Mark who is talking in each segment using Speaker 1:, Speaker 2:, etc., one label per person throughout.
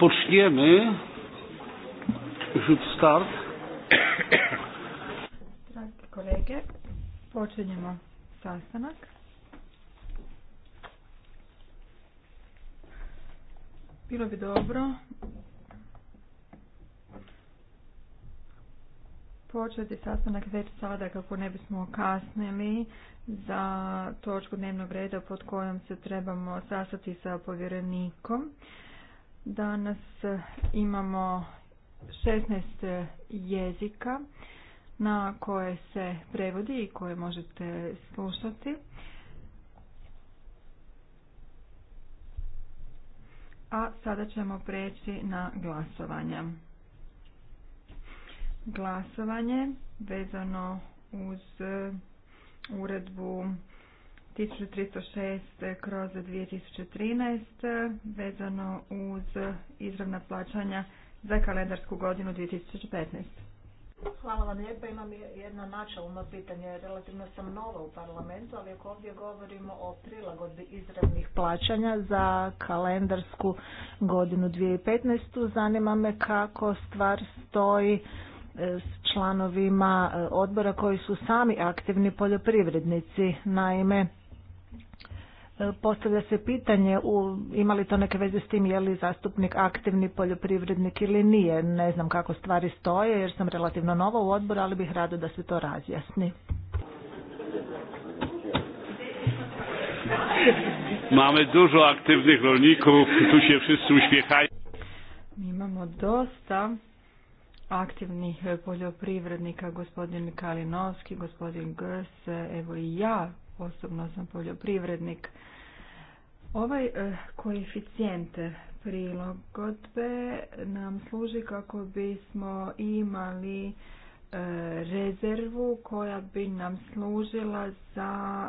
Speaker 1: rozpoczniemy rzut start.
Speaker 2: Dragi kolege, počinjemo sastanak. Bilo bi dobro početi sastanak već sada kako ne bismo kasnili za točku dnevnog reda pod kojom se trebamo sastati sa povjerenikom. Danas e, imamo 16 e, jezika na koje se prevodi i koje možete slušati. A sada ćemo preći na glasovanje. Glasovanje vezano uz e, uredbu 1306 kroz 2013 vezano uz izravna plaćanja za kalendarsku godinu 2015.
Speaker 3: Hvala vam lijepa. Imam jedno načelno pitanje. Relativno sam nova u parlamentu, ali ako ovdje govorimo o prilagodbi izravnih plaćanja za kalendarsku godinu 2015. Zanima me kako stvar stoji e, s članovima e, odbora koji su sami aktivni poljoprivrednici. Naime, Postavlja se pitanje u, ima li to neke veze s tim je li zastupnik aktivni poljoprivrednik ili nije. Ne znam kako stvari stoje jer sam relativno nova u odboru, ali bih rado da se to razjasni.
Speaker 1: Mamy dużo aktywnych rolników, tu się wszyscy
Speaker 2: Imamo dosta aktivnih poljoprivrednika, gospodin Kalinovski, gospodin Grse, evo i ja osobno sam poljoprivrednik. Ovaj eh, koeficijent prilagodbe nam služi kako bismo imali rezervu koja bi nam služila za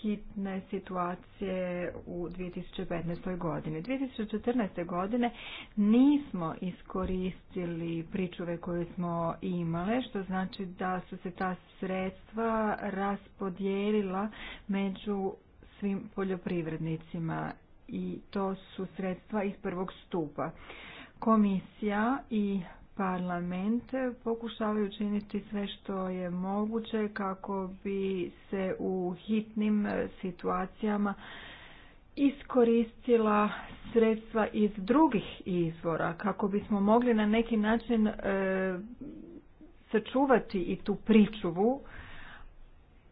Speaker 2: hitne situacije u 2015. godini. 2014. godine nismo iskoristili pričuve koje smo imale, što znači da su se ta sredstva raspodijelila među svim poljoprivrednicima i to su sredstva iz prvog stupa. Komisija i parlament pokušavaju učiniti sve što je moguće kako bi se u hitnim situacijama iskoristila sredstva iz drugih izvora kako bismo mogli na neki način e, sačuvati i tu pričuvu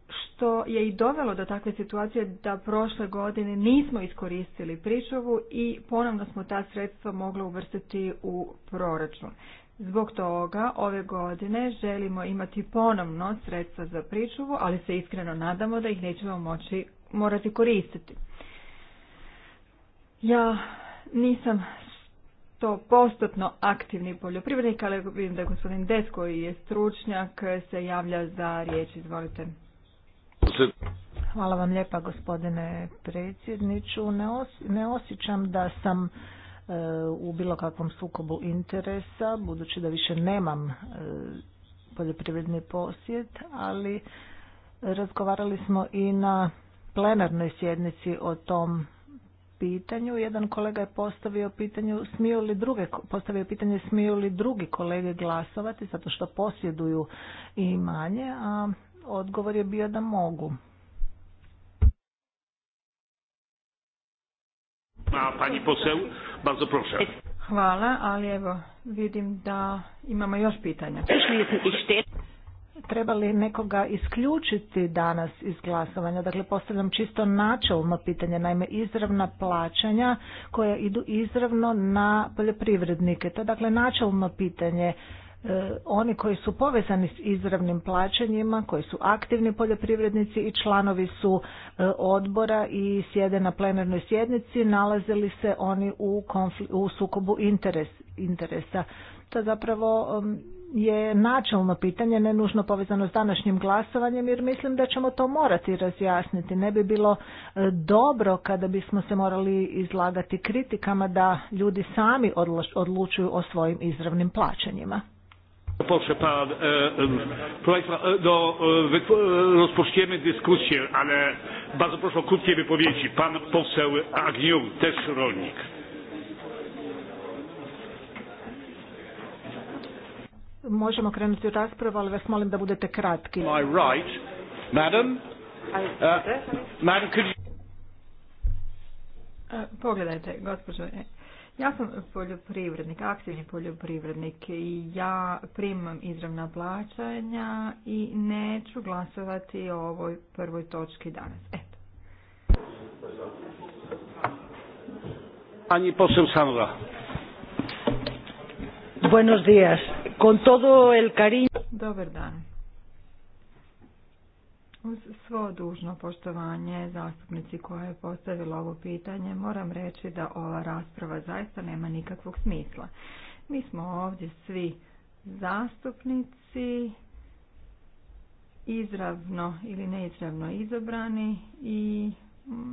Speaker 2: što je i dovelo do takve situacije da prošle godine nismo iskoristili pričuvu i ponovno smo ta sredstva mogli uvrstiti u proračun. Zbog toga ove godine želimo imati ponovno sredstva za pričuvu, ali se iskreno nadamo da ih nećemo moći morati koristiti. Ja nisam to postotno aktivni poljoprivrednik, ali vidim da je gospodin Des koji je stručnjak se javlja za riječ. Izvolite. Hvala vam lijepa gospodine
Speaker 3: predsjedniču. Ne, ne osjećam da sam E, u bilo kakvom sukobu interesa, budući da više nemam e, poljoprivredni posjet, ali razgovarali smo i na plenarnoj sjednici o tom pitanju. Jedan kolega je postavio pitanje, smiju li druge, postavio pitanje smiju li drugi kolege glasovati zato što posjeduju imanje, a odgovor je bio da mogu.
Speaker 1: pani poseł, Bardzo
Speaker 2: Hvala, ali evo, vidim da imamo još pitanja. Treba
Speaker 3: li nekoga isključiti danas iz glasovanja? Dakle, postavljam čisto načelno pitanje, naime izravna plaćanja koja idu izravno na poljoprivrednike. To je dakle načelno pitanje E, oni koji su povezani s izravnim plaćanjima, koji su aktivni poljoprivrednici i članovi su e, odbora i sjede na plenarnoj sjednici, nalazili se oni u, sukobu interes, interesa. To zapravo je načelno pitanje, ne nužno povezano s današnjim glasovanjem, jer mislim da ćemo to morati razjasniti. Ne bi bilo e, dobro kada bismo se morali izlagati kritikama da ljudi sami odlučuju o svojim izravnim plaćanjima.
Speaker 1: Proszę pan, e, proszę pan no, e, e, rozpoczniemy dyskusję, ale bardzo proszę o krótkie wypowiedzi. Pan poseł Agniu, też rolnik.
Speaker 3: Możemy okręcić rozprawę, ale ali molim da budete kratki.
Speaker 1: My right, madam. Uh, madam, could you...
Speaker 2: Pogledajte, gospođo ja sam poljoprivrednik, aktivni poljoprivrednik i ja primam izravna plaćanja i neću glasovati o ovoj prvoj točki danas. Eto.
Speaker 1: Pani Sanova.
Speaker 2: Buenos días. Con todo el cariño. Dobar dan. Uz svo dužno poštovanje zastupnici koja je postavila ovo pitanje, moram reći da ova rasprava zaista nema nikakvog smisla. Mi smo ovdje svi zastupnici, izravno ili neizravno izabrani i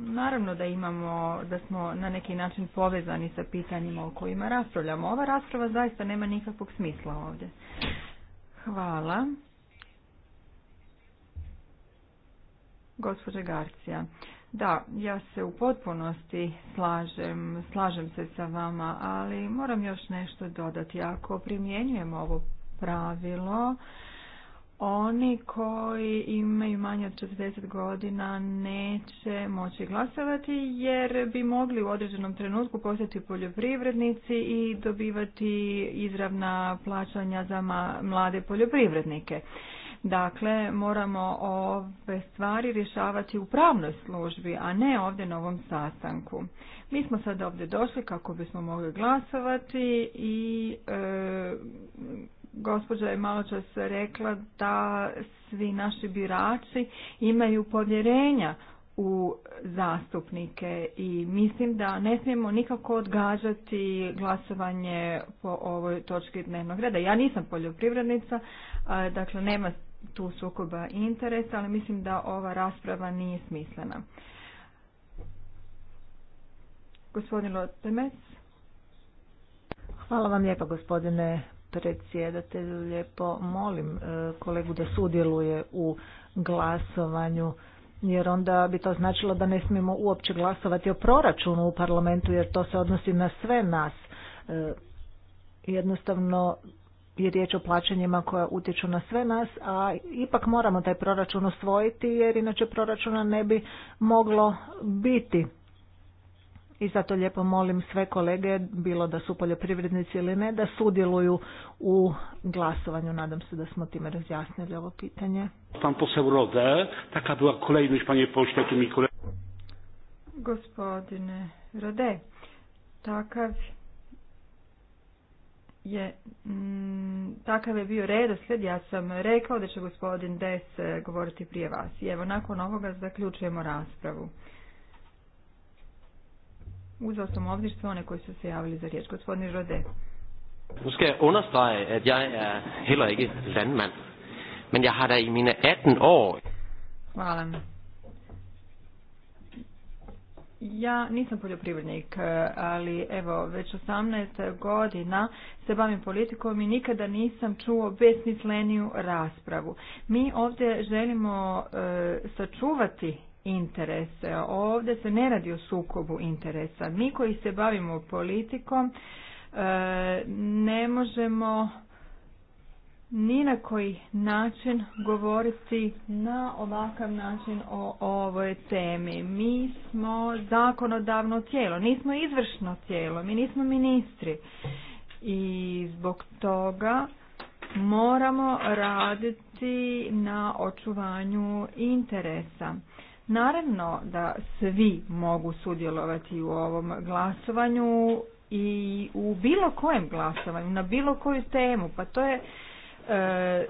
Speaker 2: naravno da imamo, da smo na neki način povezani sa pitanjima o kojima raspravljamo. Ova rasprava zaista nema nikakvog smisla ovdje. Hvala. Gospođe Garcija, da, ja se u potpunosti slažem, slažem se sa vama, ali moram još nešto dodati. Ako primjenjujemo ovo pravilo, oni koji imaju manje od 40 godina neće moći glasovati jer bi mogli u određenom trenutku postati poljoprivrednici i dobivati izravna plaćanja za mlade poljoprivrednike. Dakle, moramo ove stvari rješavati u pravnoj službi, a ne ovdje na ovom sastanku. Mi smo sad ovdje došli kako bismo mogli glasovati i e, gospođa je malo čas rekla da svi naši birači imaju povjerenja u zastupnike i mislim da ne smijemo nikako odgađati glasovanje po ovoj točki dnevnog reda. Ja nisam poljoprivrednica, dakle nema tu sukoba interesa, ali mislim da ova rasprava nije smislena. Gospodin Lotemec. Hvala vam
Speaker 3: lijepa gospodine predsjedatelju. Lijepo molim e, kolegu da sudjeluje u glasovanju jer onda bi to značilo da ne smijemo uopće glasovati o proračunu u parlamentu jer to se odnosi na sve nas. E, jednostavno je riječ o plaćanjima koja utječu na sve nas, a ipak moramo taj proračun osvojiti, jer inače proračuna ne bi moglo biti. I zato lijepo molim sve kolege, bilo da su poljoprivrednici ili ne, da sudjeluju u glasovanju. Nadam se da smo time razjasnili ovo pitanje.
Speaker 1: Pan Rode, taka tu mi
Speaker 2: Gospodine Rode, takav je, mm, takav je bio redoslijed, ja sam rekao da će gospodin Des e, govoriti prije vas. I evo, nakon ovoga zaključujemo raspravu. Uzao sam ovdje sve one koji su se javili za riječ. Gospodin Rode.
Speaker 1: Nu skal jeg understrege, at jeg er heller ikke landmand, men jeg har da i mine 18 år...
Speaker 2: Hvala. Ja nisam poljoprivrednik, e, ali evo već 18 godina se bavim politikom i nikada nisam čuo besmisleniju raspravu. Mi ovdje želimo e, sačuvati interese. Ovdje se ne radi o sukobu interesa. Mi koji se bavimo politikom e, ne možemo ni na koji način govoriti na ovakav način o ovoj temi. Mi smo zakonodavno tijelo, nismo izvršno tijelo, mi nismo ministri. I zbog toga moramo raditi na očuvanju interesa. Naravno da svi mogu sudjelovati u ovom glasovanju i u bilo kojem glasovanju, na bilo koju temu, pa to je E,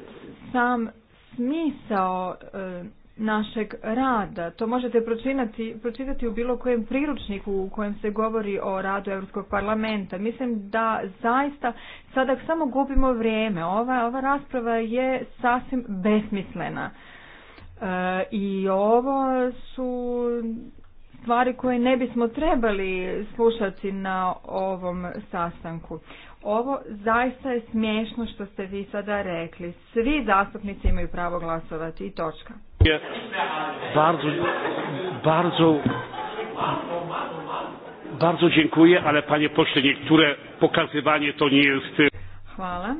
Speaker 2: sam smisao e, našeg rada. To možete pročinati, pročitati u bilo kojem priručniku u kojem se govori o radu Europskog parlamenta. Mislim da zaista sada samo gubimo vrijeme. Ova, ova rasprava je sasvim besmislena. E, I ovo su stvari koje ne bismo trebali slušati na ovom sastanku. Ovo zaista je smiješno što ste vi sada rekli. Svi zastupnici imaju pravo glasovati i točka.
Speaker 1: Bardzo, bardzo, bardzo dziękuję, ale panie pośle, niektóre pokazywanie to nie
Speaker 2: jest... Hvala.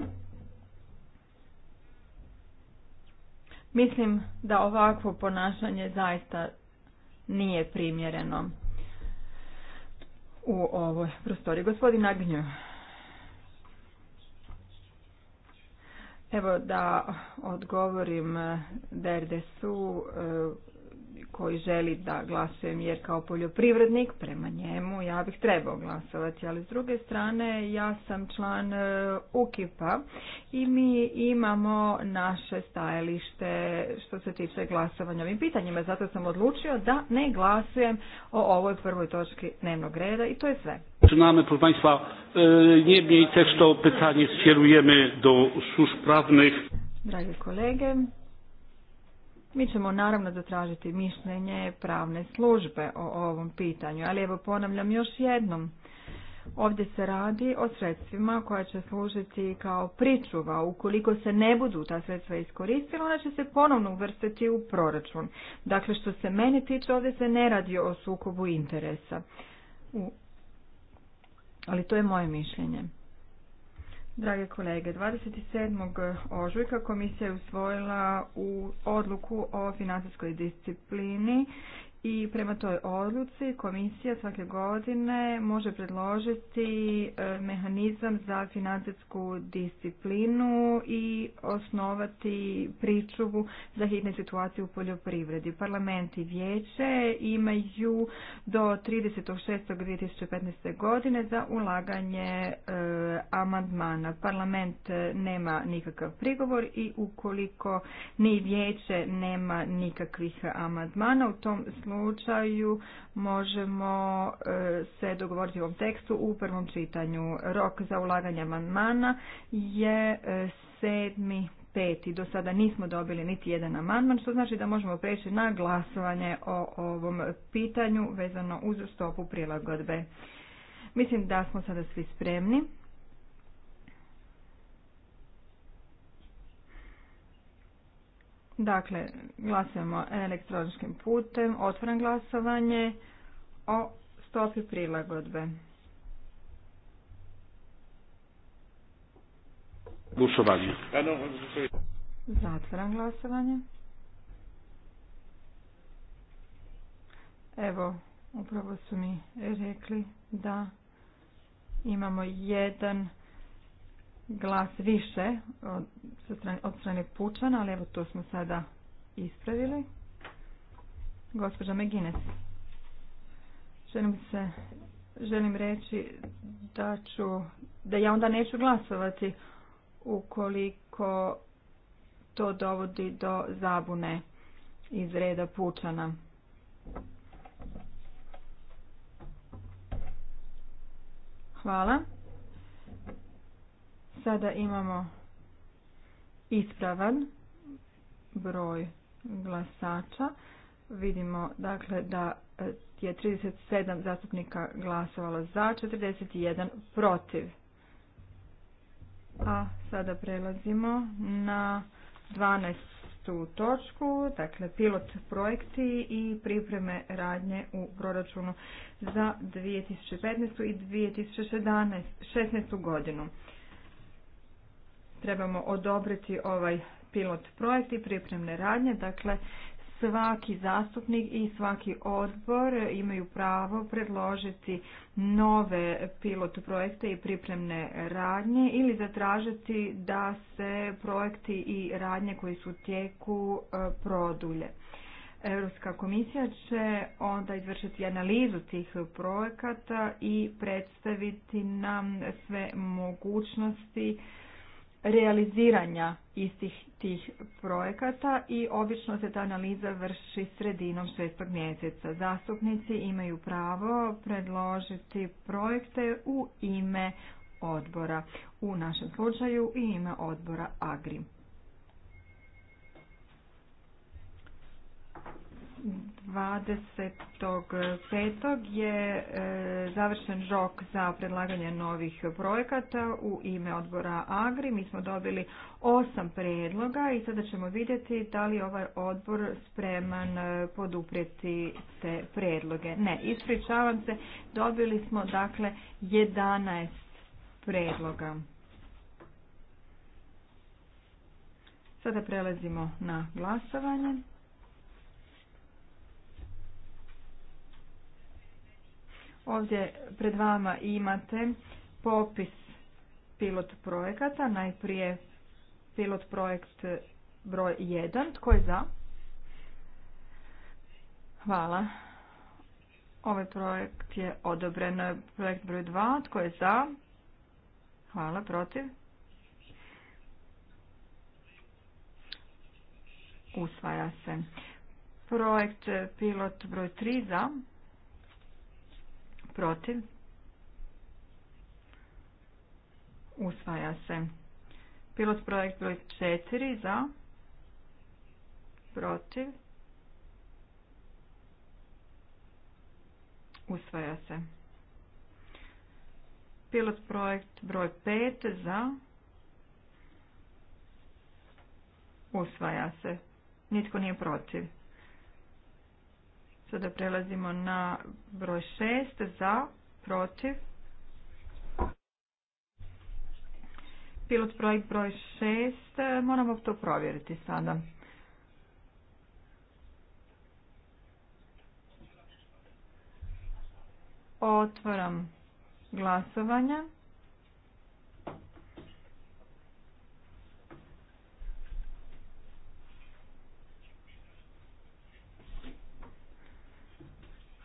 Speaker 2: Mislim da ovakvo ponašanje zaista nije primjereno u ovoj prostori. Gospodin Agnjo. Evo da odgovorim Derdesu, koji želi da glasujem jer kao poljoprivrednik prema njemu ja bih trebao glasovati, ali s druge strane ja sam član UKIP-a e, i mi imamo naše stajalište što se tiče glasovanja ovim pitanjima, zato sam odlučio da ne glasujem o ovoj prvoj točki dnevnog reda i to je sve.
Speaker 1: Zaczynamy, proszę Państwa, e, do służb
Speaker 2: Dragi kolege, mi ćemo naravno zatražiti mišljenje pravne službe o ovom pitanju, ali evo ponavljam još jednom. Ovdje se radi o sredstvima koja će služiti kao pričuva. Ukoliko se ne budu ta sredstva iskoristila, ona će se ponovno uvrstiti u proračun. Dakle, što se mene tiče, ovdje se ne radi o sukobu interesa. Ali to je moje mišljenje. Drage kolege, 27. ožujka komisija je usvojila u odluku o financijskoj disciplini i prema toj odluci komisija svake godine može predložiti e, mehanizam za financijsku disciplinu i osnovati pričuvu za hitne situacije u poljoprivredi. Parlament i vijeće imaju do 30.6.2015. godine za ulaganje e, amandmana. Parlament nema nikakav prigovor i ukoliko ni vijeće nema nikakvih amandmana u tom slučaju slučaju možemo e, se dogovoriti u ovom tekstu u prvom čitanju. Rok za ulaganje amandmana je 7.5. E, Do sada nismo dobili niti jedan amandman, što znači da možemo preći na glasovanje o ovom pitanju vezano uz stopu prilagodbe. Mislim da smo sada svi spremni. Dakle, glasujemo elektroničkim putem, otvoren glasovanje o stopi prilagodbe. Zatvaram glasovanje. Evo, upravo su mi rekli da imamo jedan glas više od strane, od Pučana, ali evo to smo sada ispravili. Gospođa Megines, želim, se, želim reći da, ću, da ja onda neću glasovati ukoliko to dovodi do zabune iz reda Pučana. Hvala. Sada imamo ispravan broj glasača. Vidimo dakle da e, je 37 zastupnika glasovalo za, 41 protiv. A sada prelazimo na 12 točku, dakle pilot projekti i pripreme radnje u proračunu za 2015. i 2016. godinu trebamo odobriti ovaj pilot projekt i pripremne radnje. Dakle, svaki zastupnik i svaki odbor imaju pravo predložiti nove pilot projekte i pripremne radnje ili zatražiti da se projekti i radnje koji su u tijeku e, produlje. Europska komisija će onda izvršiti analizu tih projekata i predstaviti nam sve mogućnosti realiziranja istih tih projekata i obično se ta analiza vrši sredinom šestog mjeseca. Zastupnici imaju pravo predložiti projekte u ime odbora, u našem slučaju i ime odbora AGRI. 25. je e, završen žok za predlaganje novih projekata u ime odbora Agri. Mi smo dobili osam predloga i sada ćemo vidjeti da li je ovaj odbor spreman e, poduprijeti te predloge. Ne, ispričavam se, dobili smo dakle 11 predloga. Sada prelazimo na glasovanje. Ovdje pred vama imate popis pilot projekata, najprije pilot projekt broj 1. Tko je za? Hvala. Ovaj projekt je odobren. Projekt broj 2. Tko je za? Hvala. Protiv? Usvaja se. Projekt pilot broj 3 za protiv, usvaja se. Pilot projekt broj 4 za, protiv, usvaja se. Pilot projekt broj 5 za, usvaja se. Nitko nije protiv. Sada prelazimo na broj 6 za, protiv. Pilot projekt broj 6 moramo to provjeriti sada. Otvaram glasovanje.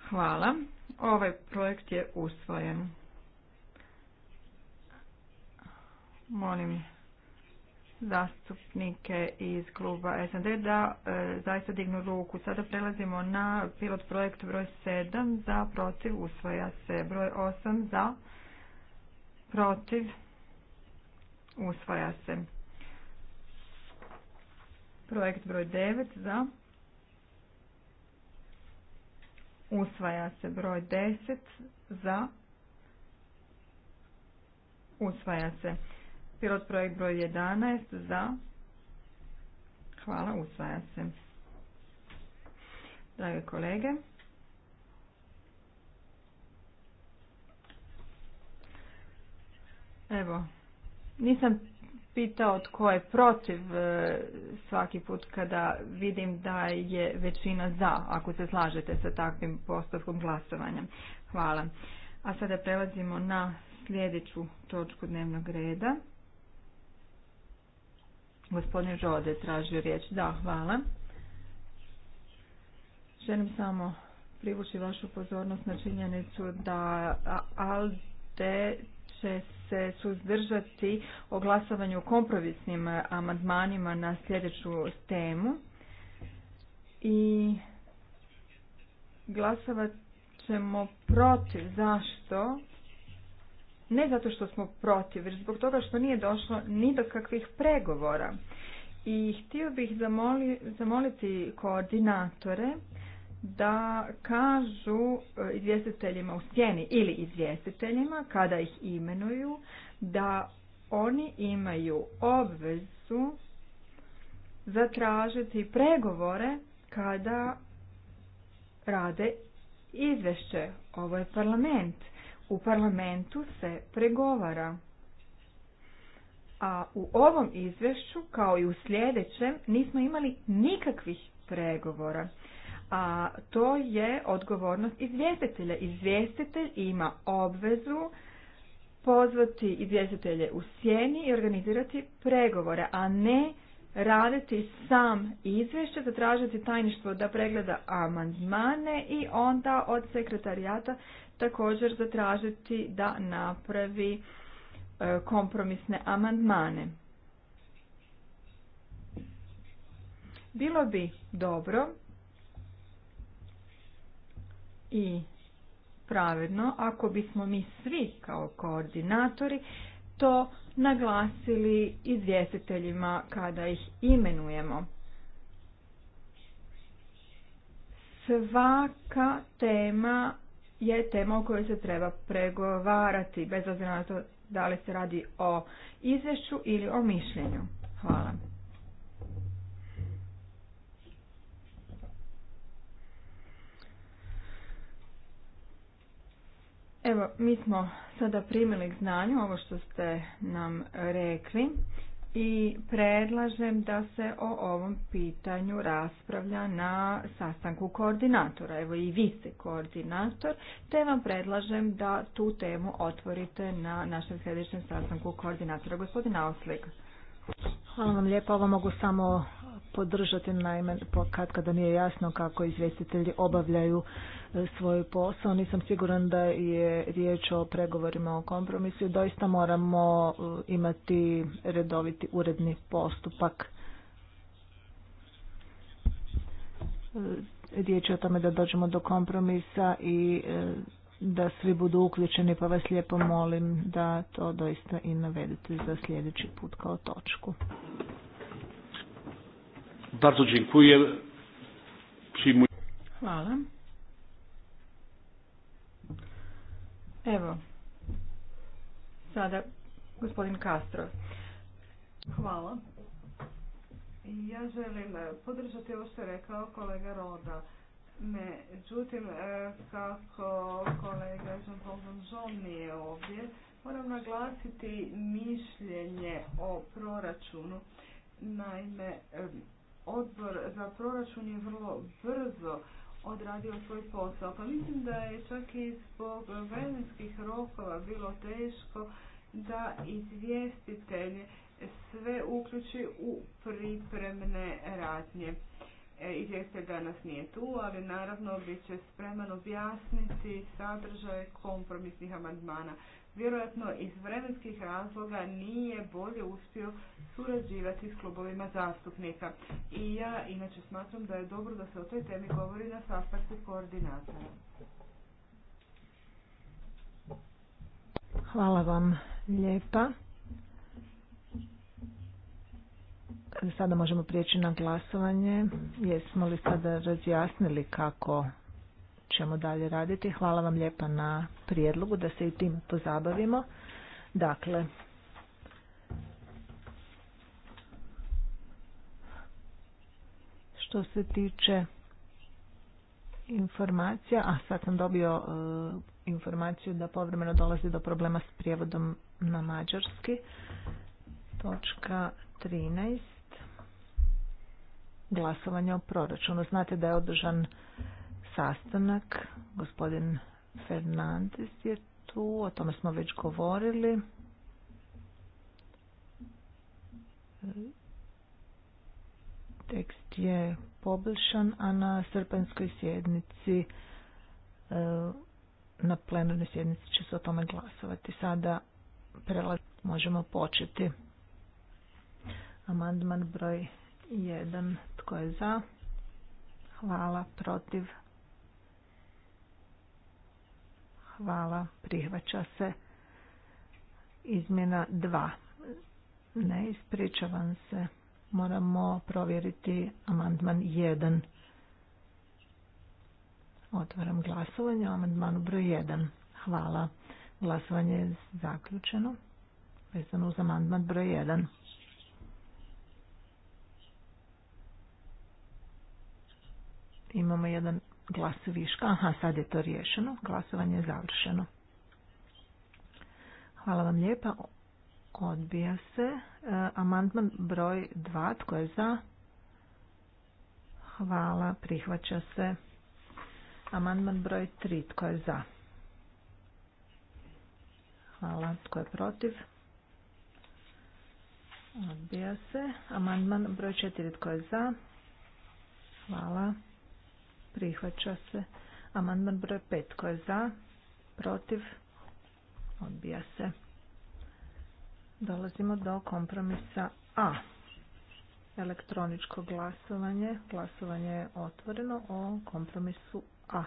Speaker 2: Hvala. Ovaj projekt je usvojen. Molim zastupnike iz kluba SND da e, zaista dignu ruku. Sada prelazimo na pilot projekt broj 7 za protiv usvaja se. Broj 8 za protiv usvaja se. Projekt broj 9 za Usvaja se broj 10 za. Usvaja se. Pilot projekt broj 11 za. Hvala, usvaja se. Drage kolege. Evo, nisam pitao tko je protiv e, svaki put kada vidim da je većina za, ako se slažete sa takvim postavkom glasovanja. Hvala. A sada prelazimo na sljedeću točku dnevnog reda. Gospodin Žode tražio riječ. Da, hvala. Želim samo privući vašu pozornost na činjenicu da ALDE će se suzdržati o glasovanju kompromisnim amandmanima na sljedeću temu i glasovat ćemo protiv. Zašto? Ne zato što smo protiv, već zbog toga što nije došlo ni do kakvih pregovora. I htio bih zamoli, zamoliti koordinatore da kažu e, izvjestiteljima u sjeni ili izvjestiteljima kada ih imenuju da oni imaju obvezu zatražiti pregovore kada rade izvješće. Ovo je parlament. U parlamentu se pregovara. A u ovom izvješću, kao i u sljedećem, nismo imali nikakvih pregovora a to je odgovornost izvjestitelja. Izvjestitelj ima obvezu pozvati izvjestitelje u sjeni i organizirati pregovore, a ne raditi sam izvješće, zatražiti tajništvo da pregleda amandmane i onda od sekretarijata također zatražiti da napravi e, kompromisne amandmane. Bilo bi dobro i pravedno ako bismo mi svi kao koordinatori to naglasili izvjestiteljima kada ih imenujemo. Svaka tema je tema o kojoj se treba pregovarati, bez obzira na to da li se radi o izvješću ili o mišljenju. Hvala. Evo, mi smo sada primili k znanju ovo što ste nam rekli i predlažem da se o ovom pitanju raspravlja na sastanku koordinatora. Evo i vi ste koordinator, te vam predlažem da tu temu otvorite na našem sljedećem sastanku koordinatora. Gospodin Auslik.
Speaker 3: Hvala vam lijepa. Ovo mogu samo podržati naime kad kada nije jasno kako izvjestitelji obavljaju e, svoj posao. Nisam siguran da je riječ o pregovorima o kompromisu. Doista moramo e, imati redoviti uredni postupak. E, riječ je o tome da dođemo do kompromisa i da svi budu uključeni, pa vas lijepo molim da to doista i navedete za sljedeći put kao točku.
Speaker 1: Bardzo dziękuję.
Speaker 2: Hvala. Evo, sada gospodin Castro.
Speaker 4: Hvala. Ja želim podržati ovo što je rekao kolega Roda. Međutim, e, kako kolega Jean-Paul Bonžon nije ovdje, moram naglasiti mišljenje o proračunu. Naime, e, odbor za proračun je vrlo brzo odradio svoj posao. Pa mislim da je čak i zbog vremenskih rokova bilo teško da izvjestitelj sve uključi u pripremne radnje. E, izvijeste danas nije tu, ali naravno bit će spreman objasniti sadržaj kompromisnih amandmana. Vjerojatno iz vremenskih razloga nije bolje uspio surađivati s klubovima zastupnika. I ja inače smatram da je dobro da se o toj temi govori na sastavku koordinatora.
Speaker 3: Hvala vam lijepa. Sada možemo prijeći na glasovanje. Jesmo li sada razjasnili kako ćemo dalje raditi? Hvala vam lijepa na prijedlogu da se i tim pozabavimo. Dakle, što se tiče informacija, a sad sam dobio e, informaciju da povremeno dolazi do problema s prijevodom na mađarski. Točka 13 glasovanje o proračunu. Znate da je održan sastanak, gospodin Fernandez je tu, o tome smo već govorili. Tekst je poboljšan, a na srpanskoj sjednici e, na plenarnoj sjednici će se o tome glasovati. Sada prelaz možemo početi. Amandman broj jedan. Tko je za? Hvala. Protiv? Hvala. Prihvaća se. Izmjena dva. Ne, ispričavam se. Moramo provjeriti amandman 1. Otvaram glasovanje o amandmanu broj 1. Hvala. Glasovanje je zaključeno. Vezano uz amandman broj 1. Imamo jedan glas viška. Aha, sad je to riješeno. Glasovanje je završeno. Hvala vam lijepa. Odbija se. E, amandman broj 2. Tko je za? Hvala. Prihvaća se. Amandman broj 3. Tko je za? Hvala. Tko je protiv? Odbija se. Amandman broj 4. Tko je za? Hvala. Prihvaća se. Amandman broj 5. Tko je za? Protiv? Odbija se. Dolazimo do kompromisa A. Elektroničko glasovanje. Glasovanje je otvoreno o kompromisu A.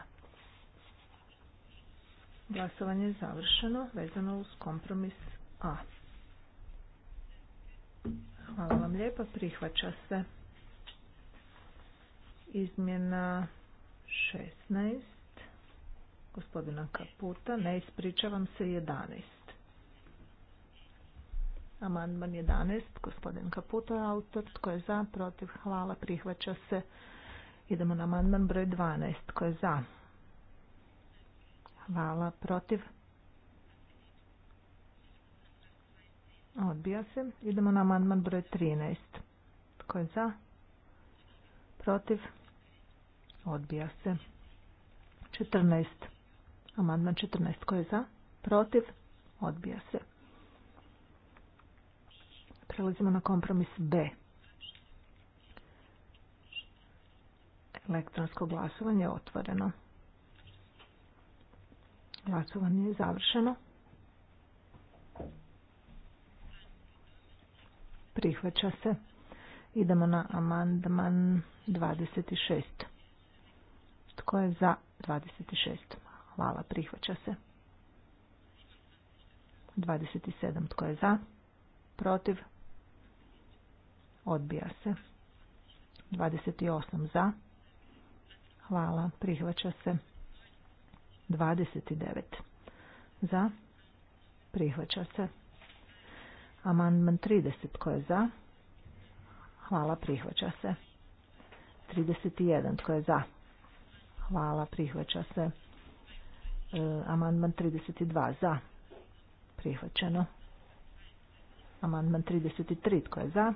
Speaker 3: Glasovanje je završeno vezano uz kompromis A. Hvala vam lijepa, prihvaća se izmjena 16 gospodina Kaputa, ne ispričavam se 11. Amandman 11, gospodin Kaputa, autor, tko je za, protiv, hvala, prihvaća se. Idemo na amandman broj 12, tko je za, hvala, protiv, odbija se. Idemo na amandman broj 13, tko je za, protiv, odbija se. 14. Amandman 14. Tko je za? Protiv? Odbija se. Prelazimo na kompromis B. Elektronsko glasovanje je otvoreno. Glasovanje je završeno. Prihvaća se. Idemo na amandman 26. Tko je za 26? Hvala, prihvaća se. 27. Tko je za? Protiv? Odbija se. 28. Za? Hvala, prihvaća se. 29. Za? Prihvaća se. Amandman 30. Tko je za? Hvala, prihvaća se. 31. Tko je za? Hvala, prihvaća se. E, amandman 32 za. Prihvaćeno. Amandman 33 tko je za?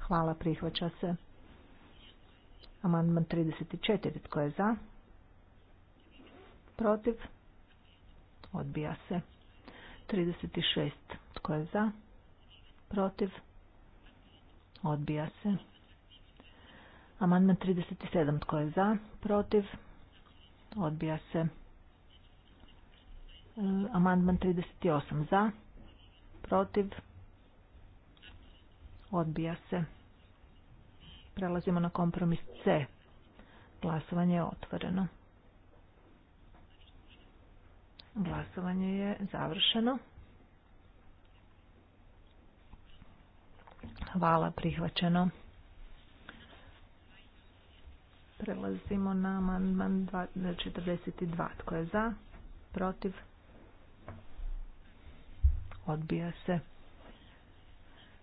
Speaker 3: Hvala, prihvaća se. Amandman 34 tko je za? Protiv? Odbija se. 36 tko je za? Protiv? Odbija se. Amandman 37 tko je za? Protiv? Odbija se. E, amandman 38 za. Protiv. Odbija se. Prelazimo na kompromis C. Glasovanje je otvoreno. Glasovanje je završeno. Hvala, prihvaćeno. Prelazimo na amandman 42. Tko je za? Protiv? Odbija se.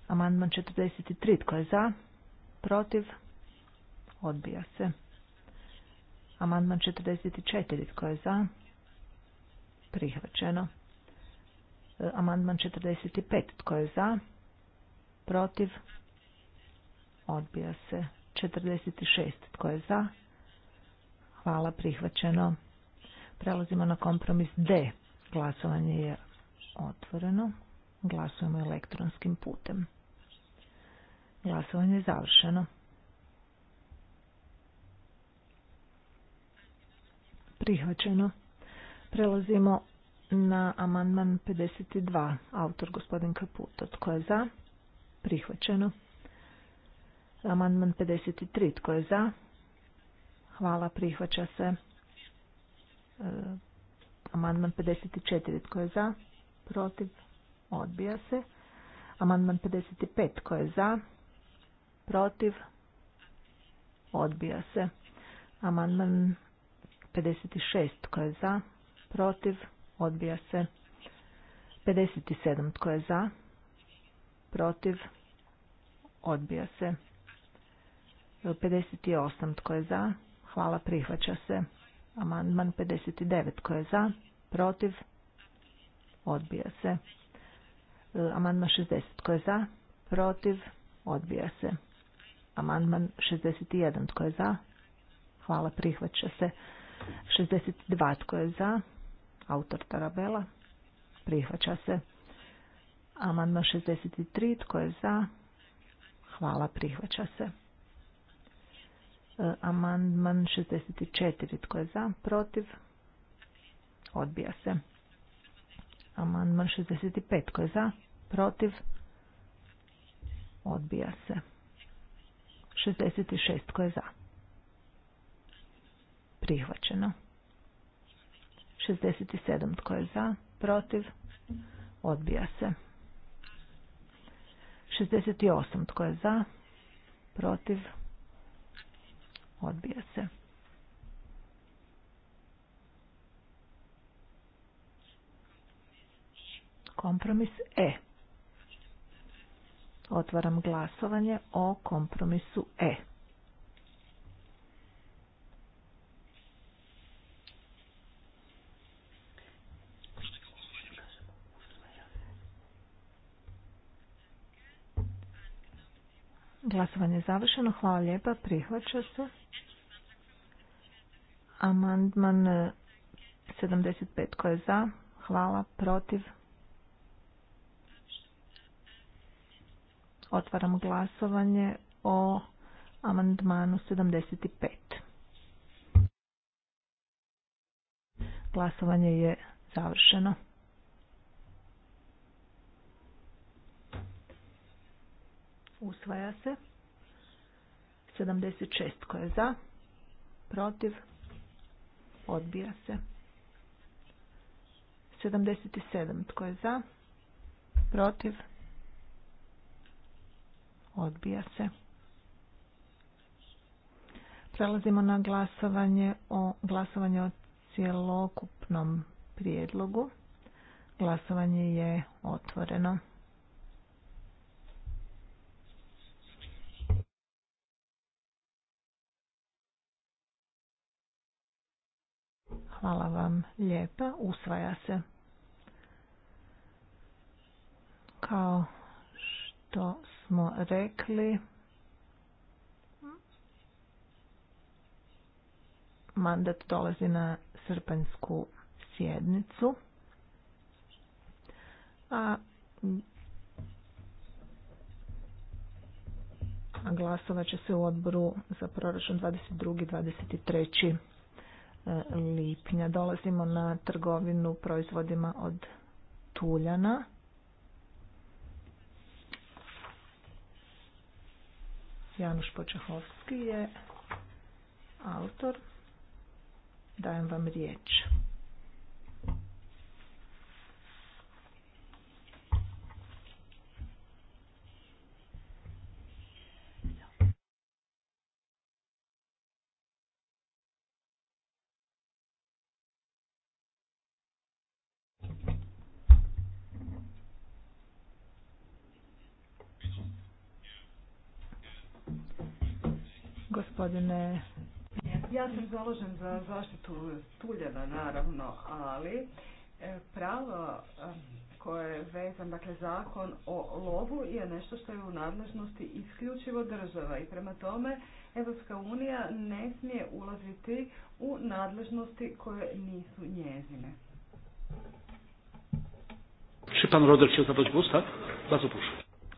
Speaker 3: Amandman 43. Tko je za? Protiv? Odbija se. Amandman 44. Tko je za? Prihvaćeno. E, amandman 45. Tko je za? Protiv? Odbija se. 46. Tko je za? Hvala, prihvaćeno. Prelazimo na kompromis D. Glasovanje je otvoreno. Glasujemo elektronskim putem. Glasovanje je završeno. Prihvaćeno. Prelazimo na amandman 52. Autor gospodin Kaputo. Tko je za? Prihvaćeno. Amandman 53. Tko je za? Hvala, prihvaća se. E, amandman 54. Tko je za? Protiv? Odbija se. Amandman 55. Tko je za? Protiv? Odbija se. Amandman 56. Tko je za? Protiv? Odbija se. 57. Tko je za? Protiv? Odbija se. 58 tko je za, hvala prihvaća se. Amandman 59 tko je za, protiv, odbija se. Amandman 60 tko je za, protiv, odbija se. Amandman 61 tko je za, hvala prihvaća se. 62 tko je za, autor Tarabela, prihvaća se. Amandman 63 tko je za, hvala prihvaća se. E, amandman 64. Tko je za? Protiv? Odbija se. Amandman 65. Tko je za? Protiv? Odbija se. 66. Tko je za? Prihvaćeno. 67. Tko je za? Protiv? Odbija se. 68. Tko je za? Protiv? Odbija se. Kompromis E. Otvaram glasovanje o kompromisu E. Glasovanje je završeno. Hvala lijepa. Prihvaća se. Amandman 75 e, tko je za? Hvala. Protiv? Otvaramo glasovanje o amandmanu 75. Glasovanje je završeno. Usvaja se. 76 tko je za? Protiv? Odbija se. 77. Tko je za? Protiv? Odbija se. Prelazimo na glasovanje o glasovanje o cjelokupnom prijedlogu. Glasovanje je otvoreno. Hvala vam lijepa. Usvaja se. Kao što smo rekli, mandat dolazi na srpanjsku sjednicu. A a glasovat će se u odboru za proračun 22. i 23 lipnja. Dolazimo na trgovinu proizvodima od tuljana. Januš Počehovski je autor. Dajem vam riječ.
Speaker 4: Ja sam založen za zaštitu tuljeva, naravno, ali e, pravo e, koje je vezan, dakle zakon o lovu je nešto što je u nadležnosti isključivo država i prema tome Evropska unija ne smije ulaziti u nadležnosti koje nisu njezine.
Speaker 1: pan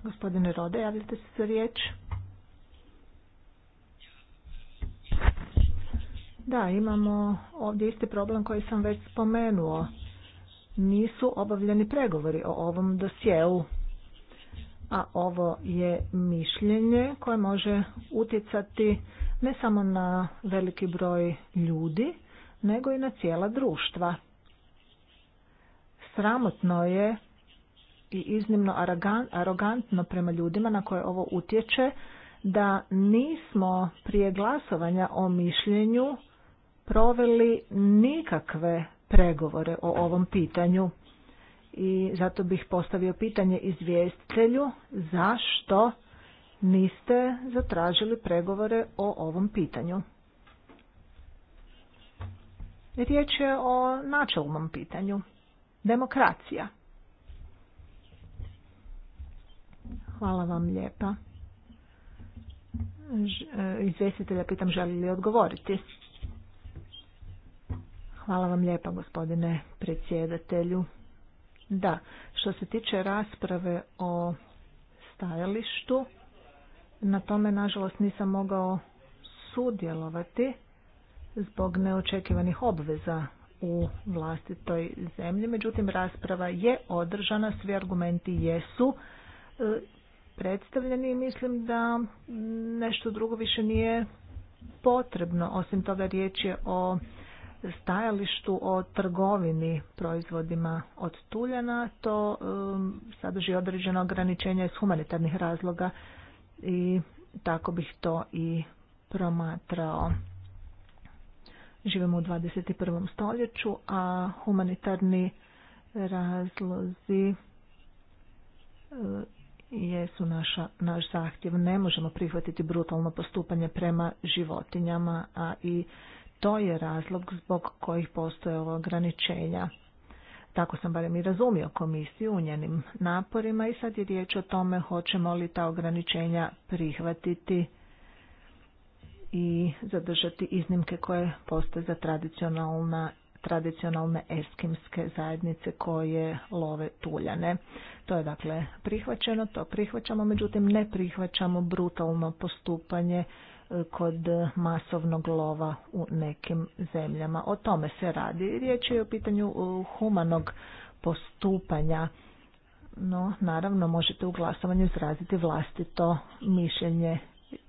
Speaker 1: Gospodine
Speaker 3: Rode, javite se za riječ. Da, imamo ovdje isti problem koji sam već spomenuo. Nisu obavljeni pregovori o ovom dosjeu, a ovo je mišljenje koje može utjecati ne samo na veliki broj ljudi, nego i na cijela društva. Sramotno je i iznimno arogantno prema ljudima na koje ovo utječe da nismo prije glasovanja o mišljenju proveli nikakve pregovore o ovom pitanju i zato bih postavio pitanje izvjestitelju zašto niste zatražili pregovore o ovom pitanju. Riječ je o načelnom pitanju. Demokracija. Hvala vam lijepa. E, izvjestitelja pitam želi li odgovoriti. Hvala vam lijepa gospodine predsjedatelju. Da, što se tiče rasprave o stajalištu, na tome nažalost nisam mogao sudjelovati zbog neočekivanih obveza u vlastitoj zemlji. Međutim, rasprava je održana, svi argumenti jesu e, predstavljeni i mislim da nešto drugo više nije potrebno. Osim toga riječ je o stajalištu o trgovini proizvodima od tuljana to um, sadrži određeno ograničenje iz humanitarnih razloga i tako bih to i promatrao. Živimo u 21. stoljeću, a humanitarni razlozi uh, jesu naša, naš zahtjev. Ne možemo prihvatiti brutalno postupanje prema životinjama, a i to je razlog zbog kojih postoje ograničenja. Tako sam barem i razumio komisiju u njenim naporima i sad je riječ o tome hoćemo li ta ograničenja prihvatiti i zadržati iznimke koje postoje za tradicionalna tradicionalne eskimske zajednice koje love tuljane. To je dakle prihvaćeno, to prihvaćamo, međutim ne prihvaćamo brutalno postupanje kod masovnog lova u nekim zemljama. O tome se radi. Riječ je o pitanju e, humanog postupanja. No, naravno, možete u glasovanju izraziti vlastito mišljenje.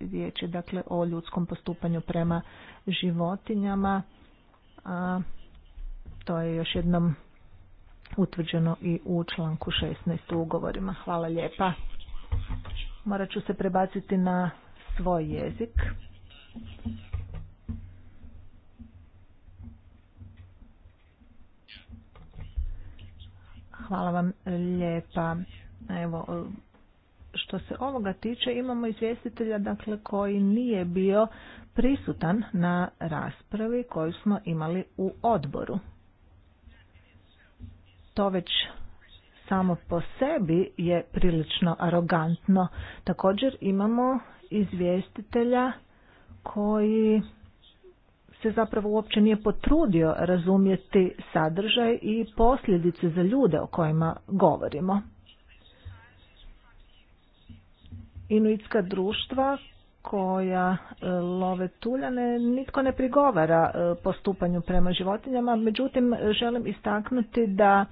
Speaker 3: Riječ je dakle o ljudskom postupanju prema životinjama. A to je još jednom utvrđeno i u članku 16 u ugovorima. Hvala lijepa. Morat ću se prebaciti na svoj jezik. Hvala vam lijepa. Evo, što se ovoga tiče imamo izvjestitelja dakle koji nije bio prisutan na raspravi koju smo imali u odboru. To već samo po sebi je prilično arogantno. Također imamo izvjestitelja koji se zapravo uopće nije potrudio razumjeti sadržaj i posljedice za ljude o kojima govorimo. Inuitska društva koja e, love tuljane, nitko ne prigovara e, postupanju prema životinjama, međutim želim istaknuti da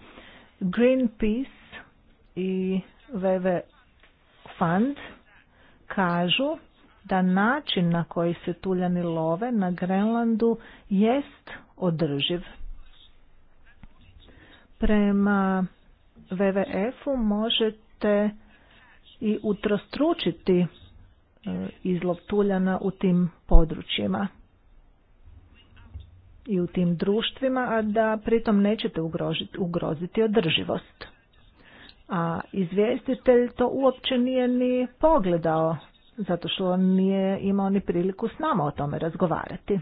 Speaker 3: Greenpeace i VV Fund kažu da način na koji se tuljani love na Grenlandu jest održiv. Prema WWF-u možete i utrostručiti e, izlov tuljana u tim područjima i u tim društvima, a da pritom nećete ugroziti održivost a izvjestitelj to uopće nije ni pogledao, zato što on nije imao ni priliku s nama o tome razgovarati.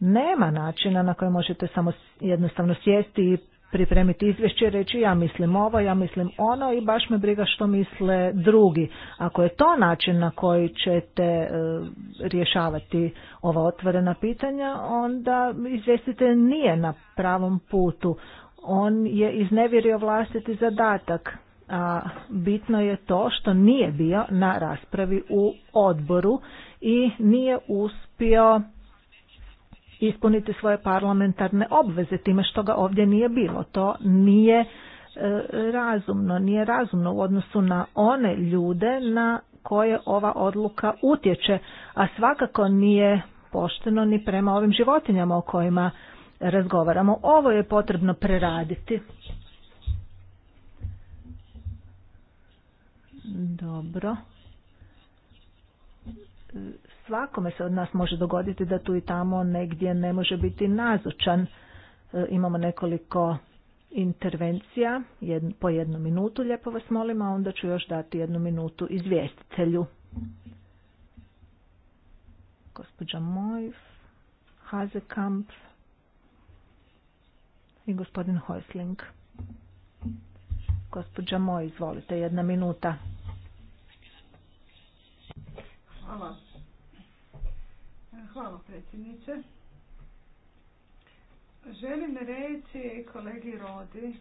Speaker 3: Nema načina na koji možete samo jednostavno sjesti i pripremiti izvješće i reći ja mislim ovo, ja mislim ono i baš me briga što misle drugi. Ako je to način na koji ćete e, rješavati ova otvorena pitanja, onda izvjestitelj nije na pravom putu on je iznevjerio vlastiti zadatak. A bitno je to što nije bio na raspravi u odboru i nije uspio ispuniti svoje parlamentarne obveze time što ga ovdje nije bilo. To nije e, razumno, nije razumno u odnosu na one ljude na koje ova odluka utječe, a svakako nije pošteno ni prema ovim životinjama o kojima razgovaramo. Ovo je potrebno preraditi. Dobro. Svakome se od nas može dogoditi da tu i tamo negdje ne može biti nazočan. E, imamo nekoliko intervencija, po jednu minutu, lijepo vas molim, a onda ću još dati jednu minutu izvjestitelju. Gospođa Mojf, Hazekamp, i gospodin Hojsling. Gospodža Moj, izvolite, jedna minuta.
Speaker 4: Hvala. Hvala predsjednice. Želim reći kolegi Rodi,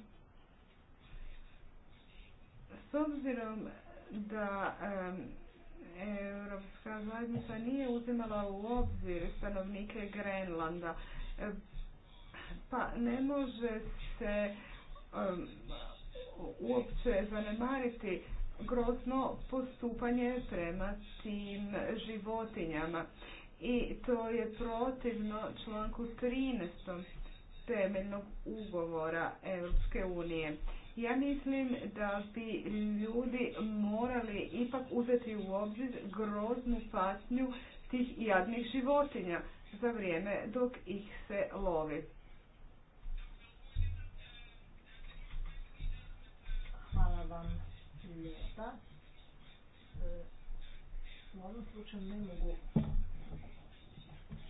Speaker 4: s obzirom da Europska zajednica nije uzimala u obzir stanovnike Grenlanda, pa ne može se uopće zanemariti grozno postupanje prema tim životinjama. I to je protivno članku 13. temeljnog ugovora Europske unije. Ja mislim da bi ljudi morali ipak uzeti u obzir groznu patnju tih jadnih životinja za vrijeme dok ih se lovi.
Speaker 3: vam lijepa. E, u ovom slučaju ne mogu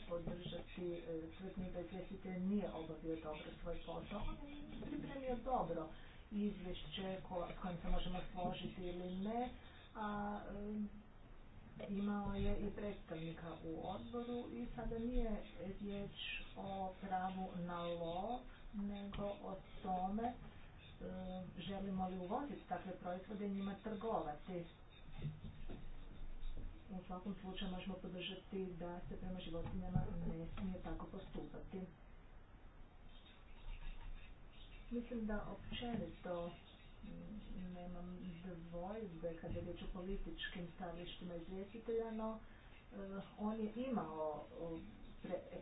Speaker 3: podržati e, tvrdnju da izvjestitelj nije obavio dobro svoj posao. On je pripremio dobro izvješće s kojim se možemo složiti ili ne, a e, imao je i predstavnika u odboru i sada nije riječ o pravu na lov, nego o tome E, želimo li uvoziti takve proizvode i njima trgovati. U svakom slučaju možemo podržati da se prema životinjama ne smije tako postupati. Mislim da općenito mm, nemam dvojbe kada je riječ o političkim stavištima izvjestitelja, no e, on je imao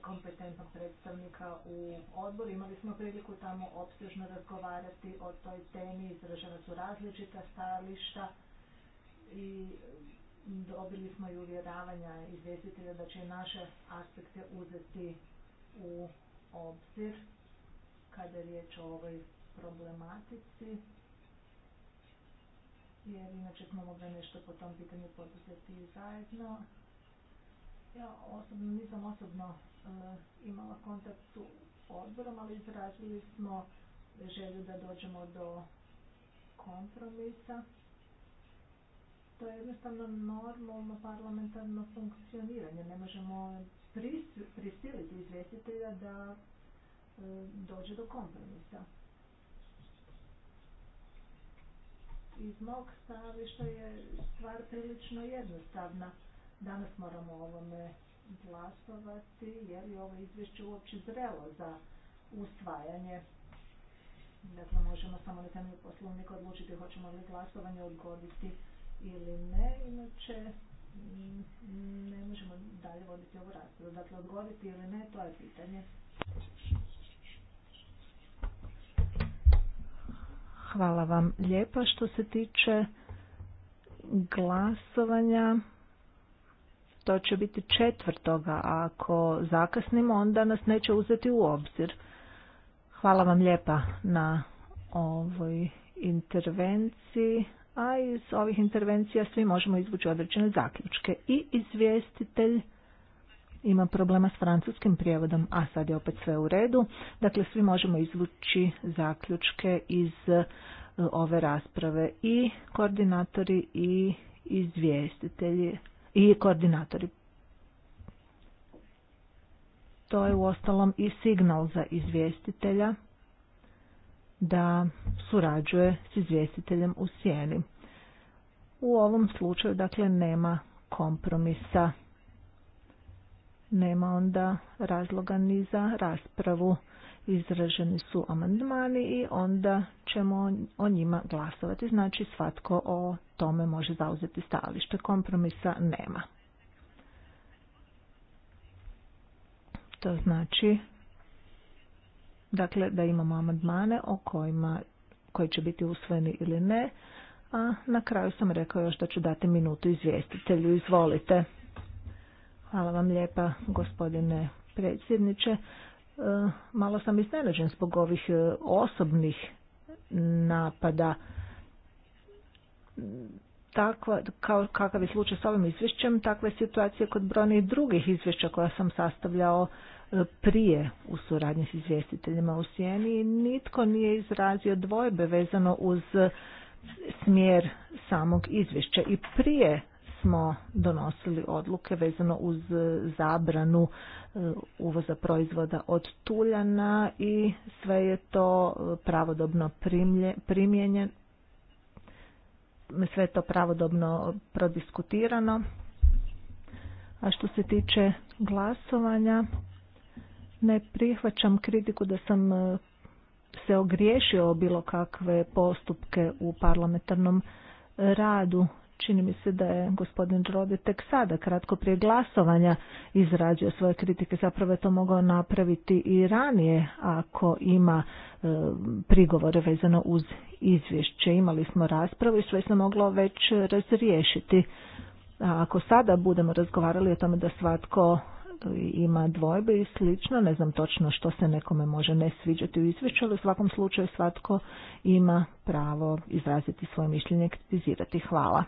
Speaker 3: kompetentnog predstavnika u odboru. Imali smo priliku tamo opsežno razgovarati o toj temi, izražena su različita stajališta i dobili smo i uvjeravanja izvjestitelja da će naše aspekte uzeti u obzir kada je riječ o ovoj problematici jer inače smo mogli nešto po tom pitanju poduzeti zajedno ja osobno nisam osobno eh, imala kontakt s odborom, ali izrazili smo želju da dođemo do kompromisa. To je jednostavno normalno parlamentarno funkcioniranje. Ne možemo prisiliti izvjestitelja da eh, dođe do kompromisa. Iz mog stavišta je stvar prilično jednostavna Danas moramo ovome glasovati jer je ovo izvješće uopće zrelo za usvajanje. Dakle, možemo samo na temelju poslovnika odlučiti hoćemo li glasovanje odgoditi ili ne, inače mm, ne možemo dalje voditi ovu raspravu. Dakle, odgoditi ili ne, to je pitanje. Hvala vam lijepa što se tiče glasovanja. To će biti četvrtoga, ako zakasnimo onda nas neće uzeti u obzir. Hvala vam lijepa na ovoj intervenciji, a iz ovih intervencija svi možemo izvući određene zaključke. I izvjestitelj ima problema s francuskim prijevodom, a sad je opet sve u redu. Dakle, svi možemo izvući zaključke iz e, ove rasprave i koordinatori i izvjestitelji i koordinatori. To je uostalom i signal za izvjestitelja da surađuje s izvjestiteljem u sjeni. U ovom slučaju dakle nema kompromisa. Nema onda razloga ni za raspravu izraženi su amandmani i onda ćemo o njima glasovati. Znači svatko o tome može zauzeti stajalište. Kompromisa nema. To znači dakle, da imamo amandmane o kojima koji će biti usvojeni ili ne. A na kraju sam rekao još da ću dati minutu izvjestitelju. Izvolite. Hvala vam lijepa gospodine predsjedniče. E, malo sam iznenađen zbog ovih e, osobnih napada. Takva, kao, kakav je slučaj s ovim izvješćem, takva je situacija kod brojnih drugih izvješća koja sam sastavljao e, prije u suradnji s izvjestiteljima u Sijeni. Nitko nije izrazio dvojbe vezano uz smjer samog izvješća. I prije smo donosili odluke vezano uz e, zabranu e, uvoza proizvoda od tuljana i sve je to e, pravodobno primjenje, sve je to pravodobno prodiskutirano. A što se tiče glasovanja, ne prihvaćam kritiku da sam se ogriješio o bilo kakve postupke u parlamentarnom radu. Čini mi se da je gospodin Đrode tek sada, kratko prije glasovanja, izrađio svoje kritike. Zapravo je to mogao napraviti i ranije ako ima e, prigovore vezano uz izvješće. Imali smo raspravu i sve se moglo već razriješiti. ako sada budemo razgovarali o tome da svatko ima dvojbe i slično, ne znam točno što se nekome može ne sviđati u izvješću, ali u svakom slučaju svatko ima pravo izraziti svoje mišljenje i kritizirati. Hvala.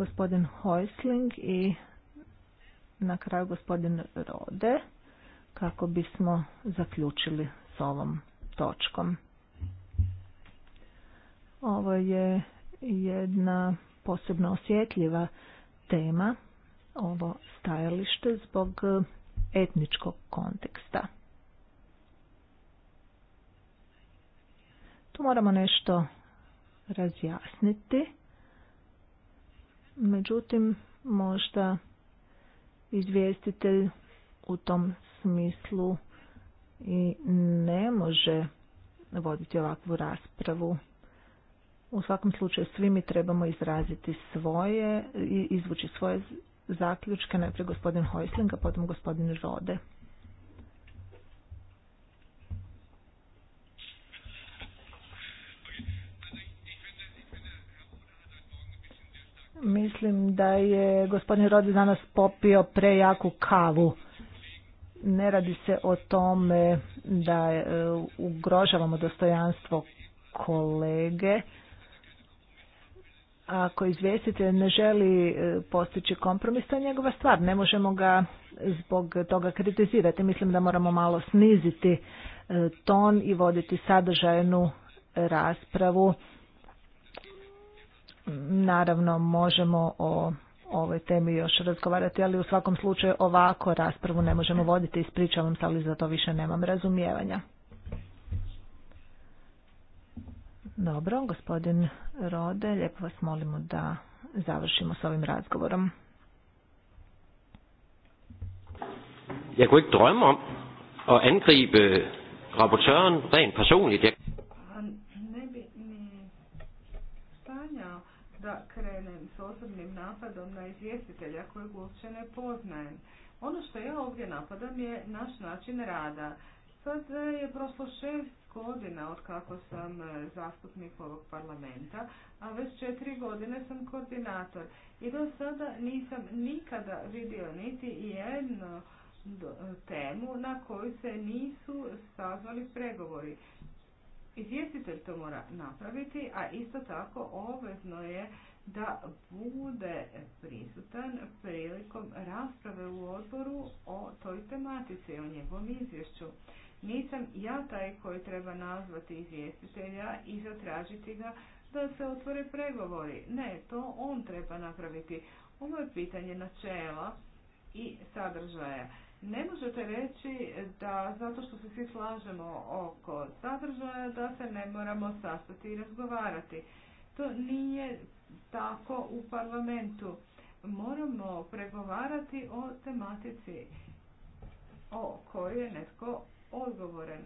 Speaker 3: gospodin Hojsling i na kraju gospodin Rode kako bismo zaključili s ovom točkom. Ovo je jedna posebno osjetljiva tema, ovo stajalište zbog etničkog konteksta. Tu moramo nešto razjasniti. Međutim, možda izvjestitelj u tom smislu i ne može voditi ovakvu raspravu. U svakom slučaju svi mi trebamo izraziti svoje i izvući svoje zaključke, najprije gospodin Hojslinga, potom gospodin Rode. Mislim da je gospodin Rodi danas popio prejaku kavu. Ne radi se o tome da e, ugrožavamo dostojanstvo kolege. Ako izvjestitelj ne želi e, postići kompromis, to je njegova stvar. Ne možemo ga zbog toga kritizirati. Mislim da moramo malo sniziti e, ton i voditi sadržajnu raspravu Naravno možemo o ovoj temi još razgovarati, ali u svakom slučaju ovako raspravu ne možemo voditi. Ispričavam se, ali za to više nemam razumijevanja. Dobro, gospodin Rode, lijepo vas molimo da završimo s ovim razgovorom.
Speaker 1: Jeg kunne ikke drømme angribe rent personligt.
Speaker 4: da krenem s osobnim napadom na izvjestitelja kojeg uopće ne poznajem. Ono što ja ovdje napadam je naš način rada. Sad je prošlo šest godina od kako sam e, zastupnik ovog parlamenta, a već četiri godine sam koordinator. I do sada nisam nikada vidio niti jednu e, temu na koju se nisu sazvali pregovori. Izvjestitelj to mora napraviti, a isto tako obvezno je da bude prisutan prilikom rasprave u odboru o toj tematici, o njegovom izvješću. Nisam ja taj koji treba nazvati izvjestitelja i zatražiti ga da se otvore pregovori. Ne, to on treba napraviti. Ovo je pitanje načela i sadržaja. Ne možete reći da zato što se svi slažemo oko sadržaja da se ne moramo sastati i razgovarati. To nije tako u parlamentu. Moramo pregovarati o tematici o kojoj je netko odgovoren.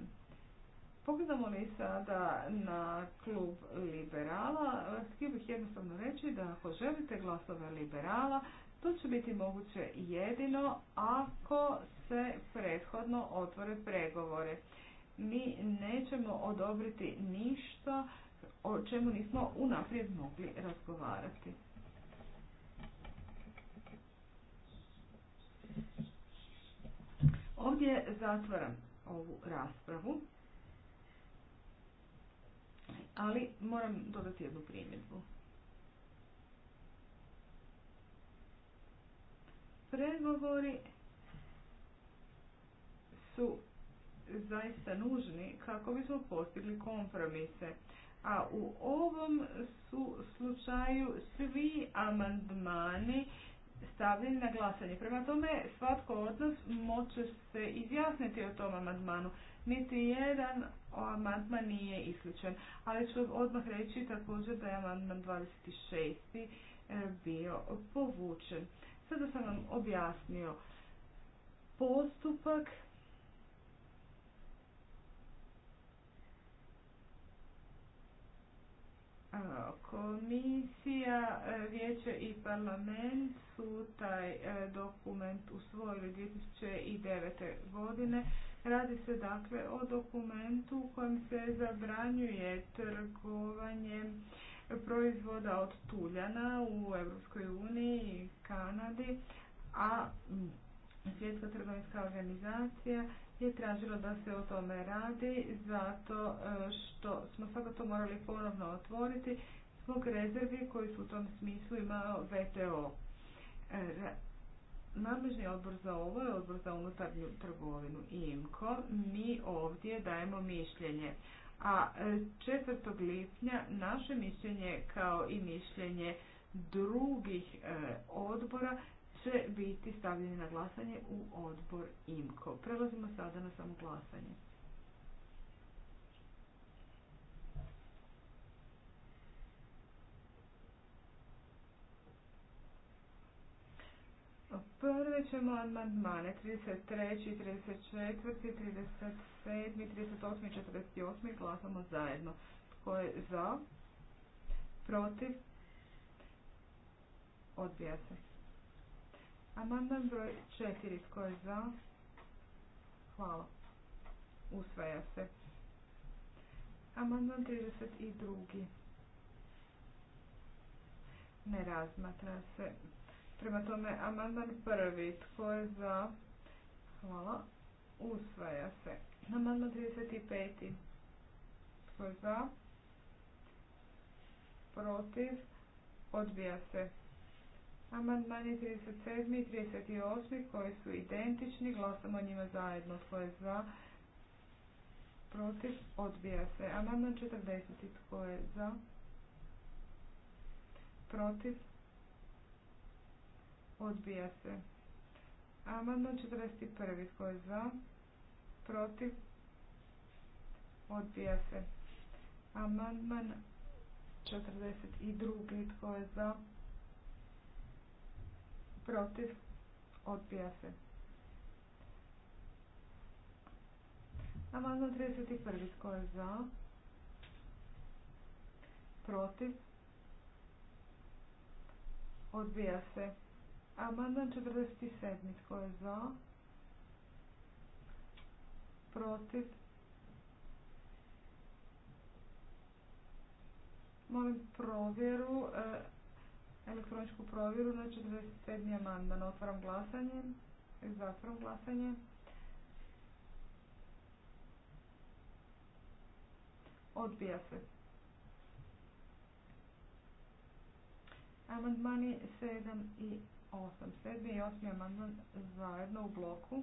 Speaker 4: Pogledamo li sada na klub liberala, htio bih jednostavno reći da ako želite glasove liberala, to će biti moguće jedino ako se prethodno otvore pregovore. Mi nećemo odobriti ništa o čemu nismo unaprijed mogli razgovarati. Ovdje zatvaram ovu raspravu, ali moram dodati jednu primjedbu. Pregovori su zaista nužni kako bismo postigli kompromise. A u ovom su slučaju svi amandmani stavljeni na glasanje. Prema tome svatko od nas moće se izjasniti o tom amandmanu. Niti jedan amandman nije isključen. Ali ću odmah reći također da je amandman 26. E, bio povučen. Sada sam vam objasnio postupak Komisija, e, vijeće i parlament su taj e, dokument usvojili 2009. godine. Radi se dakle o dokumentu u kojem se zabranjuje trgovanje proizvoda od tuljana u Europskoj uniji i Kanadi, a Svjetska trgovinska organizacija je tražila da se o tome radi zato e, što smo to morali ponovno otvoriti zbog rezervi koji su u tom smislu imao VTO. E, nadležni odbor za ovo je odbor za unutarnju trgovinu IMKO, Mi ovdje dajemo mišljenje a 4. E, lipnja naše mišljenje kao i mišljenje drugih e, odbora će biti stavljeni na glasanje u odbor IMKO. Prelazimo sada na samo glasanje. Prvi ćemo amandmane 33., 34., 37., 38. i 48. glasamo zajedno. Tko je za? Protiv? Odbija se. Amandman broj 4. Tko je za? Hvala. Usvaja se. Amandman 32. Ne razmatra se. Prema tome, amandman prvi, tko je za? Hvala. Usvaja se. Amandman 35. Tko je za? Protiv. Odbija se. Amandmani 37. i 38. koji su identični. Glasamo njima zajedno. Tko je za? Protiv. Odbija se. Amandman 40. Tko je za? Protiv. Odbija se. Amandman 41. Tko je za? Protiv? Odbija se. Amandman 42. Tko je za? Protiv? Odbija se. Amandman 31. Tko je za? Protiv? Odbija se. Amandman 47. Tko je za? Protiv? Molim provjeru, e, elektroničku provjeru na 47. amandman. Otvaram glasanje. Zatvaram glasanje. Odbija se. Amandmani 7 i 8. 8, Sedmi i osmi amandman zajedno u bloku.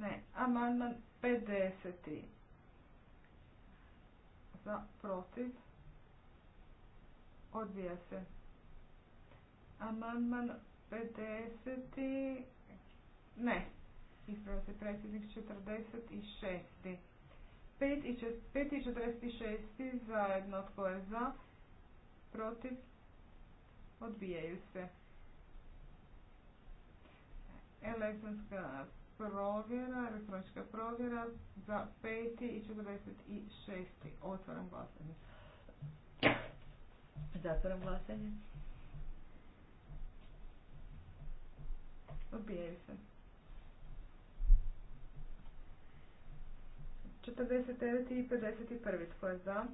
Speaker 4: Ne, amandman 50. Za, protiv. Odbija se. Amandman 50. Ne, ispravlja se predsjednik 46. 5 i 46 zajedno tko je za, protiv, odbijaju se. Elektronska provjera, elektronička provjera za 5. i 46. Otvaram glasanje. Zatvaram glasanje. Odbijaju se. 49. i 51. Tko je za?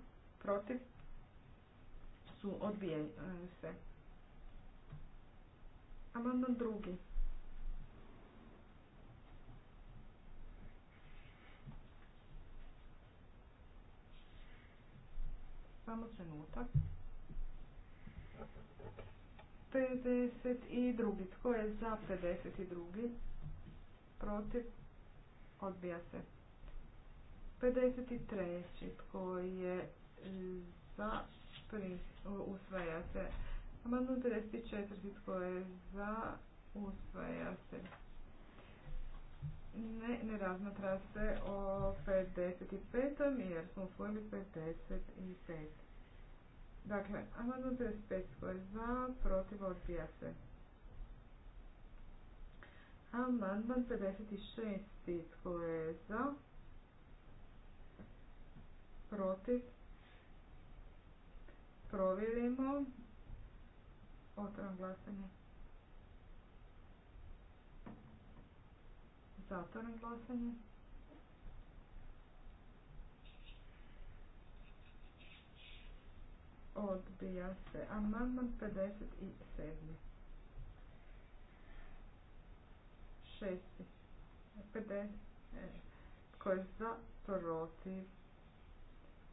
Speaker 4: Protiv? su odbije se. Amandman drugi. Samo trenutak. 52. Tko je za 52? Protiv? Odbija se. 53. Tko je za usvaja se. Amandman 54. Tko je za? Usvaja se. Ne, ne razmatra se o 55. jer smo usvojili 55. Dakle, amandman 55. Tko je za? Protiv odbija se. Amandman 56. Tko je za? Protiv provjerimo. Otvaram glasanje. Zatvaram glasanje. Odbija se amandman 57. Šesti. 50. E, tko je za protiv?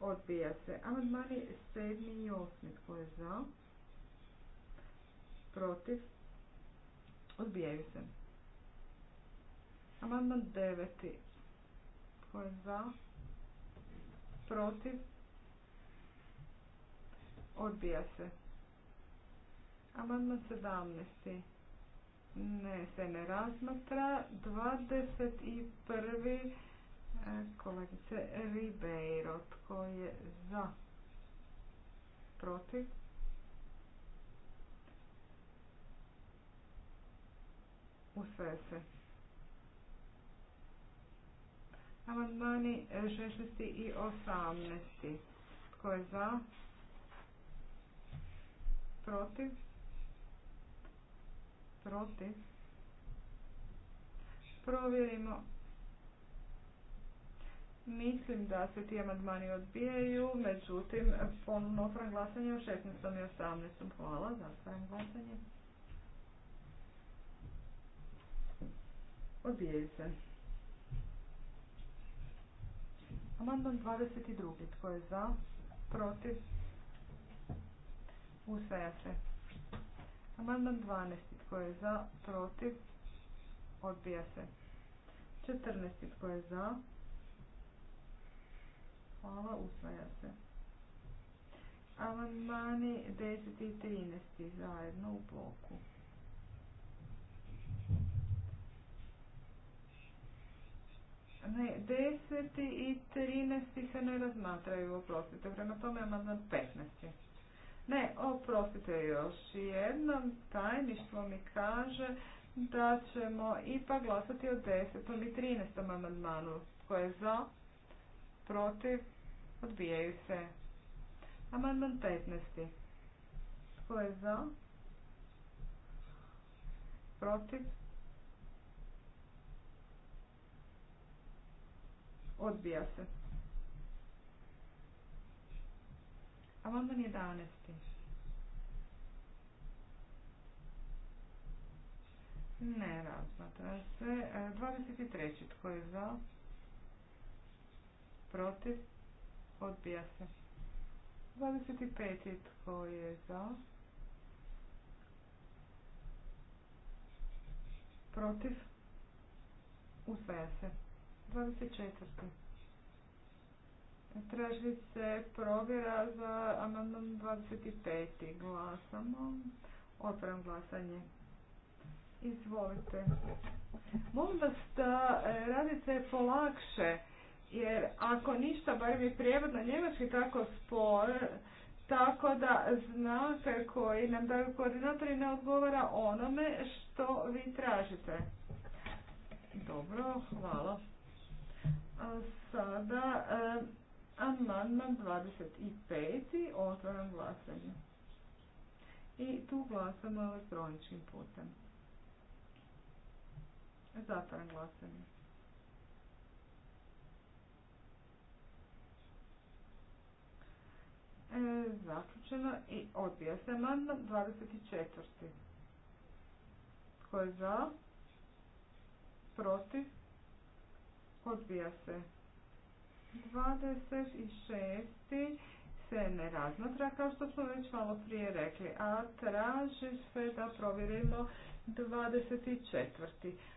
Speaker 4: Odbija se. Amandmani 7. i 8. Tko je za? Protiv? Odbijaju se. Amandman 9. Tko je za? Protiv? Odbija se. Amandman 17. Ne, se ne razmatra. 21. E, kolegice Ribeiro. Tko je za? Protiv? Usvaja se. Amandmani 16. E, i 18. Tko je za? Protiv? Protiv? Provjerimo Mislim da se ti amandmani odbijaju, međutim, ponovno otvoram glasanje o 16. i 18. Hvala, zatvaram glasanje. Odbijaju se. Amandman 22. Tko je za? Protiv? Usvaja se. Amandman 12. Tko je za? Protiv? Odbija se. 14. Tko je za? Hvala, usvaja se. Amandmani 10 i 13 zajedno u bloku. Ne, 10 i 13 se ne razmatraju, oprostite. Prema tome amandman 15. Ne, oprostite još jednom, tajništvo mi kaže da ćemo ipak glasati o 10. i 13. amandmanu. Tko je za? Protiv? Odbijaju se. Amandman 15. Tko je za? Protiv? Odbija se. Amandman 11. Ne razmatra se. 23. E, Tko je za? Protiv? Odbija se. 25. tko je za? Protiv? Usvaja se. 24. Traži se provjera za amandman 25. Glasamo. Otvaram glasanje. Izvolite. Molim vas da e, radite polakše jer ako ništa, bar je prijevod na njemački tako spor, tako da znate koji nam daju koordinatori ne odgovara onome što vi tražite. Dobro, hvala. A sada eh, amandman 25. Otvaram glasanje. I tu glasamo elektroničkim putem. Zatvaram glasanje. E, zaključeno i odbija se amandman 24. Ko je za? Protiv? Odbija se. 26. se ne razmatra kao što smo već malo prije rekli, a traži se da provjerimo 24.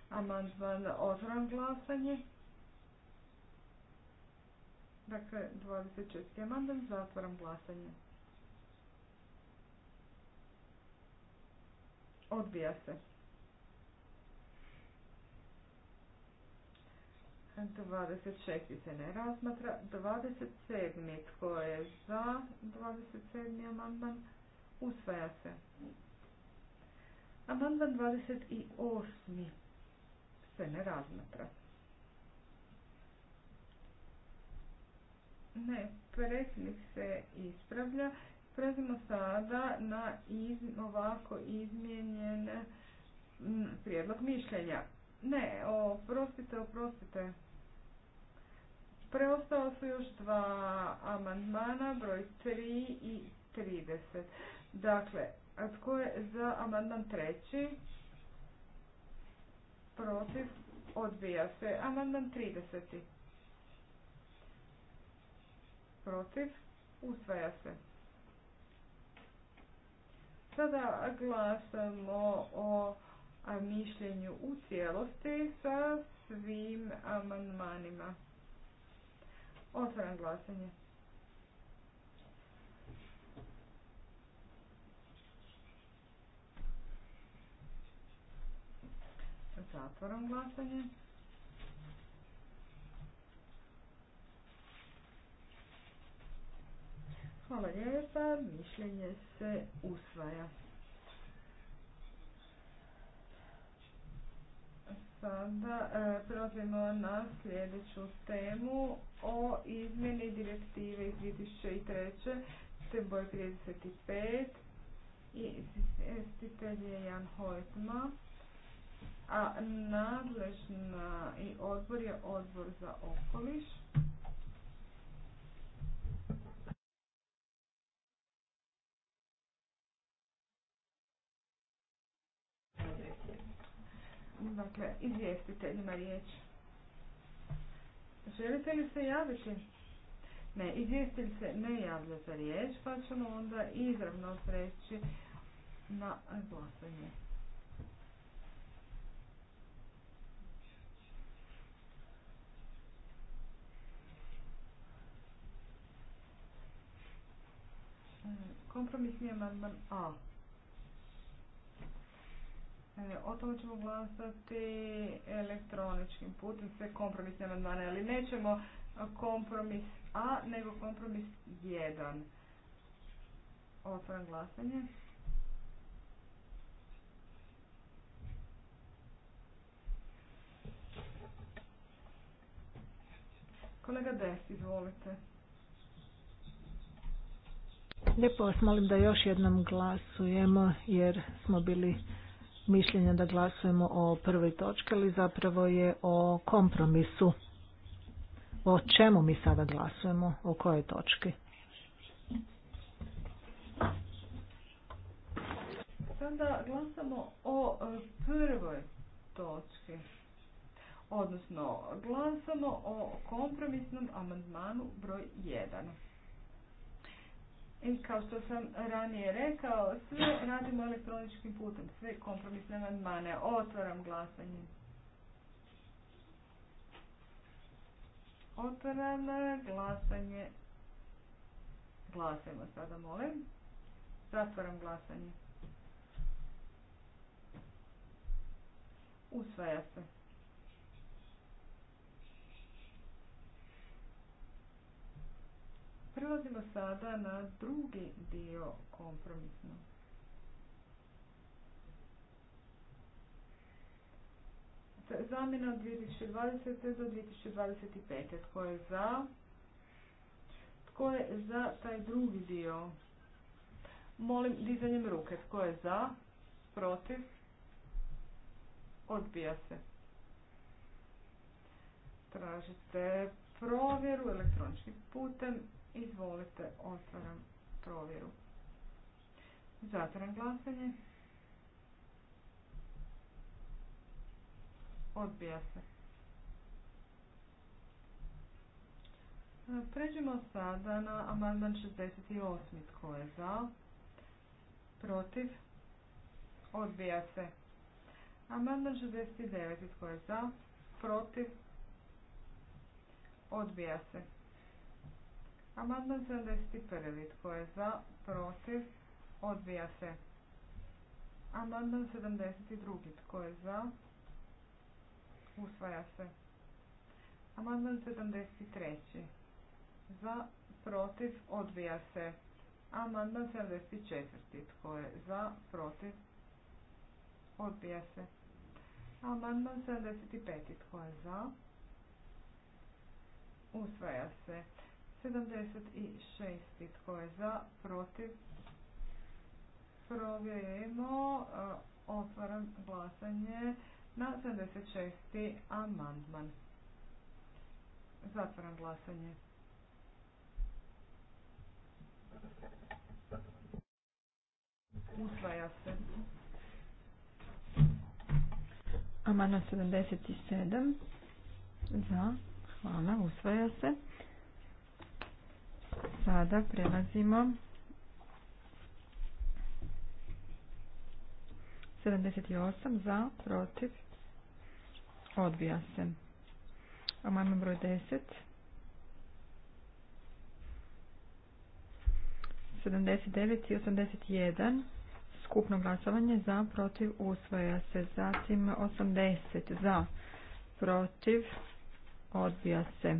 Speaker 4: amandman otvoram glasanje. Dakle, 26. amandan, zatvoram glasanje. Odbija se. 26. se ne razmatra. 27. tko je za 27. amandman? Usvaja se. Amandman 28. se ne razmatra. Ne, predsjednik se ispravlja. Prelazimo sada na ovako izmijenjen mm, prijedlog mišljenja. Ne, oprostite, oprostite. Preostalo su još dva amandmana, broj 3 i 30. Dakle, a tko je za amandman treći? Protiv, odbija se. Amandman 30 protiv, usvaja se. Sada glasamo o mišljenju u cijelosti sa svim amandmanima. Otvoram glasanje. Zatvaram glasanje. Hvala lijepa, mišljenje se usvaja. Sada e, prelazimo na sljedeću temu o izmjeni direktive iz 2003. te 35 i izvjestitelj je Jan Hojtma, a nadležna i odbor je odbor za okoliš. Dakle, izvjestiteljima riječ. Želite li se javiti? Ne, izvjestitelj se ne javlja za riječ, pa ćemo onda izravno preći na glasanje. Kompromisni amandman A. Dakle, o tome ćemo glasati elektroničkim putem, sve kompromisne amandmane, ali nećemo kompromis A, nego kompromis 1. Otvoram glasanje. Kolega Des, izvolite.
Speaker 3: Lijepo vas molim da još jednom glasujemo jer smo bili mišljenja da glasujemo o prvoj točki, ali zapravo je o kompromisu. O čemu mi sada glasujemo? O kojoj točki?
Speaker 4: Sada glasamo o e, prvoj točki. Odnosno, glasamo o kompromisnom amandmanu broj 1. I kao što sam ranije rekao, sve radimo elektroničkim putem, sve kompromisne amandmane. Otvaram glasanje. Otvaram glasanje. Glasajmo sada, molim. Zatvaram glasanje. Usvaja se. Prelazimo sada na drugi dio kompromisno. Zamjena od 2020. do 2025. Tko je za? Tko je za taj drugi dio? Molim dizanjem ruke. Tko je za? Protiv? Odbija se. Tražite provjeru elektroničkim putem. Izvolite, otvaram provjeru. Zatvaram glasanje. Odbija se. E, Pređemo sada na amandman 68. Tko je za? Protiv? Odbija se. Amandman 69. Tko je za? Protiv? Odbija se. Amandman 71. Tko je za? Protiv? Odbija se. Amandman 72. Tko je za? Usvaja se. Amandman 73. Za? Protiv? Odbija se. Amandman 74. Tko je za? Protiv? Odbija se. Amandman 75. Tko je za? Usvaja se. 76. Tko je za? Protiv? Provjerimo. E, otvaram glasanje na 76. amandman. Zatvaram glasanje. Usvaja se.
Speaker 2: Amandman 77. Za. Hvala. Usvaja se. Sada prelazimo 78 za, protiv, odbija se. Amandman broj 10. 79 i 81 skupno glasovanje za, protiv, usvoja se. Zatim 80 za, protiv, odbija se.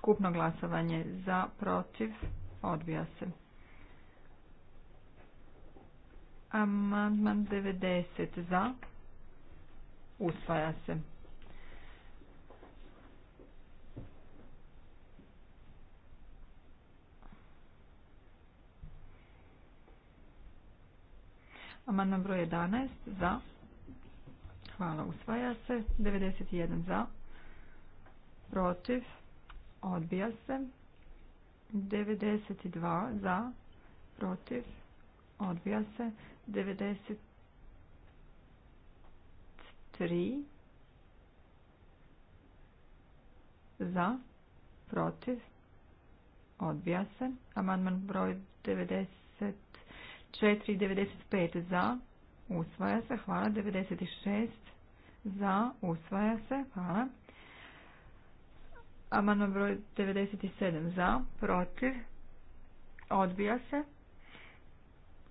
Speaker 2: Skupno glasovanje za, protiv, odbija se. Amandman 90 za, usvaja se. Amandman broj 11 za. Hvala, usvaja se. 91 za. Protiv. Odbija se. 92 za. Protiv. Odbija se. 93 za. Protiv. Odbija se. Amandman broj 94 i 95 za. Usvaja se. Hvala. 96 za. Usvaja se. Hvala. Amandman broj 97 za, protiv, odbija se.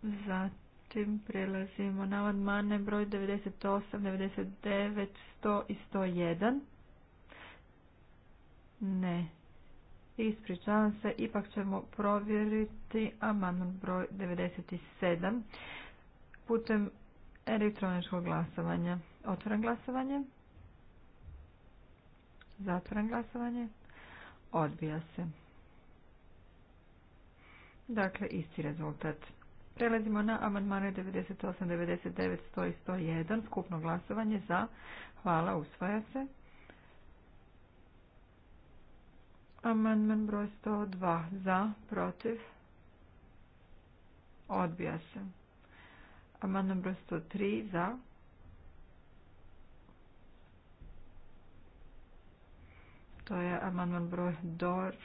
Speaker 2: Zatim prelazimo na amandmane broj 98, 99, 100 i 101. Ne. Ispričavam se, ipak ćemo provjeriti amandman broj 97 putem elektroničkog glasovanja. Otvoram glasovanje. Zatvoren glasovanje. Odbija se. Dakle, isti rezultat. Prelazimo na amandmane 98, 99, 100 i 101. Skupno glasovanje za. Hvala, usvaja se. Amandman broj 102. Za, protiv. Odbija se. Amandman broj 103. Za, To je amandman broj Dor,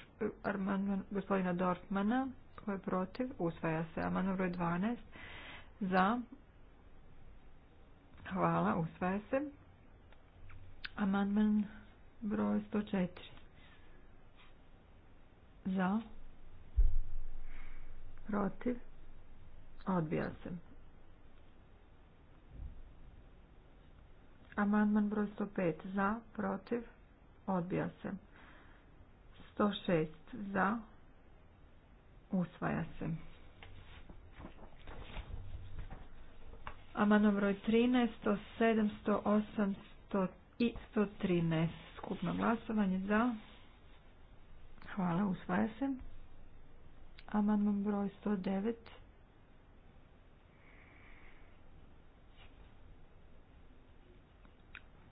Speaker 2: amandman gospodina Dorfmana. koji je protiv? Usvaja se. Amandman broj 12. Za. Hvala. Usvaja se. Amandman broj 104. Za. Protiv. Odbija se. Amandman broj 105. Za. Protiv. Odbija se. 106 za. Usvaja se. Amano broj 13, 107, 108, i 113. Skupno glasovanje za. Hvala, usvaja se. Amano broj 109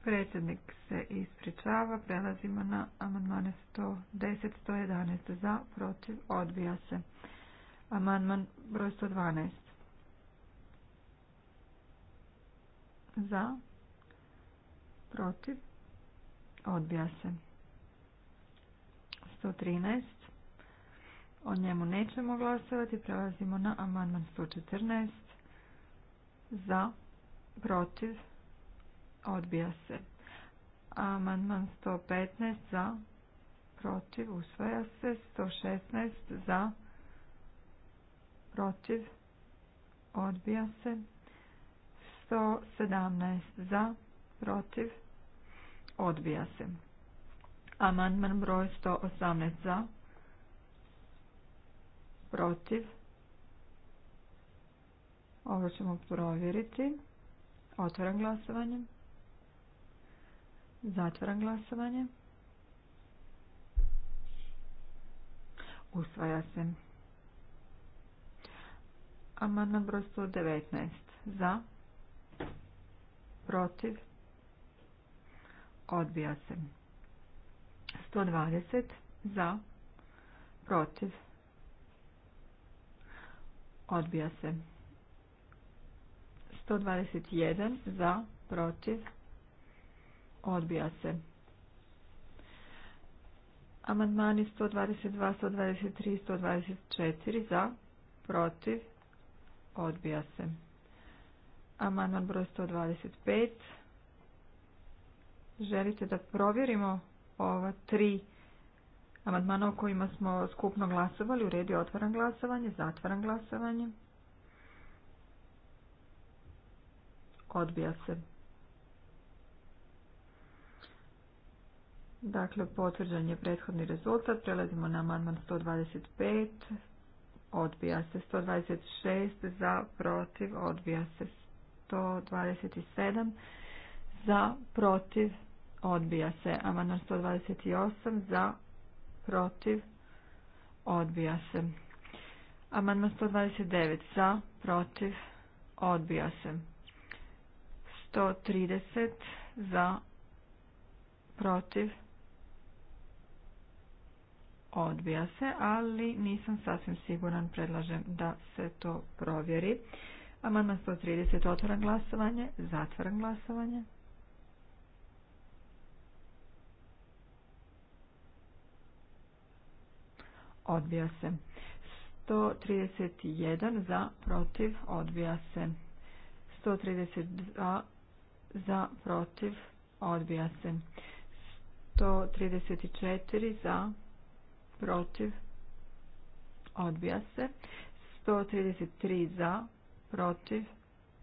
Speaker 2: Predsjednik se ispričava. Prelazimo na amandmane 110, 111 za, protiv, odbija se. Amandman broj 112. Za, protiv, odbija se. 113. O njemu nećemo glasovati. Prelazimo na amandman 114. Za, protiv, odbija se Odbija se. Amandman 115 za. Protiv. Usvaja se. 116 za. Protiv. Odbija se. 117 za. Protiv. Odbija se. Amandman broj 118 za. Protiv. Ovo ćemo provjeriti. otvoram glasovanjem. Zatvaram glasovanje. Usvaja se. Amandman broj 119. Za. Protiv. Odbija se. 120. Za. Protiv. Odbija se. 121. Za. Protiv. Odbija se. Amandmani 122, 123, 124 za, protiv, odbija se. Amandman broj 125. Želite da provjerimo ova tri amandmana o kojima smo skupno glasovali. U redu je otvaram glasovanje, zatvaram glasovanje. Odbija se. Dakle, potvrđen je prethodni rezultat. Prelazimo na amandman 125. Odbija se 126. Za, protiv. Odbija se 127. Za, protiv. Odbija se amandman 128. Za, protiv. Odbija se. Amandman 129. Za, protiv. Odbija se. 130. Za, protiv odbija se, ali nisam sasvim siguran, predlažem da se to provjeri. Amandman 130, otvoran glasovanje, zatvoran glasovanje. Odbija se. 131 za, protiv, odbija se. 132 za, protiv, odbija se. 134 za, protiv, odbija se. 133 za, protiv,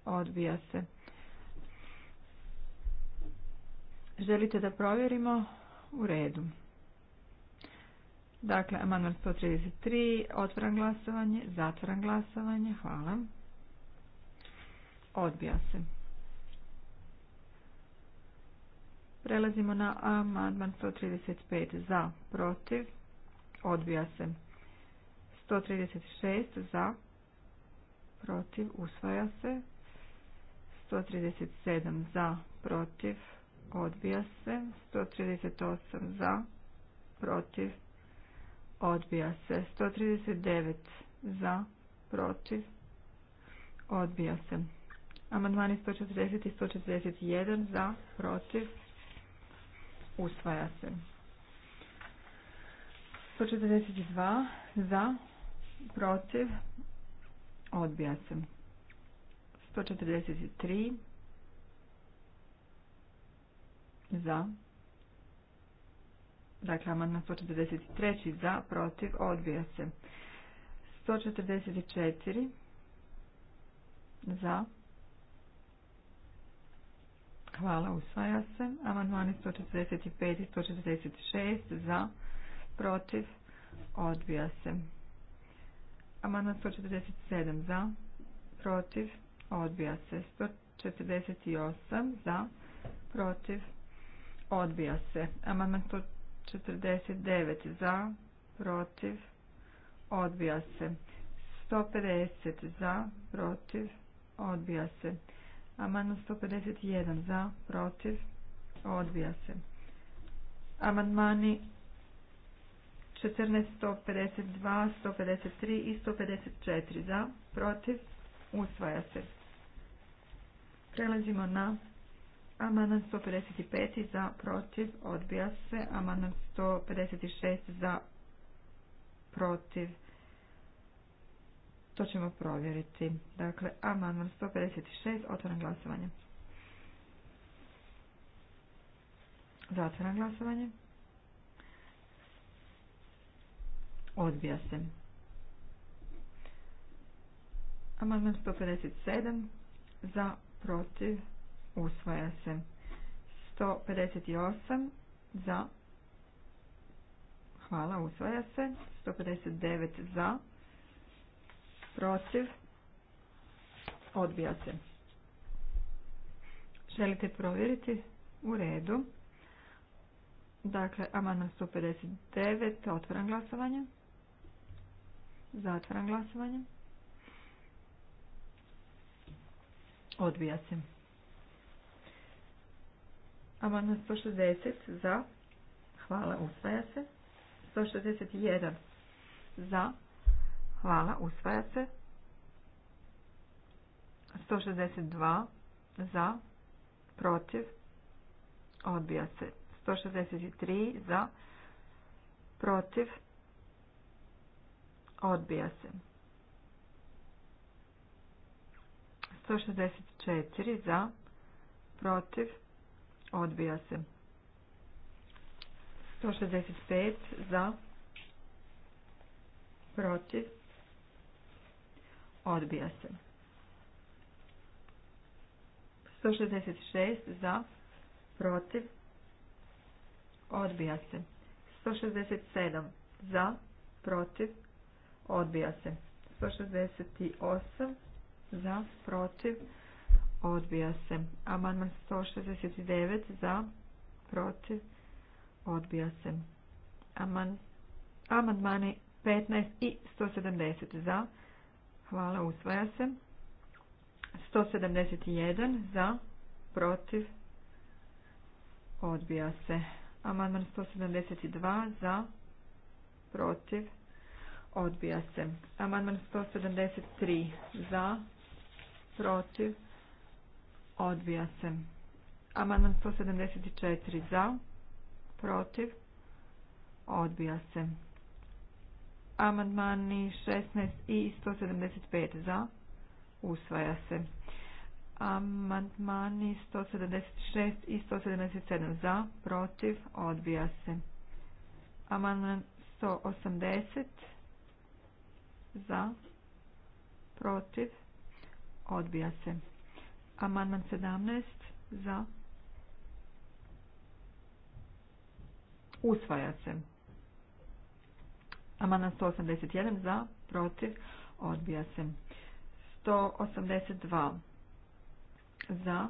Speaker 2: odbija se. Želite da provjerimo? U redu. Dakle, amandman 133, otvoran glasovanje, zatvoran glasovanje, hvala. Odbija se. Prelazimo na amandman 135 za, protiv, Odbija se. 136 za. Protiv. Usvaja se. 137 za. Protiv. Odbija se. 138 za. Protiv. Odbija se. 139 za. Protiv. Odbija se. Amandmani 140 i 141 za. Protiv. Usvaja se. 142 za, protiv, odbija se. 143 za, dakle amandman 143 za, protiv, odbija se. 144 za, hvala, usvaja se. Amandmani 145 i 146 za, protiv, odbija se. Amandman 147 za, protiv, odbija se. 148 za, protiv, odbija se. Amandman 149 za, protiv, odbija se. 150 za, protiv, odbija se. Amandman 151 za, protiv, odbija se. Amandmani 14, 152, 153 i 154 za, protiv, usvaja se. Prelazimo na Amanan 155 za, protiv, odbija se. Amanan 156 za, protiv, to ćemo provjeriti. Dakle, Amanan 156, otvoram glasovanje. Zatvoram glasovanje. Odbija se. Amandman 157 za protiv usvaja se. 158 za hvala usvaja se. 159 za protiv odbija se. Želite provjeriti? U redu. Dakle, amandman 159, otvoren glasovanje. Zatvaram glasovanje. Odbija se. Amandman 160 za. Hvala, usvaja se. 161 za. Hvala, usvaja se. 162 za. Protiv. Odbija se. 163 za. Protiv. Odbija se. 164 za, protiv, odbija se. 165 za, protiv, odbija se. 166 za, protiv, odbija se. 167 za, protiv, Odbija se. 168 za, protiv, odbija se. Amandman 169 za, protiv, odbija se. Amandmani 15 i 170 za, hvala, usvaja se. 171 za, protiv, odbija se. Amandman 172 za, protiv, Odbija se. Amandman 173 za, protiv, odbija se. Amandman 174 za, protiv, odbija se. Amandmani 16 i 175 za, usvaja se. Amandmani 176 i 177 za, protiv, odbija se. Amandman 180 za, protiv, odbija se. Amandman 17 za, usvaja se. Amandman 181 za, protiv, odbija se. 182 za,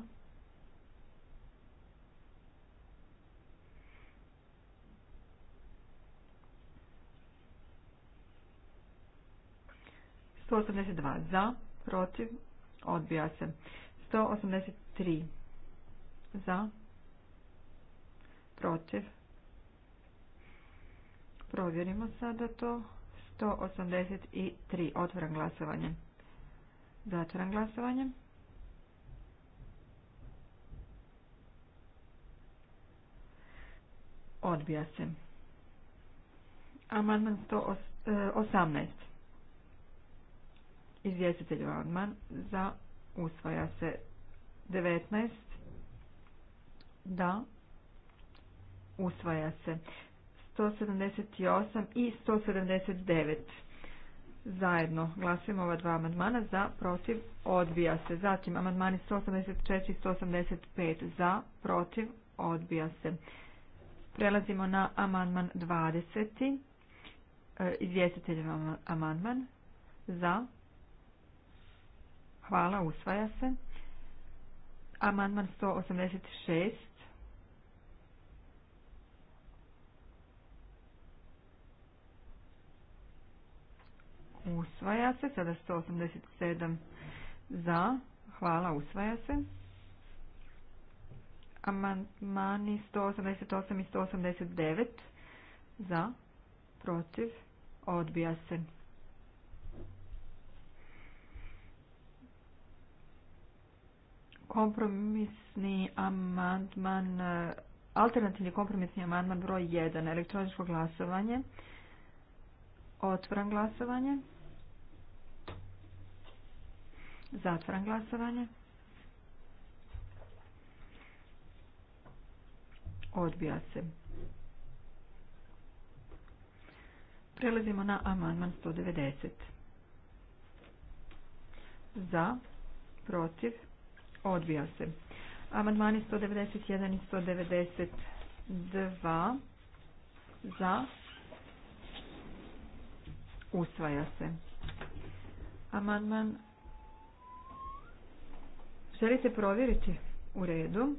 Speaker 2: 182 za, protiv, odbija se. 183 za, protiv. Provjerimo sada to. 183. Otvoram glasovanje. Zatvoram glasovanje. Odbija se. Amandman 118. Izvjestitelj amandman za usvaja se 19. Da. Usvaja se 178 i 179. Zajedno glasujemo ova dva amandmana za, protiv, odbija se. Zatim amandmani 184 i 185 za, protiv, odbija se. Prelazimo na amandman 20. E, izvjestitelj amandman za, Hvala, usvaja se. Amandman 186. Usvaja se. Sada 187 za. Hvala, usvaja se. Amandmani 188 i 189 za. Protiv. Odbija se. kompromisni amandman, alternativni kompromisni amandman broj 1, elektroničko glasovanje. Otvoram glasovanje. Zatvoram glasovanje. Odbija se. Prelazimo na amandman 190. Za, protiv, Odbija se. Amandmani 191 i 192 za. Usvaja se. Amandman. Želite provjeriti? U redu.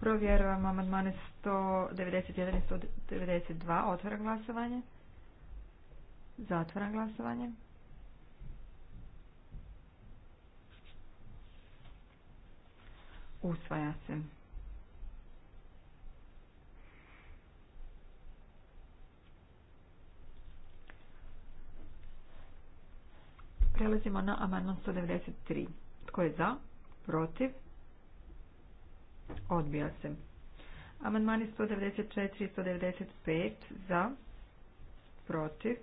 Speaker 2: Provjerujem amandmane 191 i 192. Otvara glasovanje. Zatvara glasovanje. Usvaja se. Prelazimo na amandman 193. Tko je za? Protiv? Odbija se. Amandmani 194 i 195 za, protiv.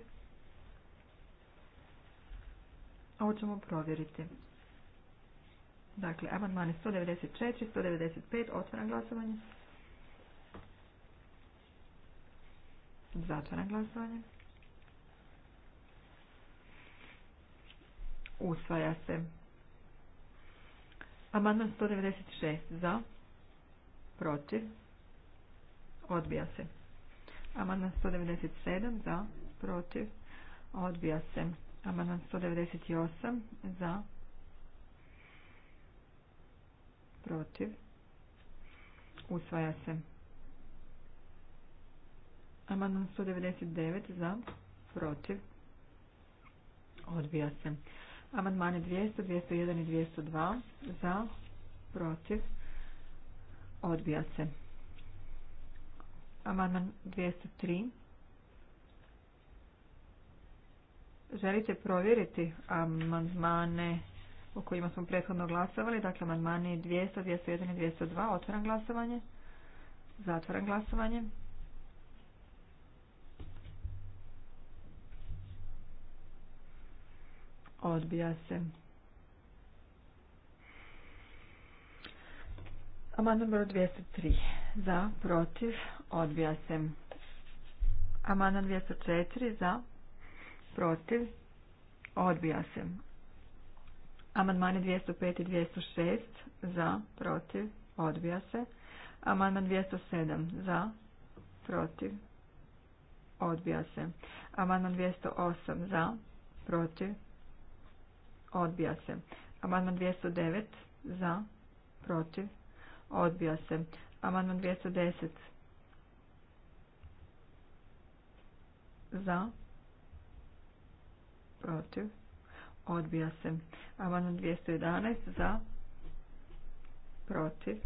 Speaker 2: Ovo ćemo provjeriti. Dakle, sto 194, 195, otvaram glasovanje. Zatvaram glasovanje. Usvaja se. Amandman 196 za, protiv, odbija se. Amandman 197 za, protiv, odbija se. Amandman 198 za, protiv, usvaja se. Amandman 199 za, protiv, odbija se. Amandmane 200, 201 i 202 za, protiv, odbija se. Amandman 203. Želite provjeriti amandmane o kojima smo prethodno glasovali, dakle amandmani 200, 201 i 202, otvaram glasovanje, zatvaram glasovanje. Odbija se. Amandman broj 203. Za, protiv, odbija se. Amandman 204. Za, protiv, odbija se. Amandmani 205 i 206 za, protiv, odbija se. Amandman 207 za, protiv, odbija se. Amandman 208 za, protiv, odbija se. Amandman 209 za, protiv, odbija se. Amandman 210 za, protiv, Odbija se. Amandman 211 za. Protiv.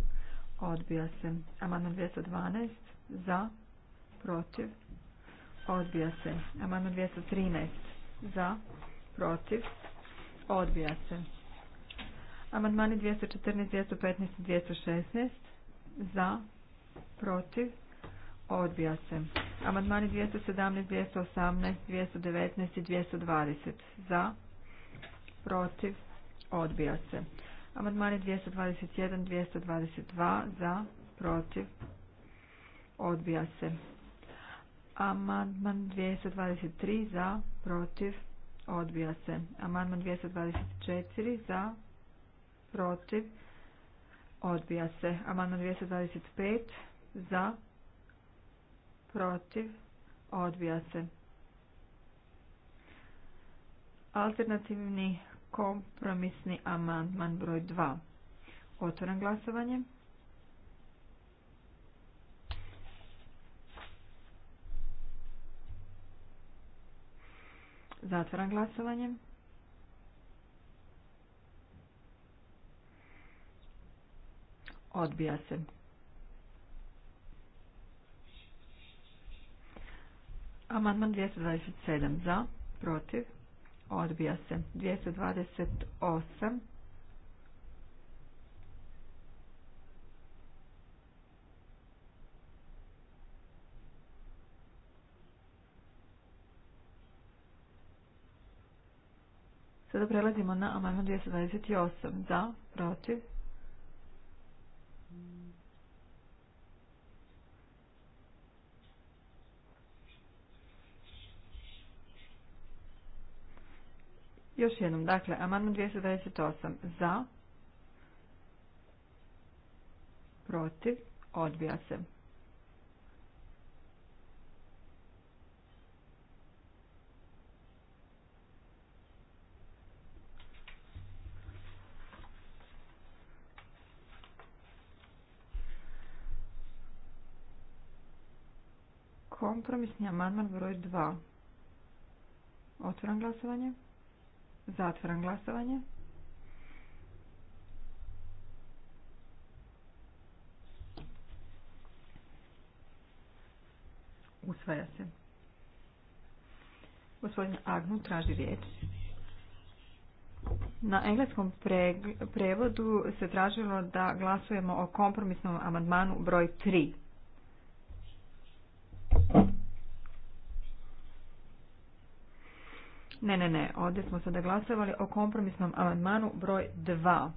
Speaker 2: Odbija se. Amandman 212 za. Protiv. Odbija se. Amandman 213 za. Protiv. Odbija se. Amandmani 214, 215 216 za. Protiv. Odbija se. Amandmani 217, 218, 219 i 220 za protiv, odbija se. Amandmani 221, 222 za, protiv, odbija se. Amandman 223 za, protiv, odbija se. Amandman 224 za, protiv, odbija se. Amandman 225 za, protiv, odbija se. Alternativni Kompromisni amandman broj 2. Otvoram glasovanje. Zatvaram glasovanje. Odbija se. Amandman 227 za, protiv. Odbija se. 228. Sada prelazimo na amandman 228. Za, protiv, Još jednom, dakle, amandman 228 za, protiv, odbija se. Kompromisni amandman broj 2. Otvoram glasovanje. Zatvaram glasovanje. Usvaja se. Gospodin Agnu traži riječ. Na engleskom prevodu se tražilo da glasujemo o kompromisnom amandmanu broj 3. Ne, ne, ne, ovdje smo sada glasovali o kompromisnom amandmanu broj 2.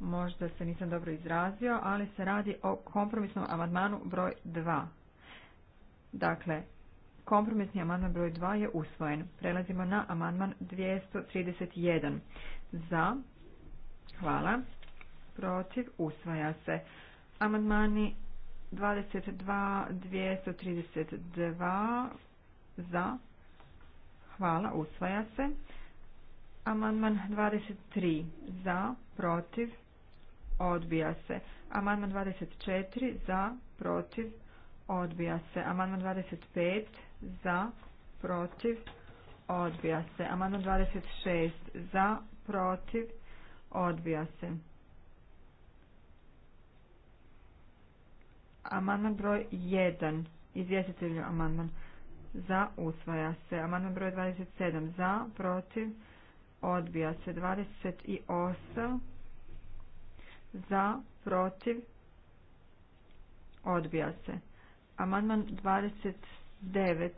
Speaker 2: Možda se nisam dobro izrazio, ali se radi o kompromisnom amandmanu broj 2. Dakle, kompromisni amandman broj 2 je usvojen. Prelazimo na amandman 231. Za, hvala, protiv, usvaja se. Amandmani 22, 232, za, Hvala, usvaja se. Amandman 23 za, protiv, odbija se. Amandman 24 za, protiv, odbija se. Amandman 25 za, protiv, odbija se. Amandman 26 za, protiv, odbija se. Amandman broj 1. Izvjestitelju amandman za, usvaja se. Amandman broj 27 za, protiv, odbija se. 28 za, protiv, odbija se. Amandman 29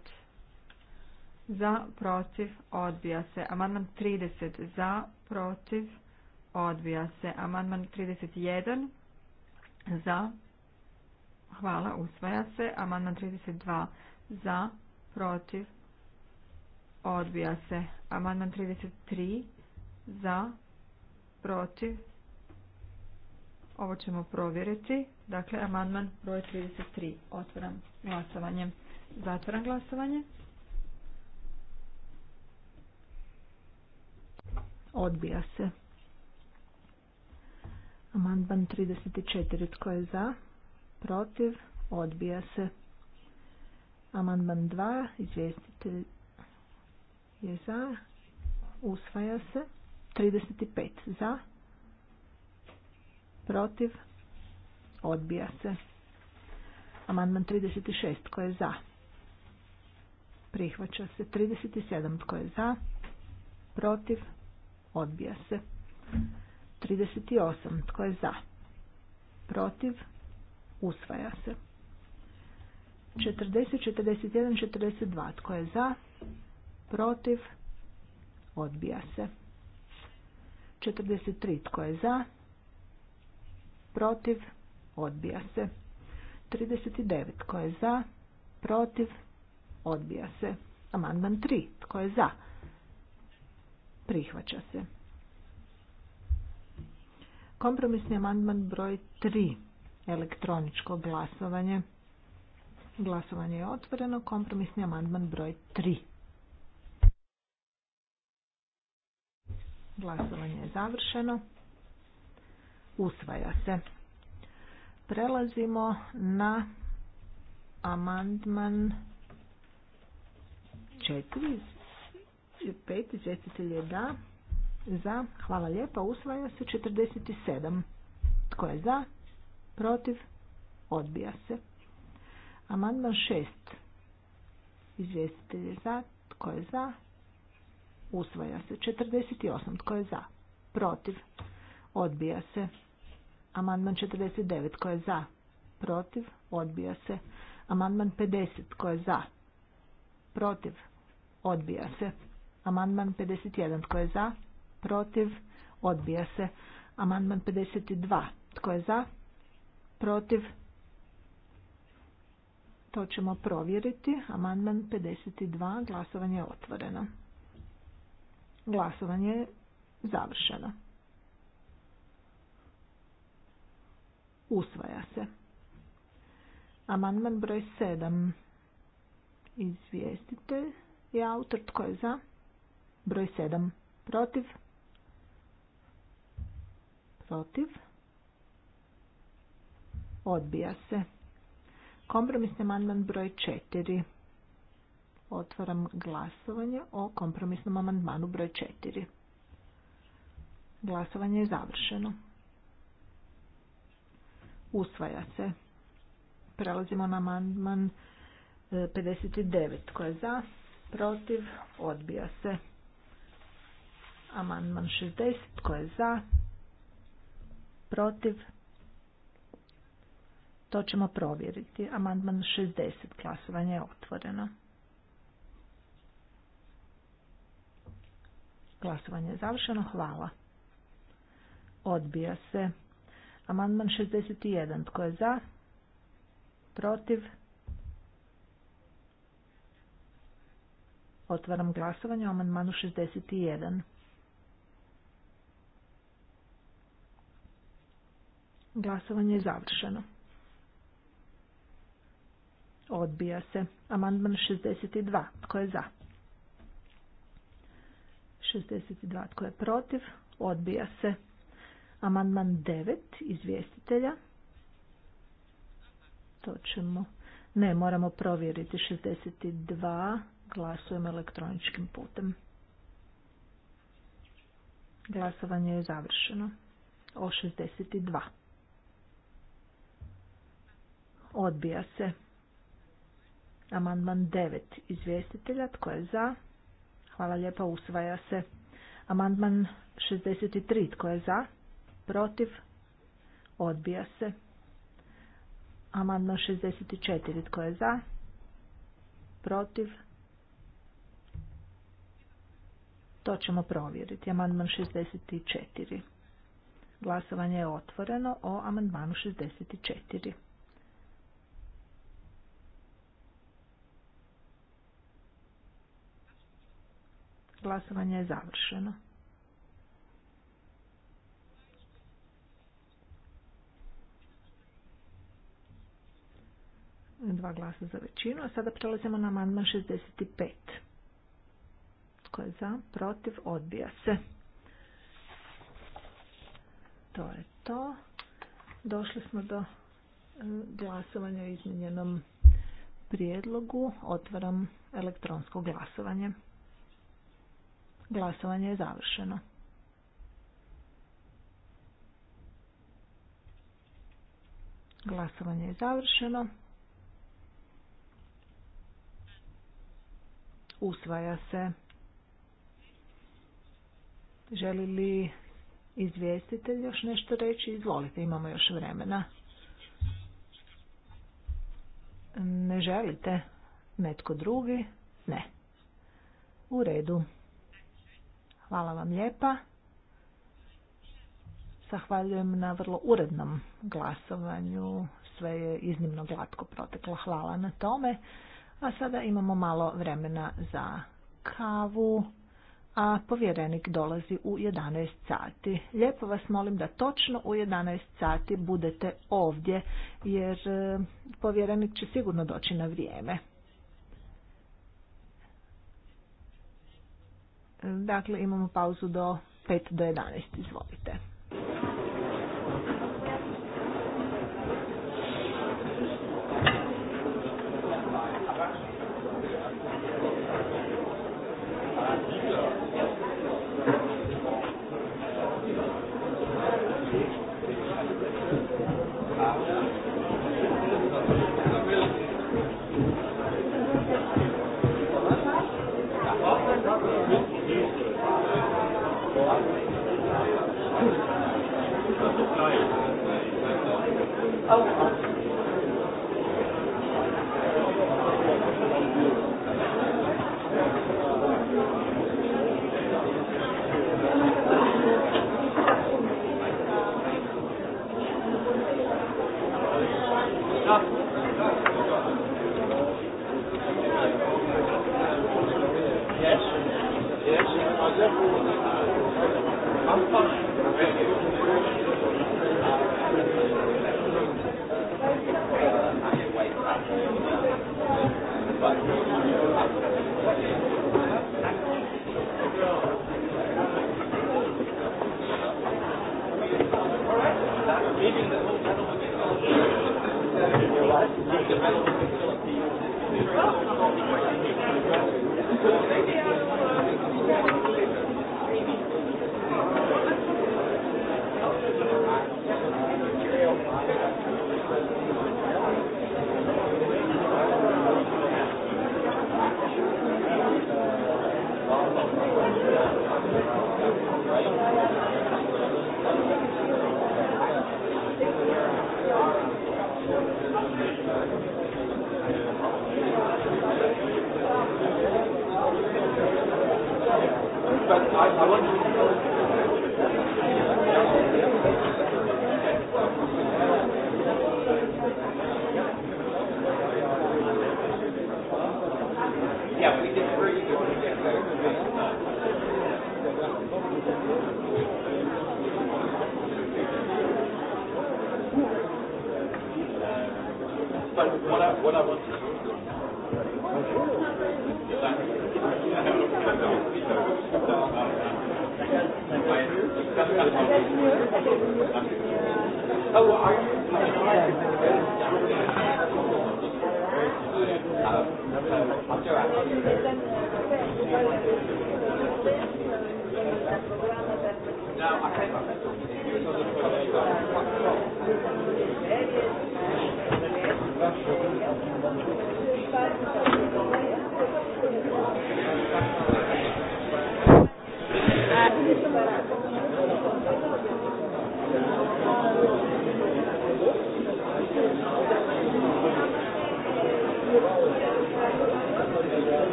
Speaker 2: za, protiv, odbija se. Amandman 30 za, protiv, odbija se. Amandman 31 za, hvala, usvaja se. Amandman 32 za, protiv, odbija se. Amandman 33 za, protiv, ovo ćemo provjeriti. Dakle, amandman broj 33. Otvoram glasovanje. Zatvoram glasovanje. Odbija se. Amandman
Speaker 3: 34. Tko je za? Protiv? Odbija se. Amandman 2, izvjestitelj je za, usvaja se. 35 za, protiv, odbija se. Amandman 36, tko je za? Prihvaća se. 37, tko je za? Protiv, odbija se. 38, tko je za? Protiv, usvaja se. 40, 41, 42. Tko je za? Protiv? Odbija se. 43. Tko je za? Protiv? Odbija se. 39. Tko je za? Protiv? Odbija se. Amandman 3. Tko je za? Prihvaća se. Kompromisni amandman broj 3. Elektroničko glasovanje. Glasovanje je otvoreno. Kompromisni amandman broj 3. Glasovanje je završeno. Usvaja se. Prelazimo na amandman 4. 5. Izvjestitelj je da. Za. Hvala lijepa. Usvaja se 47. Tko je za? Protiv? Odbija se. Amandman šest. Izvjestitelj je za. Tko je za? Usvaja se. 48. Tko je za? Protiv. Odbija se. Amandman 49. Tko je za? Protiv. Odbija se. Amandman 50. Tko je za? Protiv. Odbija se. Amandman 51. Tko je za? Protiv. Odbija se. Amandman 52. Tko je za? Protiv. To ćemo provjeriti. Amandman 52. Glasovanje je otvoreno. Glasovanje je završeno. Usvaja se. Amandman broj 7. Izvijestite je autor tko je za? Broj 7. Protiv? Protiv? Odbija se. Kompromisni amandman broj 4. Otvaram glasovanje o kompromisnom amandmanu broj 4. Glasovanje je završeno. Usvaja se. Prelazimo na amandman 59. E, Tko je za? Protiv? Odbija se. Amandman 60. Tko je za? Protiv? To ćemo provjeriti. Amandman 60. Glasovanje je otvoreno. Glasovanje je završeno. Hvala. Odbija se. Amandman 61. Tko je za? Protiv? Otvaram glasovanje o amandmanu 61. Glasovanje je završeno. Odbija se. Amandman 62. Tko je za? 62. Tko je protiv? Odbija se. Amandman 9. Izvjestitelja. To ćemo... Ne, moramo provjeriti 62. Glasujem elektroničkim putem. Glasovanje je završeno. O 62. Odbija se. Amandman 9 izvjestitelja. Tko je za? Hvala lijepa, usvaja se. Amandman 63. Tko je za? Protiv? Odbija se. Amandman 64. Tko je za? Protiv? To ćemo provjeriti. Amandman 64. Glasovanje je otvoreno o amandmanu 64. Glasovanje je završeno. Dva glasa za većinu. A sada prelazimo na amandman 65. Tko je za? Protiv? Odbija se. To je to. Došli smo do e, glasovanja o izmjenjenom prijedlogu. Otvaram elektronsko glasovanje. Glasovanje je završeno. Glasovanje je završeno. Usvaja se. Želi li izvjestitelj još nešto reći? Izvolite, imamo još vremena. Ne želite? Netko drugi? Ne. U redu. Hvala vam lijepa. Zahvaljujem na vrlo urednom glasovanju. Sve je iznimno glatko proteklo. Hvala na tome. A sada imamo malo vremena za kavu, a povjerenik dolazi u 11 sati. Lijepo vas molim da točno u 11 sati budete ovdje, jer eh, povjerenik će sigurno doći na vrijeme. Dakle, imamo pauzu do 5 do 11. Izvolite.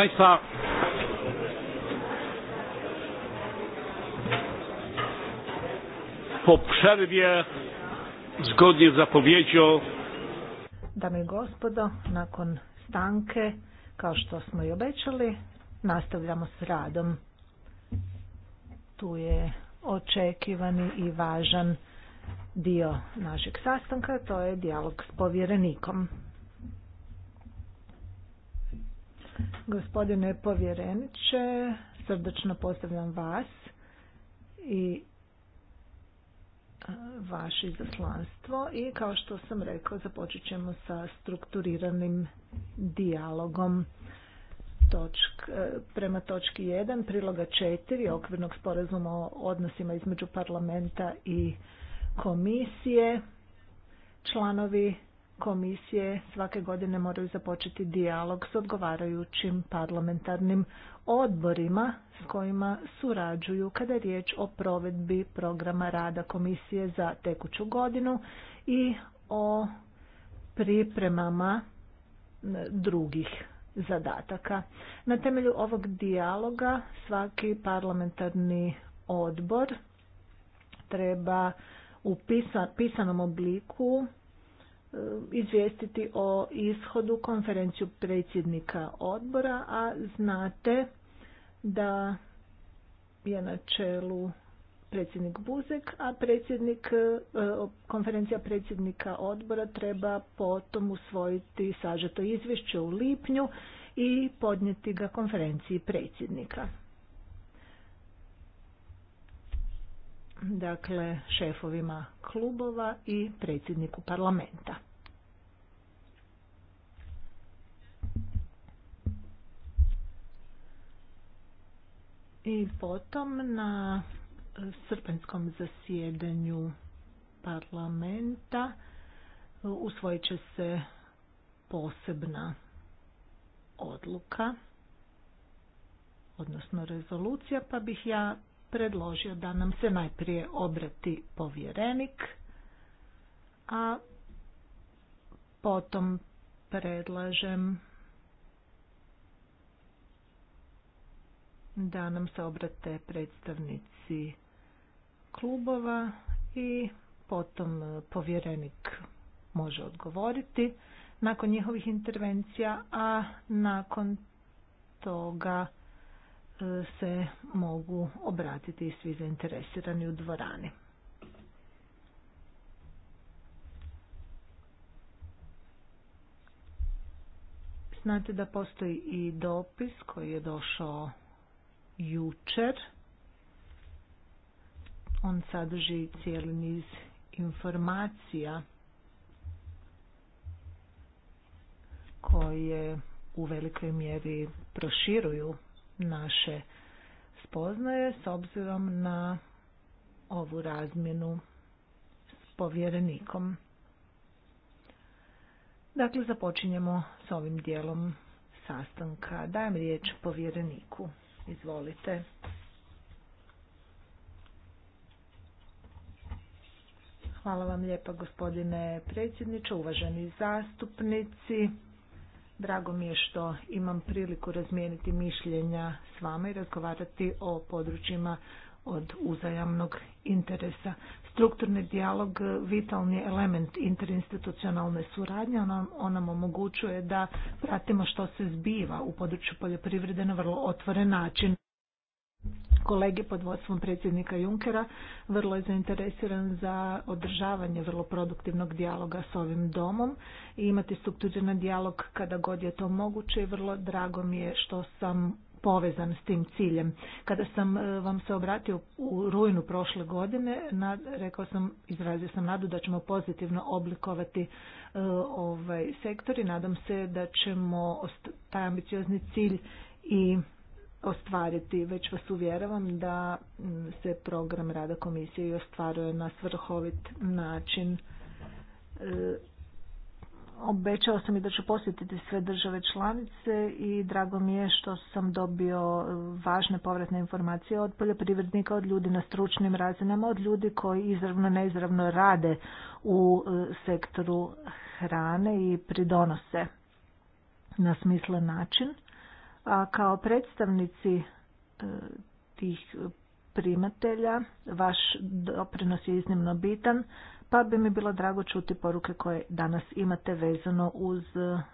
Speaker 1: zaista po przerwie, zgodnie z zapowiedzią.
Speaker 3: Dame i gospodo, nakon stanke, kao što smo i obećali, nastavljamo s radom. Tu je očekivani i važan dio našeg sastanka, to je dijalog s povjerenikom. Gospodine povjereniče, srdečno pozdravljam vas i vaše izaslanstvo i kao što sam rekao započet ćemo sa strukturiranim dijalogom e, prema točki 1 priloga 4 okvirnog sporazuma o odnosima između parlamenta i komisije članovi komisije svake godine moraju započeti dijalog s odgovarajućim parlamentarnim odborima s kojima surađuju kada je riječ o provedbi programa rada komisije za tekuću godinu i o pripremama drugih zadataka. Na temelju ovog dijaloga svaki parlamentarni odbor treba u pisanom obliku Eh, izvijestiti o ishodu konferenciju predsjednika odbora, a znate da je na čelu predsjednik Buzek, a predsjednik, eh, konferencija predsjednika odbora treba potom usvojiti sažeto izvješće u lipnju i podnijeti ga konferenciji predsjednika. dakle šefovima klubova i predsjedniku parlamenta. I potom na srpenskom zasjedanju parlamenta usvojit će se posebna odluka, odnosno rezolucija, pa bih ja predložio da nam se najprije obrati povjerenik, a potom predlažem da nam se obrate predstavnici klubova i potom povjerenik može odgovoriti nakon njihovih intervencija, a nakon toga se mogu obratiti svi zainteresirani u dvorani. Znate da postoji i dopis koji je došao jučer. On sadrži cijeli niz informacija koje u velikoj mjeri proširuju naše spoznaje s obzirom na ovu razmjenu s povjerenikom. Dakle, započinjemo s ovim dijelom sastanka. Dajem riječ povjereniku. Izvolite. Hvala vam lijepa gospodine predsjedniče, uvaženi zastupnici. Drago mi je što imam priliku razmijeniti mišljenja s vama i razgovarati o područjima od uzajamnog interesa. Strukturni dijalog vitalni je element interinstitucionalne suradnje, on nam omogućuje da pratimo što se zbiva u području poljoprivrede na vrlo otvoren način kolege pod vodstvom predsjednika Junkera vrlo je zainteresiran za održavanje vrlo produktivnog dijaloga s ovim domom i imati struktuđen dijalog kada god je to moguće i vrlo drago mi je što sam povezan s tim ciljem. Kada sam e, vam se obratio u rujnu prošle godine, nad, rekao sam, izrazio sam nadu da ćemo pozitivno oblikovati e, ovaj sektor i nadam se da ćemo taj ambiciozni cilj i ostvariti, već vas uvjeravam da se program rada komisije i ostvaruje na svrhovit način. E, obećao sam i da ću posjetiti sve države članice i drago mi je što sam dobio e, važne povratne informacije od poljoprivrednika, od ljudi na stručnim razinama, od ljudi koji izravno neizravno rade u e, sektoru hrane i pridonose na smislen način a kao predstavnici e, tih primatelja vaš doprinos je iznimno bitan, pa bi mi bilo drago čuti poruke koje danas imate vezano uz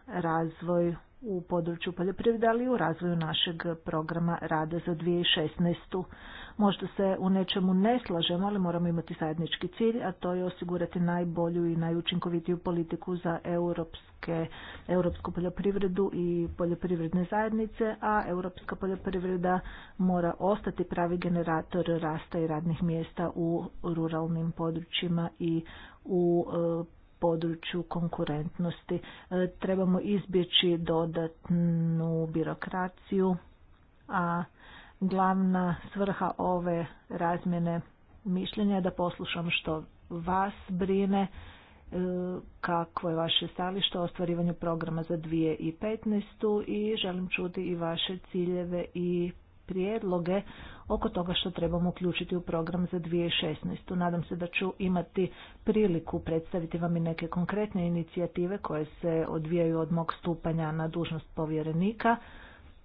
Speaker 3: razvoj u području poljoprivrede, ali i u razvoju našeg programa rada za 2016. Možda se u nečemu ne slažemo, ali moramo imati zajednički cilj, a to je osigurati najbolju i najučinkovitiju politiku za europske, europsku poljoprivredu i poljoprivredne zajednice, a europska poljoprivreda mora ostati pravi generator rasta i radnih mjesta u ruralnim područjima i u e, području konkurentnosti. E, trebamo izbjeći dodatnu birokraciju, a glavna svrha ove razmjene mišljenja je da poslušam što vas brine, e, kako je vaše stalište o ostvarivanju programa za 2015. i želim čuti i vaše ciljeve i prijedloge oko toga što trebamo uključiti u program za 2016. Nadam se da ću imati priliku predstaviti vam i neke konkretne inicijative koje se odvijaju od mog stupanja na dužnost povjerenika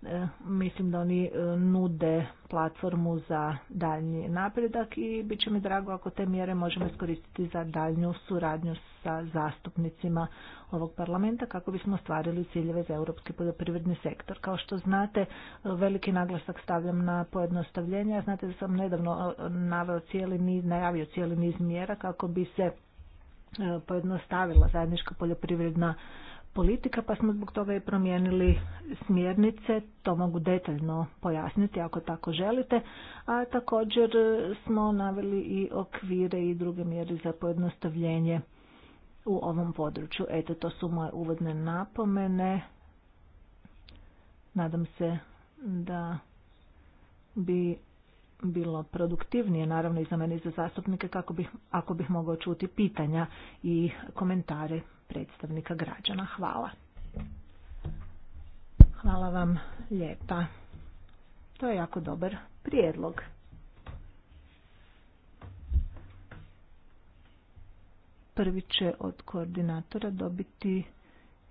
Speaker 3: E, mislim da oni e, nude platformu za daljnji napredak i bit će mi drago ako te mjere možemo iskoristiti za daljnju suradnju sa zastupnicima ovog parlamenta kako bismo ostvarili ciljeve za europski poljoprivredni sektor. Kao što znate, veliki naglasak stavljam na pojednostavljenje. Znate da sam nedavno e, naveo cijeli niz, najavio cijeli niz mjera kako bi se pojednostavila zajednička poljoprivredna politika, pa smo zbog toga i promijenili smjernice. To mogu detaljno pojasniti ako tako želite. A također smo naveli i okvire i druge mjere za pojednostavljenje u ovom području. Eto, to su moje uvodne napomene. Nadam se da bi bilo produktivnije, naravno i za mene i za zastupnike, kako bih, ako bih mogao čuti pitanja i komentare predstavnika građana. Hvala. Hvala vam lijepa. To je jako dobar prijedlog. Prvi će od koordinatora dobiti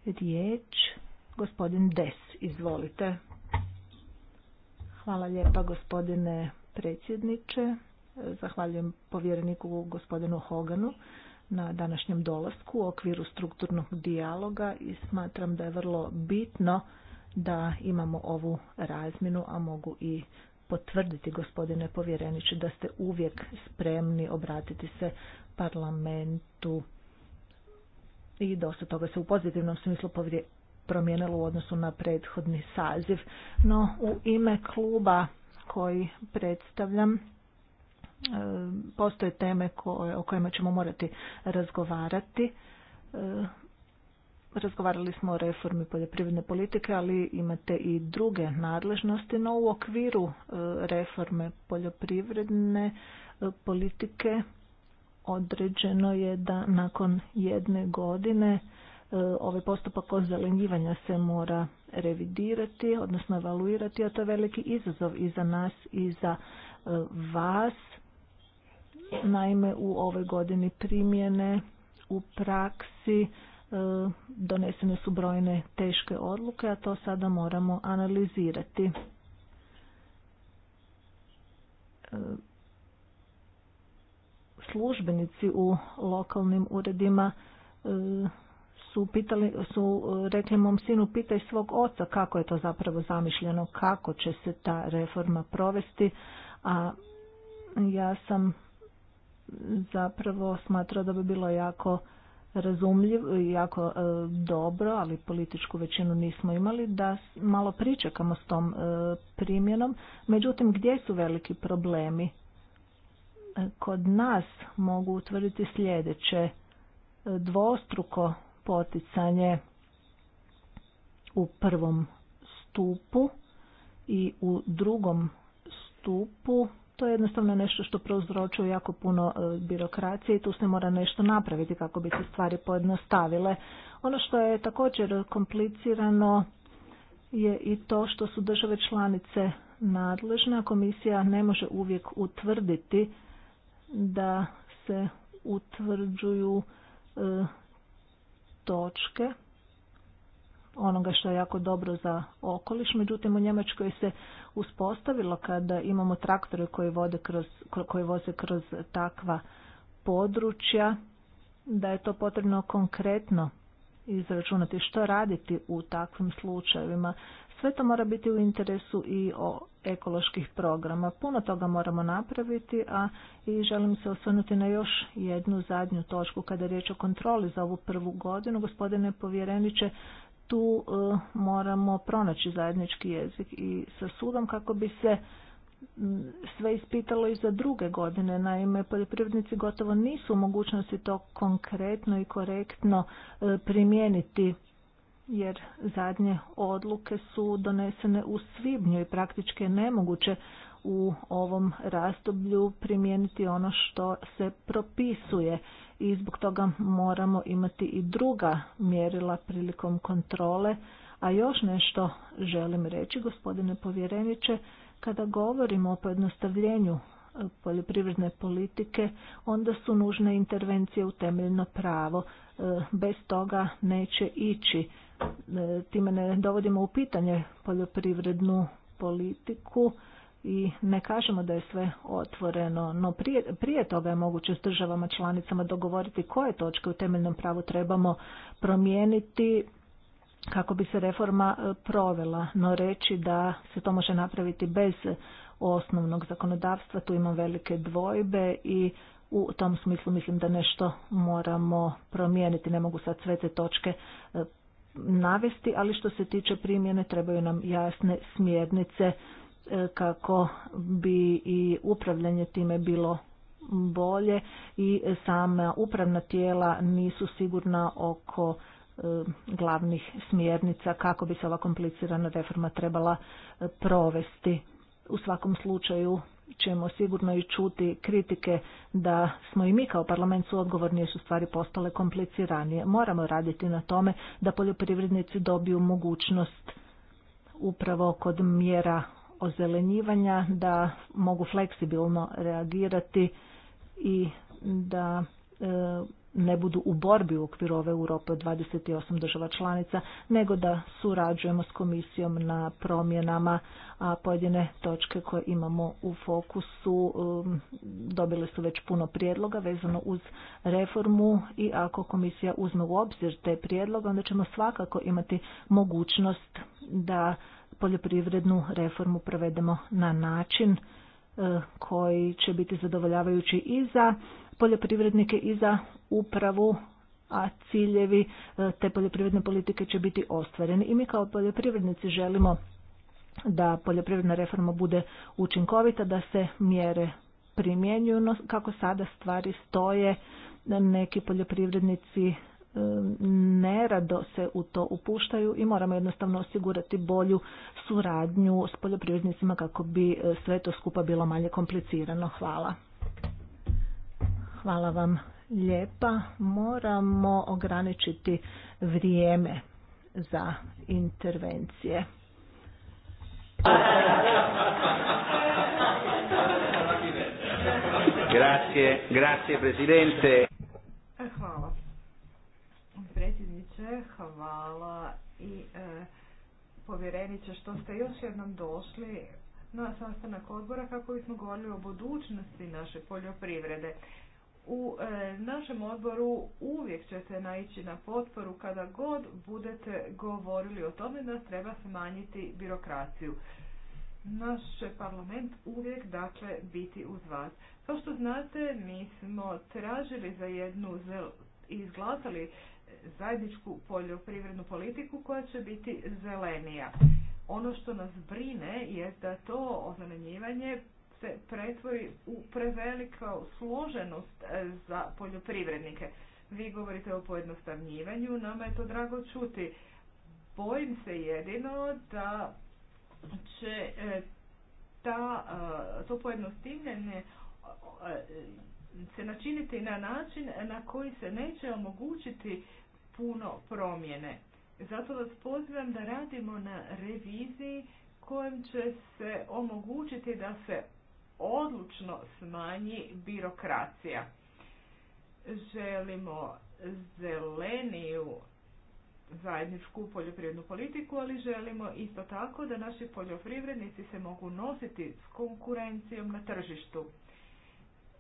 Speaker 3: riječ gospodin Des. Izvolite. Hvala lijepa gospodine predsjedniče. Zahvaljujem povjereniku gospodinu Hoganu na današnjem dolasku u okviru strukturnog dijaloga i smatram da je vrlo bitno da imamo ovu razminu, a mogu i potvrditi gospodine povjereniče da ste uvijek spremni obratiti se parlamentu i dosta toga se u pozitivnom smislu promijenilo u odnosu na prethodni saziv. No u ime kluba koji predstavljam E, postoje teme koje, o kojima ćemo morati razgovarati. E, razgovarali smo o reformi poljoprivredne politike, ali imate i druge nadležnosti, no u okviru e, reforme poljoprivredne politike određeno je da nakon jedne godine ovaj postupak ozelenjivanja se mora revidirati, odnosno evaluirati, a to je veliki izazov i za nas i za vas Naime, u ovoj godini primjene u praksi e, donesene su brojne teške odluke, a to sada moramo analizirati. E, službenici u lokalnim uredima e, su, pitali, su rekli mom sinu pitaj svog oca kako je to zapravo zamišljeno, kako će se ta reforma provesti, a ja sam zapravo smatrao da bi bilo jako razumljivo i jako e, dobro, ali političku većinu nismo imali, da malo pričekamo s tom e, primjenom. Međutim, gdje su veliki problemi? E, kod nas mogu utvrditi sljedeće dvostruko poticanje u prvom stupu i u drugom stupu to je jednostavno nešto što prouzročuje jako puno e, birokracije i tu se mora nešto napraviti kako bi se stvari pojednostavile. Ono što je također komplicirano je i to što su države članice nadležne. Komisija ne može uvijek utvrditi da se utvrđuju e, točke onoga što je jako dobro za okoliš. Međutim, u Njemačkoj se uspostavilo kada imamo traktore koji, vode kroz, koji voze kroz takva područja, da je to potrebno konkretno izračunati što raditi u takvim slučajevima. Sve to mora biti u interesu i o ekoloških programa. Puno toga moramo napraviti, a i želim se osvrnuti na još jednu zadnju točku kada je riječ o kontroli za ovu prvu godinu. Gospodine povjereniče, tu e, moramo pronaći zajednički jezik i sa sudom kako bi se sve ispitalo i za druge godine. Naime, poljoprivrednici gotovo nisu u mogućnosti to konkretno i korektno e, primijeniti jer zadnje odluke su donesene u svibnju i praktički je nemoguće u ovom rastoblju primijeniti ono što se propisuje i zbog toga moramo imati i druga mjerila prilikom kontrole. A još nešto želim reći, gospodine povjereniče, kada govorimo o pojednostavljenju e, poljoprivredne politike, onda su nužne intervencije u temeljno pravo. E, bez toga neće ići. E, time ne dovodimo u pitanje poljoprivrednu politiku, i ne kažemo da je sve otvoreno, no prije, prije toga je moguće s državama članicama dogovoriti koje točke u temeljnom pravu trebamo promijeniti kako bi se reforma e, provela, no reći da se to može napraviti bez osnovnog zakonodavstva, tu imam velike dvojbe i u tom smislu mislim da nešto moramo promijeniti, ne mogu sad sve te točke e, navesti, ali što se tiče primjene trebaju nam jasne smjernice E, kako bi i upravljanje time bilo bolje i sama upravna tijela nisu sigurna oko e, glavnih smjernica kako bi se ova komplicirana reforma trebala e, provesti. U svakom slučaju ćemo sigurno i čuti kritike da smo i mi kao parlament su odgovorni jer su stvari postale kompliciranije. Moramo raditi na tome da poljoprivrednici dobiju mogućnost upravo kod mjera ozelenjivanja da mogu fleksibilno reagirati i da e, ne budu u borbi u okviru ove Europe od 28 država članica, nego da surađujemo s komisijom na promjenama, a pojedine točke koje imamo u fokusu e, dobile su već puno prijedloga vezano uz reformu i ako komisija uzme u obzir te prijedloge, onda ćemo svakako imati mogućnost da poljoprivrednu reformu provedemo na način e, koji će biti zadovoljavajući i za poljoprivrednike i za upravu, a ciljevi e, te poljoprivredne politike će biti ostvareni. I mi kao poljoprivrednici želimo da poljoprivredna reforma bude učinkovita, da se mjere primjenjuju, no kako sada stvari stoje, neki poljoprivrednici nerado se u to upuštaju i moramo jednostavno osigurati bolju suradnju s poljoprivrednicima kako bi e, sve to skupa bilo manje komplicirano. Hvala. Hvala vam lijepa. Moramo ograničiti vrijeme za intervencije.
Speaker 1: Grazie, grazie presidente.
Speaker 4: Hvala predsjedniče, hvala i e, povjereniče što ste još jednom došli na sastanak odbora kako bismo govorili o budućnosti naše poljoprivrede. U e, našem odboru uvijek ćete naići na potporu kada god budete govorili o tome da treba smanjiti birokraciju. Naš će parlament uvijek dakle biti uz vas. Kao što znate, mi smo tražili za jednu i izglasali zajedničku poljoprivrednu politiku koja će biti zelenija. Ono što nas brine je da to oznamenjivanje se pretvori u prevelika složenost e, za poljoprivrednike. Vi govorite o pojednostavnjivanju, nama je to drago čuti. Bojim se jedino da će e, ta, e, to pojednostavljanje se načiniti na način na koji se neće omogućiti puno promjene. Zato vas pozivam da radimo na reviziji kojom će se omogućiti da se odlučno smanji birokracija. Želimo zeleniju zajedničku poljoprivrednu politiku, ali želimo isto tako da naši poljoprivrednici se mogu nositi s konkurencijom na tržištu.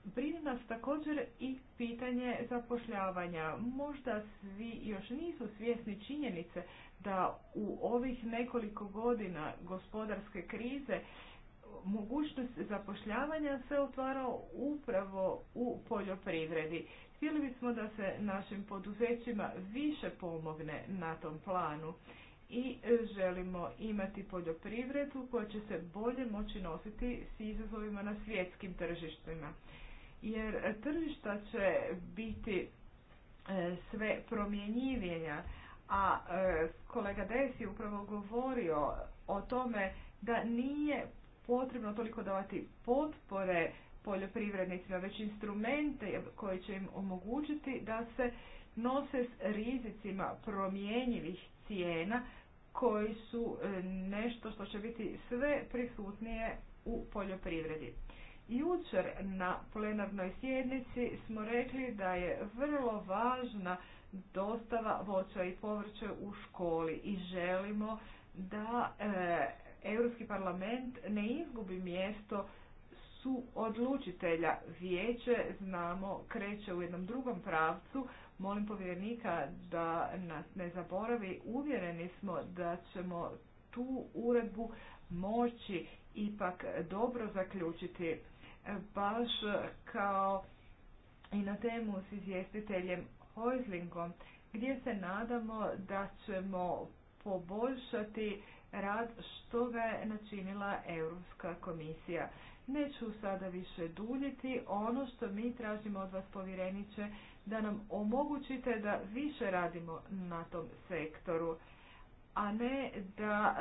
Speaker 4: Brine nas također i pitanje zapošljavanja. Možda svi još nisu svjesni činjenice da u ovih nekoliko godina gospodarske krize mogućnost zapošljavanja se otvara upravo u poljoprivredi. Htjeli bismo da se našim poduzećima više pomogne na tom planu i želimo imati poljoprivredu koja će se bolje moći nositi s izazovima na svjetskim tržištima jer tržišta će biti e, sve promjenjivija, a e, kolega Des je upravo govorio o tome da nije potrebno toliko davati potpore poljoprivrednicima, već instrumente koji će im omogućiti da se nose s rizicima promjenjivih cijena koji su e, nešto što će biti sve prisutnije u poljoprivredi. Jučer na plenarnoj sjednici smo rekli da je vrlo važna dostava voća i povrće u školi i želimo da e, Europski parlament ne izgubi mjesto su odlučitelja. Vijeće, znamo, kreće u jednom drugom pravcu. Molim povjerenika da nas ne zaboravi. Uvjereni smo da ćemo tu uredbu moći ipak dobro zaključiti baš kao i na temu s izvjestiteljem Hojzlingom, gdje se nadamo da ćemo poboljšati rad što ga je načinila Europska komisija. Neću sada više duljiti, ono što mi tražimo od vas povjereniće da nam omogućite da više radimo na tom sektoru, a ne da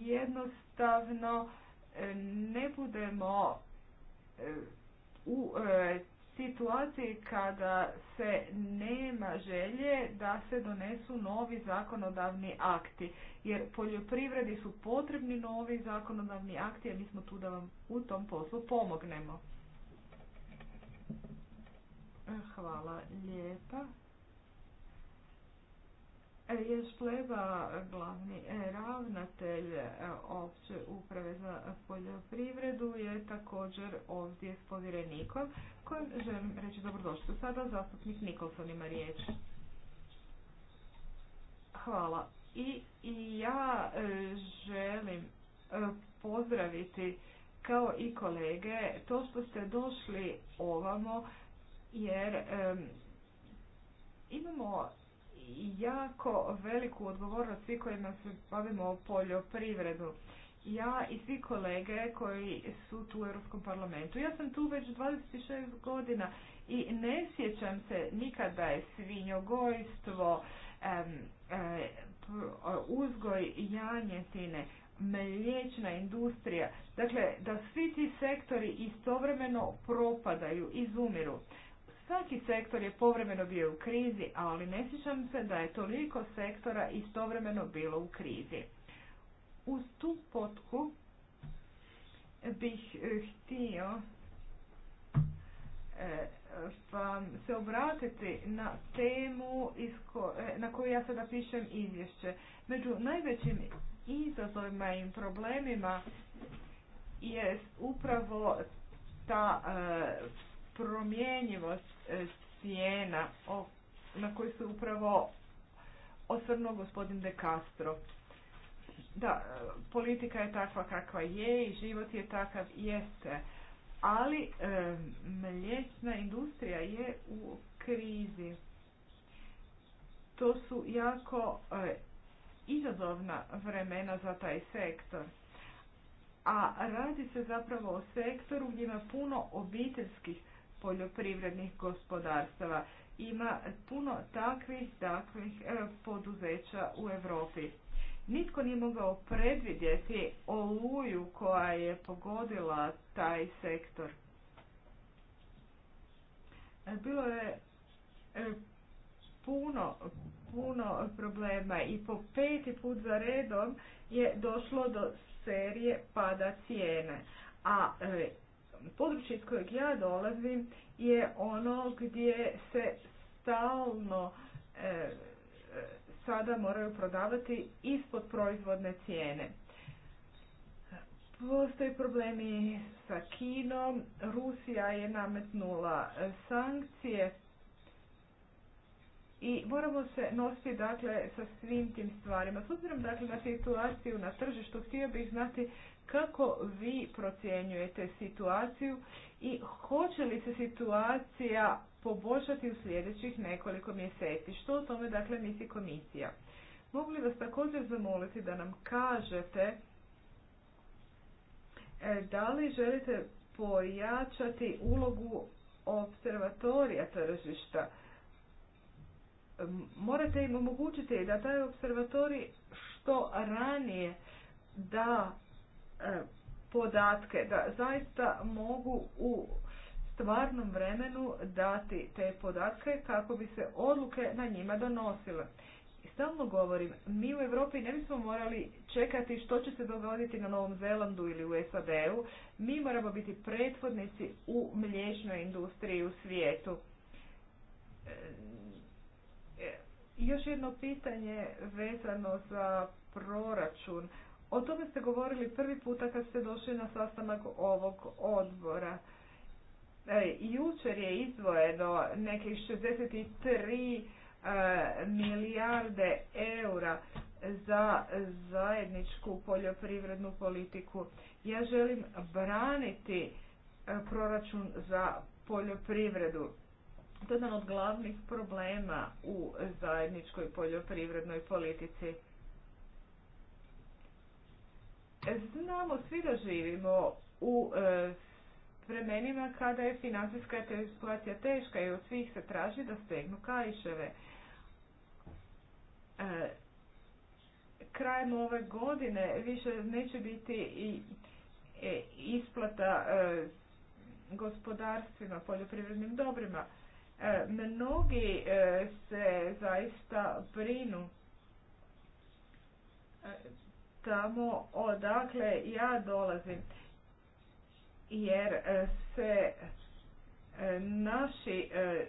Speaker 4: jednostavno ne budemo e, u e, situaciji kada se nema želje da se donesu novi zakonodavni akti. Jer poljoprivredi su potrebni novi zakonodavni akti, a mi smo tu da vam u tom poslu pomognemo. E, hvala lijepa je pleba glavni e, ravnatelj e, opće uprave za poljoprivredu je također ovdje s povjerenikom kojem želim reći dobrodošli. Sada zastupnik Nikolson ima riječ. Hvala. I, ja e, želim pozdraviti kao i kolege to što ste došli ovamo jer imamo jako veliku odgovornost svi koji nas bavimo poljoprivredu. Ja i svi kolege koji su tu u Europskom parlamentu. Ja sam tu već 26 godina i ne sjećam se nikada je svinjogojstvo, e, uzgoj janjetine, mliječna industrija. Dakle, da svi ti sektori istovremeno propadaju, izumiru. Svaki sektor je povremeno bio u krizi, ali ne sjećam se da je toliko sektora istovremeno bilo u krizi. Uz tu potku bih eh, htio eh, vam se obratiti na temu eh, na koju ja sada pišem izvješće. Među najvećim izazovima i problemima je upravo ta promjenjivost e, cijena na koju se upravo osvrnuo gospodin De Castro. Da, e, politika je takva kakva je i život je takav jeste. Ali e, mlječna industrija je u krizi. To su jako izazovna vremena za taj sektor. A radi se zapravo o sektoru gdje ima puno obiteljskih poljoprivrednih gospodarstava. Ima puno takvih takvih e, poduzeća u Europi. Nitko nije mogao predvidjeti oluju koja je pogodila taj sektor. E, bilo je e, puno, puno problema i po peti put za redom je došlo do serije pada cijene. A ono, područje iz kojeg ja dolazim je ono gdje se stalno e, e, sada moraju prodavati ispod proizvodne cijene. Postoje problemi sa Kinom, Rusija je nametnula e, sankcije i moramo se nositi dakle sa svim tim stvarima. S obzirom dakle na situaciju na tržištu, htio bih znati kako vi procjenjujete situaciju i hoće li se situacija poboljšati u sljedećih nekoliko mjeseci? Što o tome dakle misli komisija? Mogu li vas također zamoliti da nam kažete e, da li želite pojačati ulogu observatorija tržišta? Morate im omogućiti da taj observatori što ranije da E, podatke, da zaista mogu u stvarnom vremenu dati te podatke kako bi se odluke na njima donosile. stalno govorim, mi u Europi ne bismo morali čekati što će se dogoditi na Novom Zelandu ili u SAD-u. Mi moramo biti pretvodnici u mliječnoj industriji u svijetu. E, e, još jedno pitanje vezano za proračun. O tome ste govorili prvi puta kad ste došli na sastanak ovog odbora. E, jučer je izvojeno nekih 63 e, milijarde eura za zajedničku poljoprivrednu politiku. Ja želim braniti e, proračun za poljoprivredu. To je jedan od glavnih problema u zajedničkoj poljoprivrednoj politici. Znamo svi da živimo u e, vremenima kada je financijska situacija teška i od svih se traži da stegnu kajševe. E, krajem ove godine više neće biti i e, isplata gospodarstvima, poljoprivrednim dobrima. Mnogi se zaista brinu tamo odakle ja dolazim. Jer e, se e, naši e,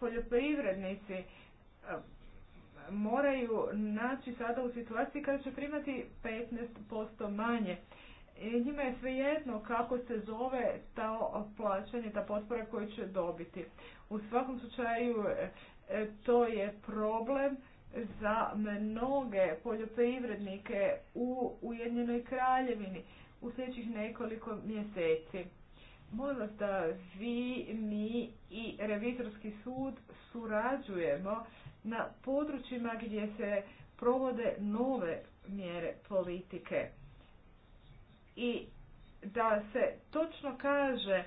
Speaker 4: poljoprivrednici moraju naći sada u situaciji kada će primati 15% manje. Njima je sve svejedno kako se zove ta plaćanje, ta potpora koju će dobiti. U svakom slučaju to je problem za mnoge poljoprivrednike u Ujedinjenoj kraljevini u sljedećih nekoliko mjeseci. Molim da vi, mi i revizorski sud surađujemo na područjima gdje se provode nove mjere politike i da se točno kaže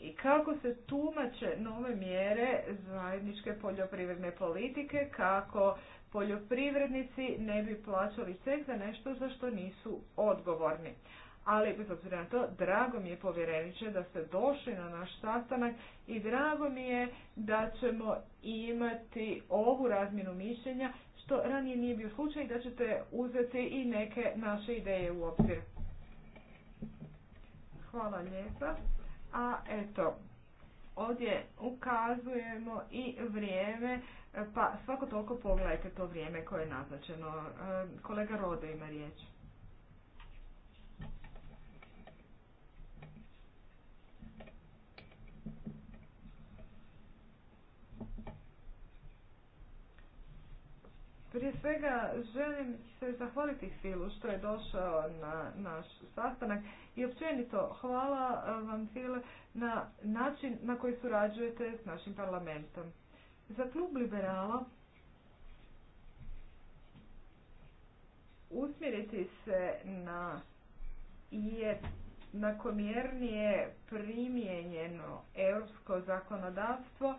Speaker 4: i kako se tumače nove mjere zajedničke poljoprivredne politike, kako poljoprivrednici ne bi plaćali ceh za nešto za što nisu odgovorni. Ali, bez obzira na to, drago mi je povjereniče da ste došli na naš sastanak i drago mi je da ćemo imati ovu razmjenu mišljenja, što ranije nije bio slučaj, da ćete uzeti i neke naše ideje u obzir. Hvala lijepa. A eto, ovdje ukazujemo i vrijeme E, pa svako toliko pogledajte to vrijeme koje je naznačeno. E, kolega Rode ima riječ. Prije svega želim se zahvaliti Filu što je došao na naš sastanak i općenito hvala e, vam Fil na način na koji surađujete s našim parlamentom. Za klub liberala usmjeriti se na je nakomjernije primijenjeno europsko zakonodavstvo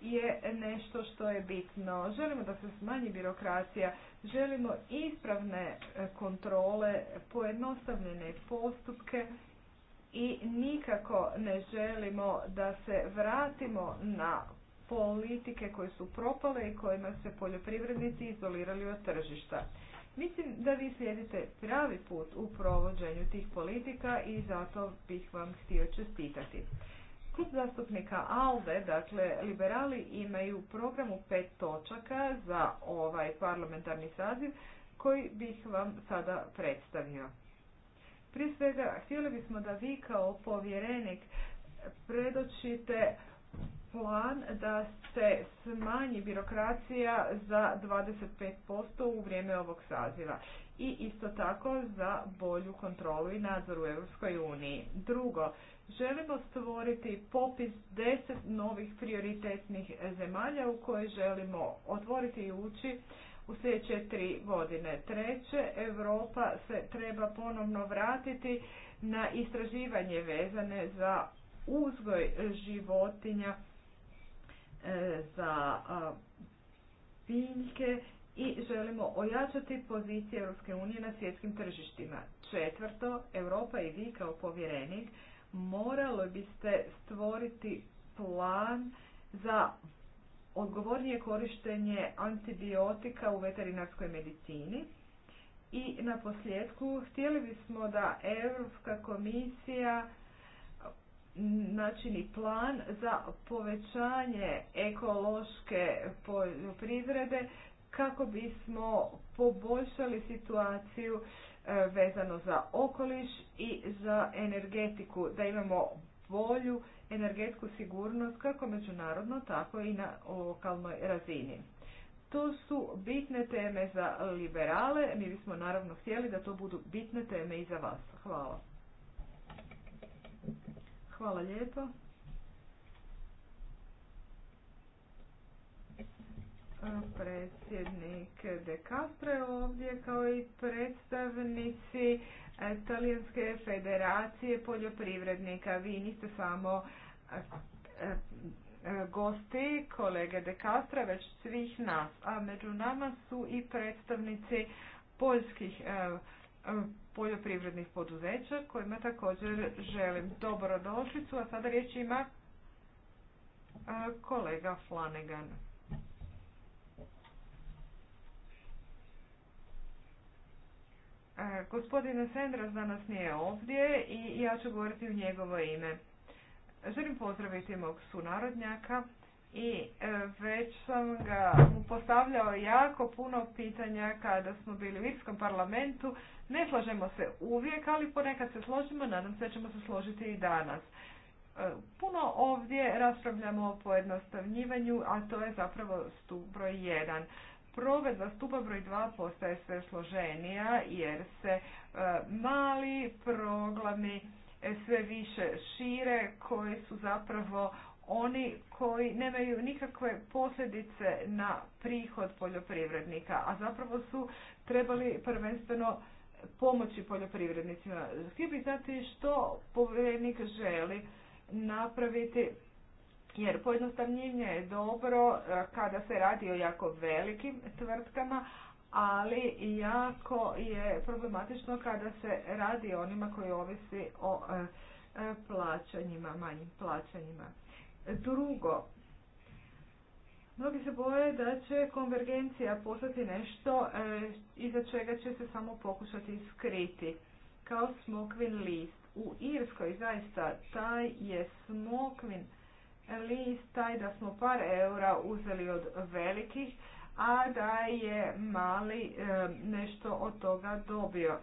Speaker 4: je nešto što je bitno. Želimo da se smanji birokracija, želimo ispravne kontrole, pojednostavljene postupke i nikako ne želimo da se vratimo na politike koje su propale i kojima se poljoprivrednici izolirali od tržišta. Mislim da vi slijedite pravi put u provođenju tih politika i zato bih vam htio čestitati. Klub zastupnika ALDE, dakle liberali, imaju program u pet točaka za ovaj parlamentarni saziv koji bih vam sada predstavio. Prije svega, htjeli bismo da vi kao povjerenik predočite plan da se smanji birokracija za 25% u vrijeme ovog saziva i isto tako za bolju kontrolu i nadzor u Europskoj uniji. Drugo, želimo stvoriti popis 10 novih prioritetnih zemalja u koje želimo otvoriti i ući u sljedeće tri godine. Treće, Europa se treba ponovno vratiti na istraživanje vezane za uzgoj životinja E, za biljke i želimo ojačati pozicije Europske unije na svjetskim tržištima. Četvrto, Europa i vi kao povjerenik morali biste stvoriti plan za odgovornije korištenje antibiotika u veterinarskoj medicini. I na posljedku htjeli bismo da Europska komisija načini plan za povećanje ekološke poljoprivrede kako bismo poboljšali situaciju e, vezano za okoliš i za energetiku, da imamo bolju energetsku sigurnost kako međunarodno, tako i na lokalnoj razini. To su bitne teme za liberale, mi bismo naravno htjeli da to budu bitne teme i za vas. Hvala. Hvala lijepo. E, predsjednik De Castre ovdje kao i predstavnici e, Talijanske federacije poljoprivrednika. Vi niste samo e, gosti kolege De već svih nas. A među nama su i predstavnici poljskih poljoprivrednih poduzeća kojima također želim dobrodošlicu, a sada riječ ima kolega Flanagan. Gospodine Sendras danas nije ovdje i ja ću govoriti u njegovo ime. Želim pozdraviti mog sunarodnjaka i e, već sam ga mu jako puno pitanja kada smo bili u Irskom parlamentu. Ne slažemo se uvijek, ali ponekad se složimo, nadam se da ćemo se složiti i danas. E, puno ovdje raspravljamo o pojednostavnjivanju, a to je zapravo stup broj 1. Provedba stupa broj 2 postaje sve složenija jer se e, mali proglami sve više šire koji su zapravo oni koji nemaju nikakve posljedice na prihod poljoprivrednika, a zapravo su trebali prvenstveno pomoći poljoprivrednicima. Htio bih znati što povjerenik želi napraviti jer pojednostavljenje je dobro e, kada se radi o jako velikim tvrtkama, ali jako je problematično kada se radi o onima koji ovisi o e, e, plaćanjima, manjim plaćanjima. Drugo, mnogi se boje da će konvergencija postati nešto e, iza čega će se samo pokušati skriti. Kao smokvin list. U Irskoj zaista taj je smokvin list taj da smo par eura uzeli od velikih, a da je mali e, nešto od toga dobio.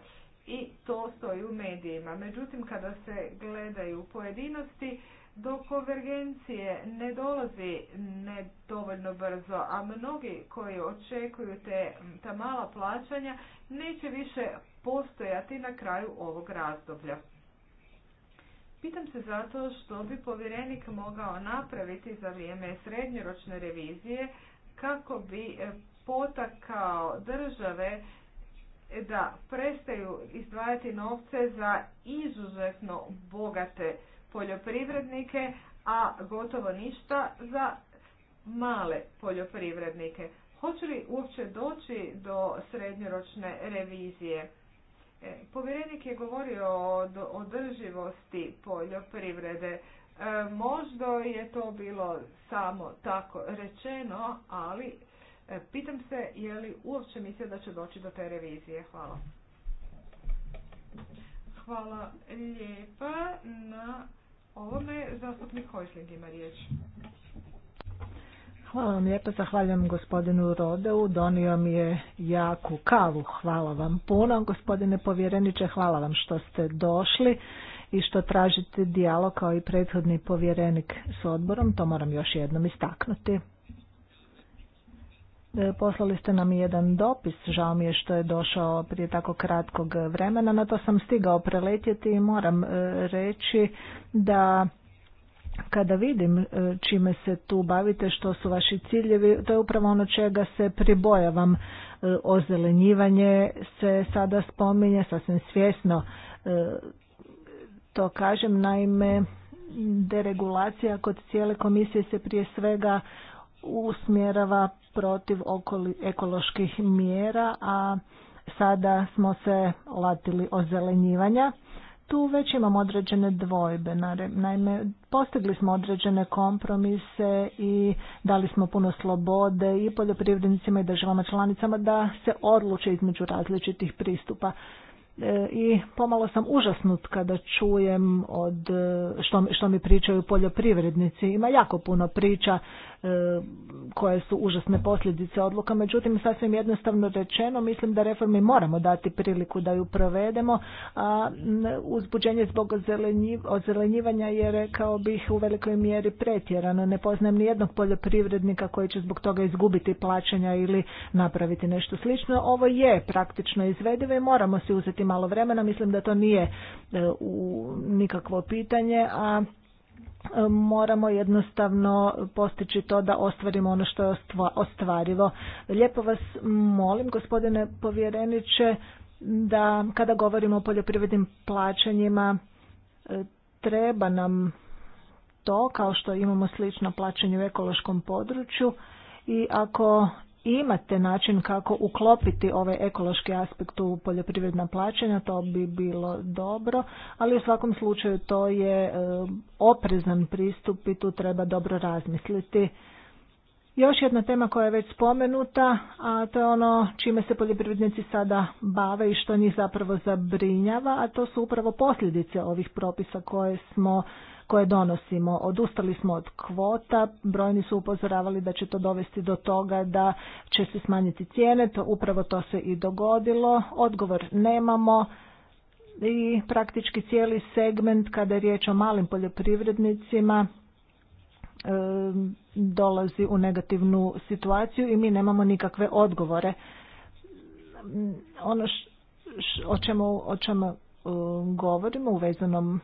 Speaker 4: I to stoji u medijima. Međutim, kada se gledaju pojedinosti, do konvergencije ne dolazi nedovoljno brzo, a mnogi koji očekuju te, ta mala plaćanja neće više postojati na kraju ovog razdoblja. Pitam se zato što bi povjerenik mogao napraviti za vrijeme srednjoročne revizije kako bi e, potakao države da prestaju izdvajati novce za izuzetno bogate poljoprivrednike, a gotovo ništa za male poljoprivrednike. Hoće li uopće doći do srednjoročne revizije? E, povjerenik je govorio o održivosti poljoprivrede. E, možda je to bilo samo tako rečeno, ali e, pitam se je li uopće mislio da će doći do te revizije. Hvala. Hvala lijepa na ovome. Zastupnik Hojsling ima riječ.
Speaker 3: Hvala vam lijepo, zahvaljam gospodinu Rodeu, donio mi je jaku kavu, hvala vam puno. Gospodine povjereniče, hvala vam što ste došli i što tražite dijalog kao i prethodni povjerenik s odborom, to moram još jednom istaknuti. E, poslali ste nam jedan dopis, žao mi je što je došao prije tako kratkog vremena, na to sam stigao preletjeti i moram e, reći da kada vidim e, čime se tu bavite, što su vaši ciljevi, to je upravo ono čega se pribojavam. Ozelenjivanje se sada spominje, sasvim svjesno to kažem, naime deregulacija kod cijele komisije se prije svega usmjerava protiv okoli, ekoloških mjera, a sada smo se latili ozelenjivanja. Tu već imamo određene dvojbe. Naime, postigli smo određene kompromise i dali smo puno slobode i poljoprivrednicima i državama članicama da se odluče između različitih pristupa. E, I pomalo sam užasnut kada čujem od e, što, što mi pričaju poljoprivrednici. Ima jako puno priča E, koje su užasne posljedice odluka. Međutim, sasvim jednostavno rečeno, mislim da reformi moramo dati priliku da ju provedemo, a uzbuđenje zbog ozelenjivanja je, rekao bih, u velikoj mjeri pretjerano. Ne poznajem ni jednog poljoprivrednika koji će zbog toga izgubiti plaćanja ili napraviti nešto slično. Ovo je praktično izvedivo i moramo si uzeti malo vremena. Mislim da to nije e, u nikakvo pitanje, a moramo jednostavno postići to da ostvarimo ono što je ostvarivo. Lijepo vas molim, gospodine povjereniče, da kada govorimo o poljoprivrednim plaćanjima, e, treba nam to, kao što imamo slično plaćanje u ekološkom području, i ako imate način kako uklopiti ovaj ekološki aspekt u poljoprivredna plaćanja, to bi bilo dobro, ali u svakom slučaju to je e, oprezan pristup i tu treba dobro razmisliti. Još jedna tema koja je već spomenuta, a to je ono čime se poljoprivrednici sada bave i što njih zapravo zabrinjava, a to su upravo posljedice ovih propisa koje smo koje donosimo. Odustali smo od kvota, brojni su upozoravali da će to dovesti do toga da će se smanjiti cijene, to, upravo to se i dogodilo. Odgovor nemamo i praktički cijeli segment kada je riječ o malim poljoprivrednicima e, dolazi u negativnu situaciju i mi nemamo nikakve odgovore. Ono š, o čemu, o čemu e, govorimo u vezanom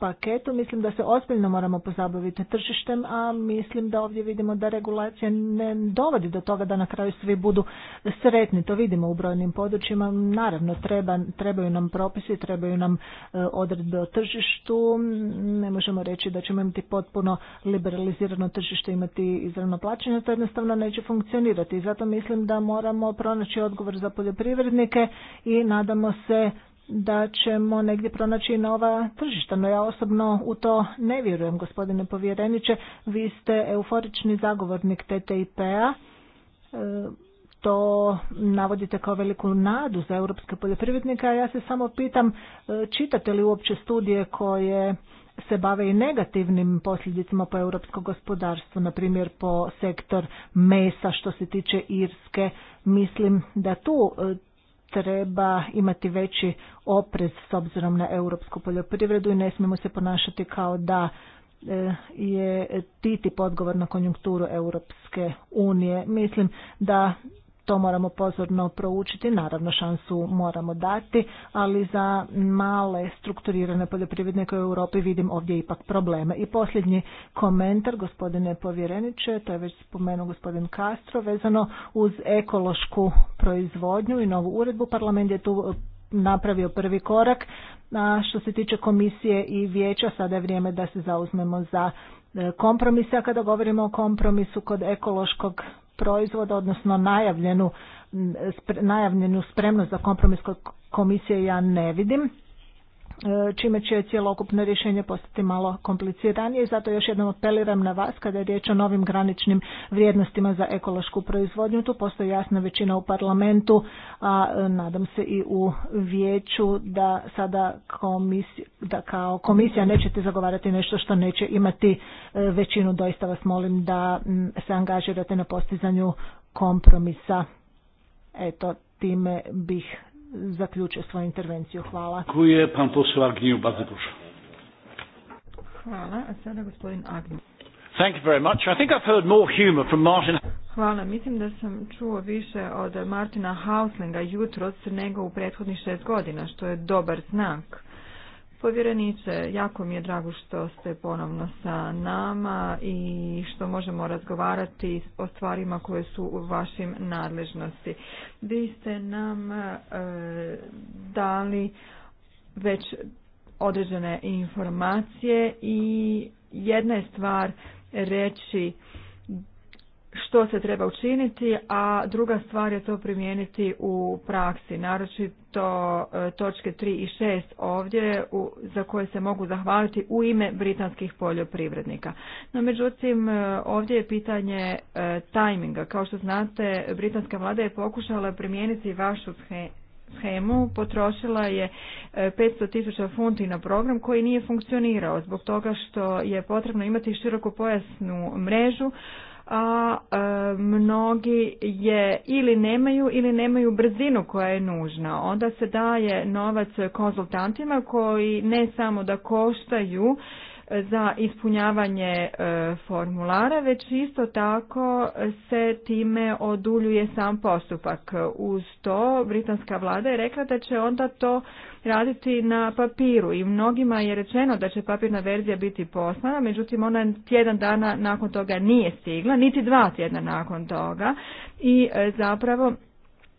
Speaker 3: paketu mislim da se ozbiljno moramo pozabaviti tržištem, a mislim da ovdje vidimo da regulacija ne dovodi do toga da na kraju svi budu sretni. To vidimo u brojnim područjima. Naravno, treba, trebaju nam propisi, trebaju nam e, odredbe o tržištu. Ne možemo reći da ćemo imati potpuno liberalizirano tržište, imati izravno plaćanje. To jednostavno neće funkcionirati. Zato mislim da moramo pronaći odgovor za poljoprivrednike i nadamo se da ćemo negdje pronaći nova tržišta, no ja osobno u to ne vjerujem, gospodine povjereniče. Vi ste euforični zagovornik TTIP-a, e, to navodite kao veliku nadu za europske poljoprivrednike, a ja se samo pitam e, čitate li uopće studije koje se bave i negativnim posljedicama po europsko gospodarstvo, na primjer po sektor mesa što se tiče Irske. Mislim da tu e, treba imati veći oprez s obzirom na europsku poljoprivredu i ne smijemo se ponašati kao da e, je titi odgovor na konjunkturu Europske unije. Mislim da to moramo pozorno proučiti, naravno šansu moramo dati, ali za male strukturirane poljoprivrednike u Europi vidim ovdje ipak probleme. I posljednji komentar, gospodine povjereniče, to je već spomenuo gospodin Castro, vezano uz ekološku proizvodnju i novu uredbu. Parlament je tu e, napravio prvi korak. A što se tiče komisije i vijeća, sada je vrijeme da se zauzmemo za e, kompromise, a kada govorimo o kompromisu kod ekološkog proizvoda, odnosno najavljenu, najavljenu spremnost za kompromis komisije ja ne vidim. E, čime će cjelokupno rješenje postati malo kompliciranije. Zato još jednom apeliram na vas kada je riječ o novim graničnim vrijednostima za ekološku proizvodnju. Tu postoji jasna većina u parlamentu, a e, nadam se i u vijeću da sada komisija, da kao komisija nećete zagovarati nešto što neće imati e, većinu. Doista vas molim da se angažirate na postizanju kompromisa. Eto, time bih zaključio svoju intervenciju. Hvala.
Speaker 1: je pan posao Agniju, Bazebuš?
Speaker 2: Hvala, a sada gospodin Agniju.
Speaker 1: Thank you very much. I think I've heard more humor from Martin.
Speaker 2: Hvala, mislim da sam čuo više od Martina Hauslinga jutros nego u prethodnih šest godina, što je dobar znak. Povjereniče, jako mi je drago što ste ponovno sa nama i što možemo razgovarati o stvarima koje su u vašim nadležnosti. Vi ste nam e, dali već određene informacije i jedna je stvar reći što se treba učiniti, a druga stvar je to primijeniti u praksi, naročito e, točke 3 i 6 ovdje u, za koje se mogu zahvaliti u ime britanskih poljoprivrednika. No međutim, e, ovdje je pitanje e, tajminga. Kao što znate, britanska vlada je pokušala primijeniti vašu schemu, potrošila je 500 tisuća funti na program koji nije funkcionirao zbog toga što je potrebno imati pojasnu mrežu a e, mnogi je ili nemaju ili nemaju brzinu koja je nužna. Onda se daje novac konzultantima koji ne samo da koštaju za ispunjavanje e, formulara, već isto tako se time oduljuje sam postupak. Uz to britanska vlada je rekla da će onda to raditi na papiru i mnogima je rečeno da će papirna verzija biti poslana, međutim ona tjedan dana nakon toga nije stigla, niti dva tjedna nakon toga i e, zapravo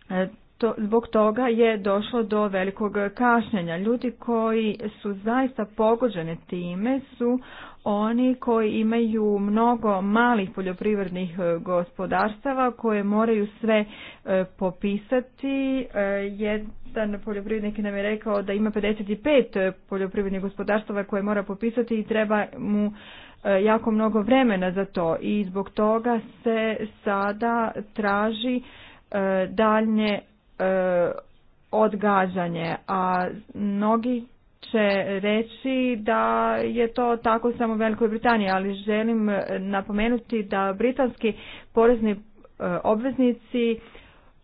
Speaker 2: e, to, zbog toga je došlo do velikog kašnjenja. Ljudi koji su zaista pogođene time su oni koji imaju mnogo malih poljoprivrednih e, gospodarstava koje moraju sve e, popisati. E, jedan poljoprivrednik nam je rekao da ima 55 poljoprivrednih gospodarstava koje mora popisati i treba mu jako mnogo vremena za to i zbog toga se sada traži daljnje E, odgađanje, a mnogi će reći da je to tako samo u Velikoj Britaniji, ali želim napomenuti da britanski porezni e, obveznici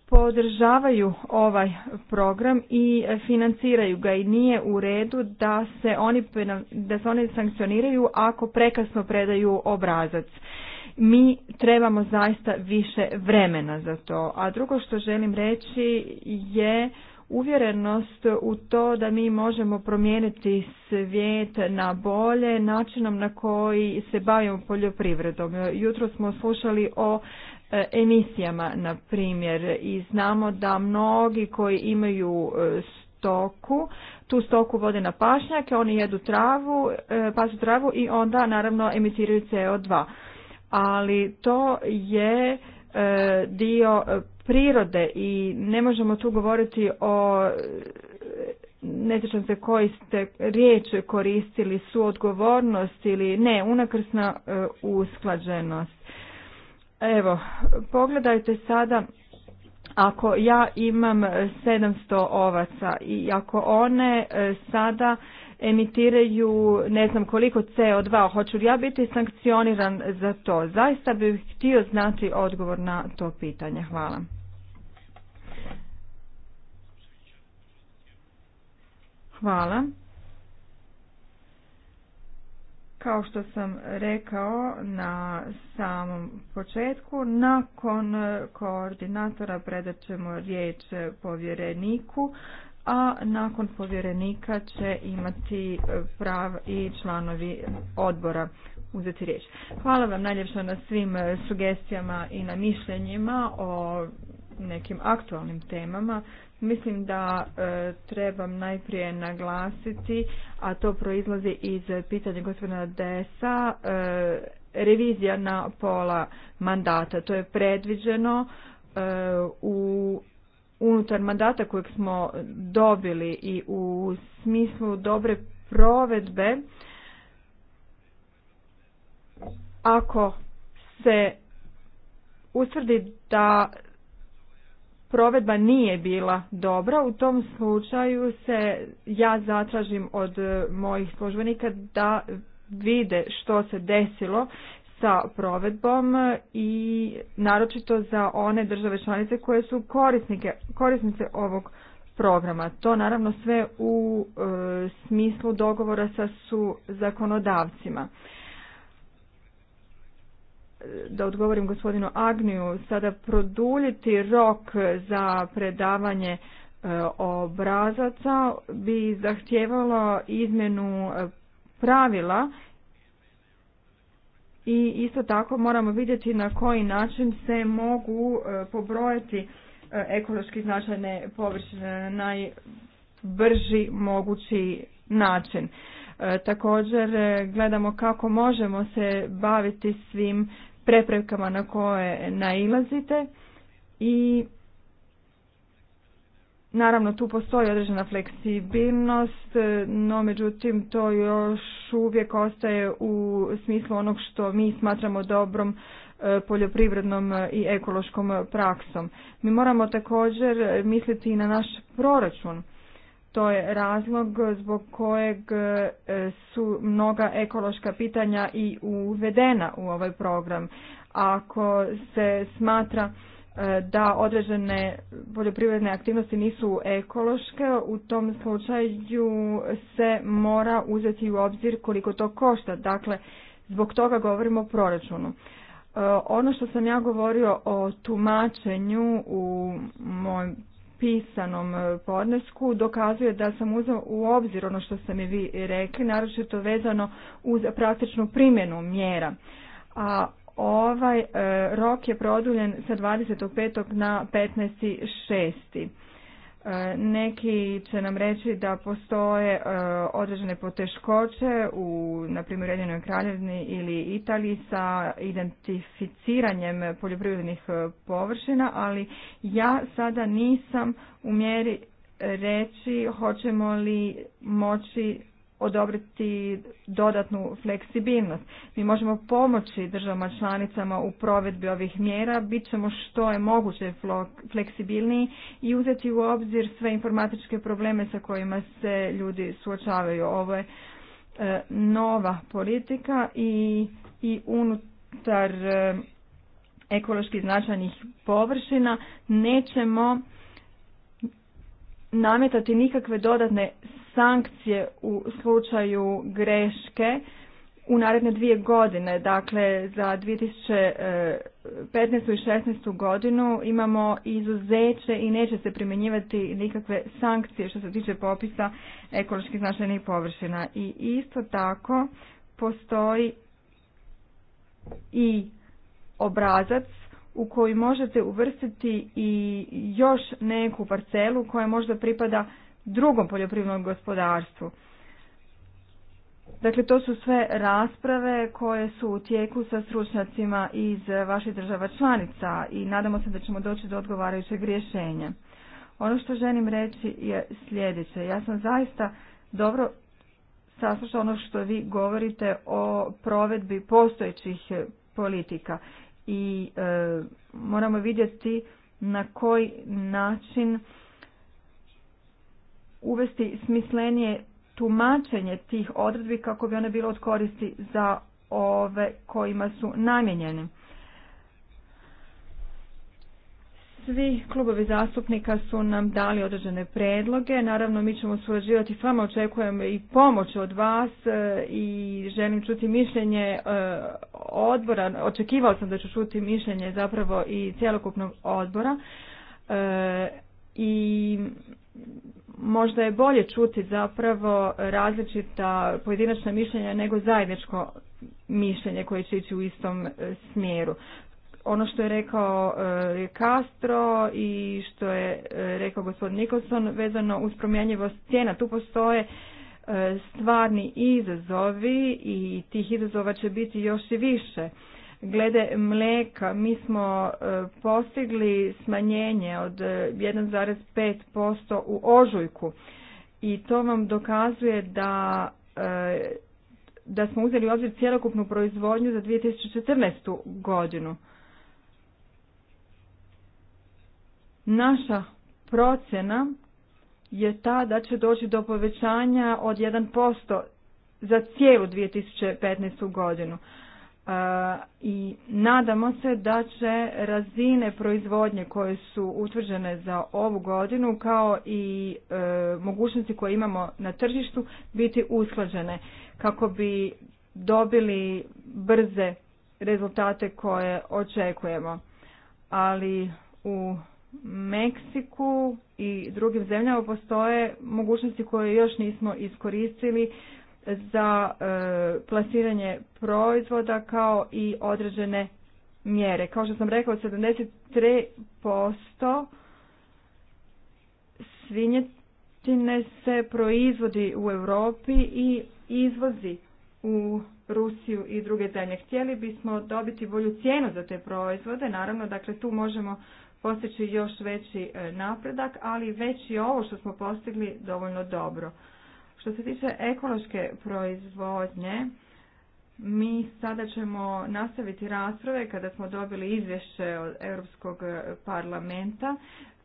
Speaker 2: podržavaju ovaj program i financiraju ga i nije u redu da se oni, da se oni sankcioniraju ako prekasno predaju obrazac. Mi trebamo zaista više vremena za to. A drugo što želim reći je uvjerenost u to da mi možemo promijeniti svijet na bolje načinom na koji se bavimo poljoprivredom. Jutro smo slušali o e, emisijama, na primjer, i znamo da mnogi koji imaju e, stoku, tu stoku vode na pašnjake, oni jedu travu, e, pasu travu i onda naravno emitiraju CO2 ali to je e, dio prirode i ne možemo tu govoriti o e, ne sjećam se koji ste riječi koristili, su odgovornost ili ne, unakrsna e, usklađenost. Evo, pogledajte sada ako ja imam 700 ovaca i ako one sada emitiraju ne znam koliko CO2, hoću li ja biti sankcioniran za to? Zaista bih htio znati odgovor na to pitanje. Hvala. Hvala. Kao što sam rekao na samom početku, nakon koordinatora predat ćemo riječ povjereniku a nakon povjerenika će imati e, prav i članovi odbora uzeti riječ. Hvala vam najljepša na svim e, sugestijama i na mišljenjima o nekim aktualnim temama. Mislim da e, trebam najprije naglasiti, a to proizlazi iz pitanja gospodina Desa, revizija na pola mandata. To je predviđeno u unutar mandata kojeg smo dobili i u smislu dobre provedbe ako se utvrdi da provedba nije bila dobra, u tom slučaju se ja zatražim od mojih službenika da vide što se desilo sa provedbom i naročito za one države članice koje su korisnice ovog programa. To naravno sve u e, smislu dogovora sa su zakonodavcima. Da odgovorim gospodinu Agniju, sada produljiti rok za predavanje e, obrazaca bi zahtjevalo izmjenu e, pravila i isto tako moramo vidjeti na koji način se mogu e, pobrojati e, ekološki značajne površine na najbrži mogući način. E, također gledamo kako možemo se baviti svim preprekama na koje nailazite i Naravno, tu postoji određena fleksibilnost, e, no međutim to još uvijek ostaje u smislu onog što mi smatramo dobrom e, poljoprivrednom e, i ekološkom praksom. Mi moramo također misliti i na naš proračun. To je razlog zbog kojeg su mnoga ekološka pitanja i uvedena u ovaj program. Ako se smatra E, da određene poljoprivredne aktivnosti nisu ekološke, u tom slučaju se mora uzeti u obzir koliko to košta. Dakle, zbog toga govorimo o proračunu. E, ono što sam ja govorio o tumačenju u mojom pisanom podnesku dokazuje da sam uzela u obzir ono što ste mi vi rekli, naročito vezano uz praktičnu primjenu mjera. A Ovaj e, rok je produljen sa 25. na 15.6. E, neki će nam reći da postoje e, određene poteškoće u, na primjer, Ujedinjenoj kraljevini ili Italiji sa identificiranjem poljoprivrednih površina, ali ja sada nisam u mjeri reći hoćemo li moći odobriti dodatnu fleksibilnost. Mi možemo pomoći državama članicama u provedbi ovih mjera, bit ćemo što je moguće fleksibilniji i uzeti u obzir sve informatičke probleme sa kojima se ljudi suočavaju. Ovo je e, nova politika i, i unutar e, ekološki značajnih površina nećemo nametati nikakve dodatne sankcije u slučaju greške u naredne dvije godine. Dakle, za 2015. i 2016. godinu imamo izuzeće i neće se primjenjivati nikakve sankcije što se tiče popisa ekoloških značajnih površina. I isto tako postoji i obrazac u koji možete uvrstiti i još neku parcelu koja možda pripada drugom poljoprivrednom gospodarstvu. Dakle, to su sve rasprave koje su u tijeku sa stručnjacima iz vaših država članica i nadamo se da ćemo doći do odgovarajućeg rješenja. Ono što želim reći je sljedeće. Ja sam zaista dobro saslušao ono što vi govorite o provedbi postojećih politika i e, moramo vidjeti na koji način uvesti smislenije tumačenje tih odredbi kako bi one bilo od koristi za ove kojima su namijenjeni. Svi klubovi zastupnika su nam dali određene predloge. Naravno, mi ćemo surađivati s vama, očekujem i pomoć od vas e, i želim čuti mišljenje e, odbora. Očekivao sam da ću čuti mišljenje zapravo i cjelokupnog odbora. E, I možda je bolje čuti zapravo različita pojedinačna mišljenja nego zajedničko mišljenje koje će ići u istom smjeru ono što je rekao e, Castro i što je e, rekao gospodin Nikolson vezano uz promjenjivost cijena. Tu postoje e, stvarni izazovi i tih izazova će biti još i više. Glede mleka mi smo postigli smanjenje od 1,5% u ožujku i to vam dokazuje da da smo uzeli u obzir cjelokupnu proizvodnju za 2014. godinu. Naša procjena je ta da će doći do povećanja od 1% za cijelu 2015. godinu. E, I nadamo se da će razine proizvodnje koje su utvrđene za ovu godinu kao i e, mogućnosti koje imamo na tržištu biti usklađene kako bi dobili brze rezultate koje očekujemo. Ali u Meksiku i drugim zemljama postoje mogućnosti koje još nismo iskoristili za e, plasiranje proizvoda kao i određene mjere. Kao što sam rekao, 73% svinjetine se proizvodi u Europi i izvozi u Rusiju i druge zemlje. Htjeli bismo dobiti bolju cijenu za te proizvode, naravno, dakle tu možemo postići još veći e, napredak, ali već i ovo što smo postigli dovoljno dobro. Što se tiče ekološke proizvodnje, mi sada ćemo nastaviti rasprave kada smo dobili izvješće od Europskog e, parlamenta.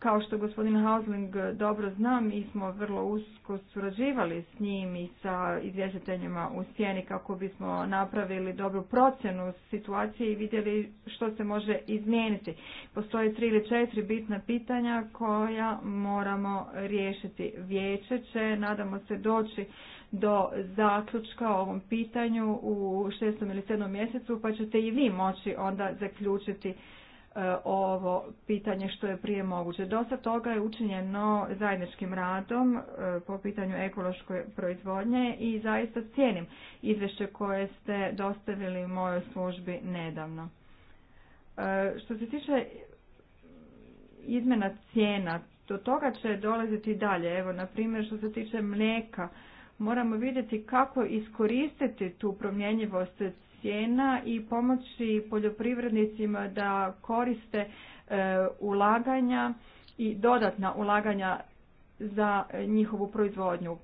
Speaker 2: Kao što gospodin Hausling dobro zna, mi smo vrlo usko surađivali s njim i sa izvješiteljima u sjeni kako bismo napravili dobru procjenu situacije i vidjeli što se može izmijeniti. Postoje tri ili četiri bitna pitanja koja moramo riješiti. Vijeće će, nadamo se, doći do zaključka o ovom pitanju u šestom ili sedmom mjesecu, pa ćete i vi moći onda zaključiti E, ovo pitanje što je prije moguće. Dosta toga je učinjeno zajedničkim radom e, po pitanju ekološke proizvodnje i zaista cijenim izvješće koje ste dostavili mojoj službi nedavno. E, što se tiče izmjena cijena, do toga će dolaziti dalje. Evo, na primjer, što se tiče mlijeka, moramo vidjeti kako iskoristiti tu promjenjivost cijena i pomoći poljoprivrednicima da koriste e, ulaganja i dodatna ulaganja za njihovu proizvodnju.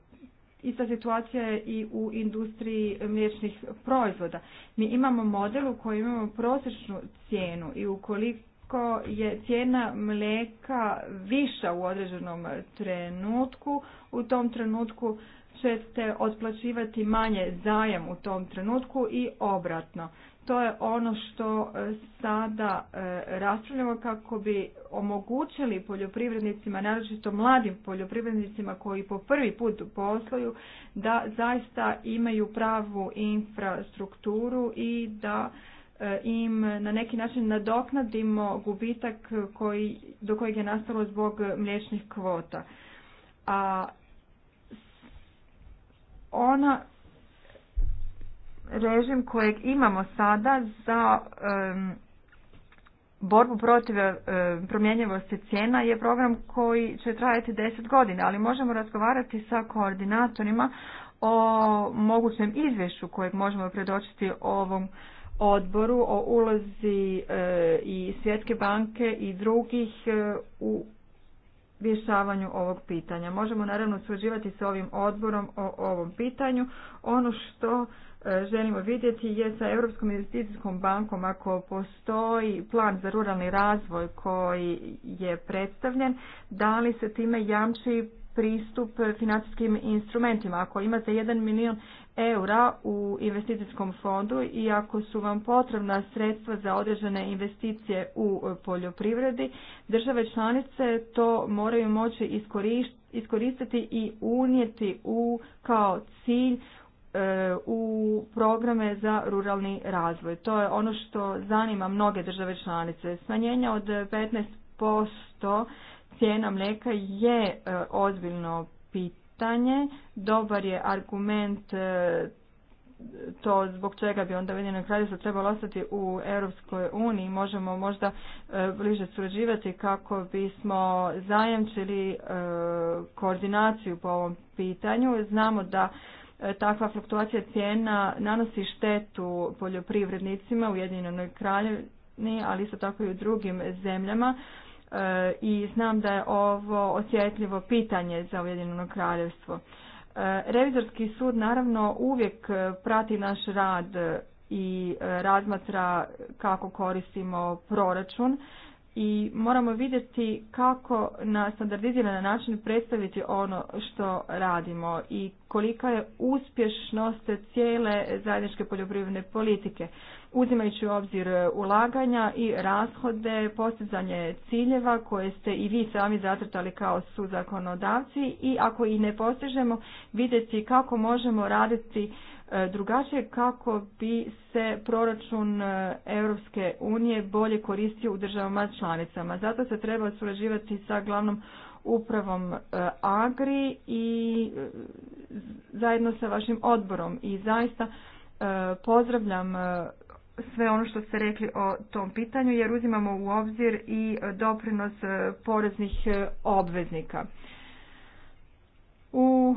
Speaker 2: Ista situacija je i u industriji mliječnih proizvoda. Mi imamo model u kojem imamo prosječnu cijenu i ukoliko je cijena mlijeka viša u određenom trenutku, u tom trenutku ćete otplaćivati manje zajem u tom trenutku i obratno. To je ono što e, sada e, raspravljamo kako bi omogućili poljoprivrednicima, naročito mladim poljoprivrednicima koji po prvi put posluju, da zaista imaju pravu infrastrukturu i da e, im na neki način nadoknadimo gubitak koji, do kojeg je nastalo zbog mliječnih kvota. A ona režim kojeg imamo sada za borbu protiv promjenjivosti cijena je program koji će trajati 10 godina, ali možemo razgovarati sa koordinatorima o mogućem izvješću kojeg možemo predočiti ovom odboru o ulozi e, i Svjetske banke i drugih e, u rješavanju ovog pitanja. Možemo naravno surađivati sa ovim odborom o ovom pitanju. Ono što e, želimo vidjeti je sa Europskom investicijskom bankom ako postoji plan za ruralni razvoj koji je predstavljen, da li se time jamči pristup financijskim instrumentima. Ako imate 1 milijun eura u investicijskom fondu i ako su vam potrebna sredstva za određene investicije u e, poljoprivredi, države članice to moraju moći iskoristiti i unijeti u kao cilj e, u programe za ruralni razvoj. To je ono što zanima mnoge države članice. Smanjenje od 15% cijena mlijeka je e, ozbiljno pitanje pitanje, dobar je argument e, to zbog čega bi onda Ujedinjeno kraljevstvo trebalo ostati u Europskoj uniji. Možemo možda e, bliže surađivati kako bismo zajamčili e, koordinaciju po ovom pitanju. Znamo da takva fluktuacija cijena nanosi štetu poljoprivrednicima u Ujedinjenoj kraljevini, ali isto tako i u drugim zemljama E, i znam da je ovo osjetljivo pitanje za Ujedinjeno kraljevstvo. E, revizorski sud naravno uvijek prati naš rad i e, razmatra kako koristimo proračun i moramo vidjeti kako na standardiziran način predstaviti ono što radimo i kolika je uspješnost cijele zajedničke poljoprivredne politike. Uzimajući u obzir ulaganja i rashode, postizanje ciljeva koje ste i vi sami zatrtali kao su zakonodavci i ako i ne postižemo vidjeti kako možemo raditi E, drugačije kako bi se proračun e, Europske unije bolje koristio u državama članicama. Zato se treba surađivati sa glavnom upravom e, Agri i zajedno sa vašim odborom i zaista pozdravljam sve ono što ste rekli o tom pitanju jer uzimamo u obzir i doprinos poreznih obveznika. U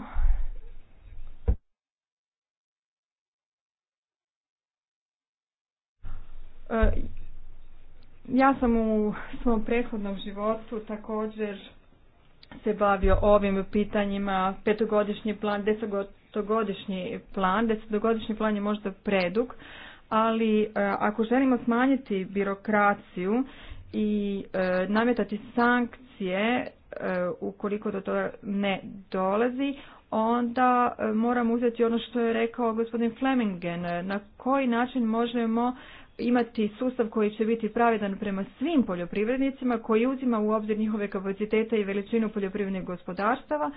Speaker 2: E, ja sam u svom prethodnom životu također se bavio ovim pitanjima, petogodišnji plan, desetogodišnji plan. Desetogodišnji plan je možda predug, ali e, ako želimo smanjiti birokraciju i e, nametati sankcije ukoliko do toga ne dolazi, onda moram uzeti ono što je rekao gospodin Flemingen, na koji način možemo imati sustav koji će biti pravedan prema svim poljoprivrednicima, koji uzima u obzir njihove kapacitete i veličinu poljoprivrednih gospodarstava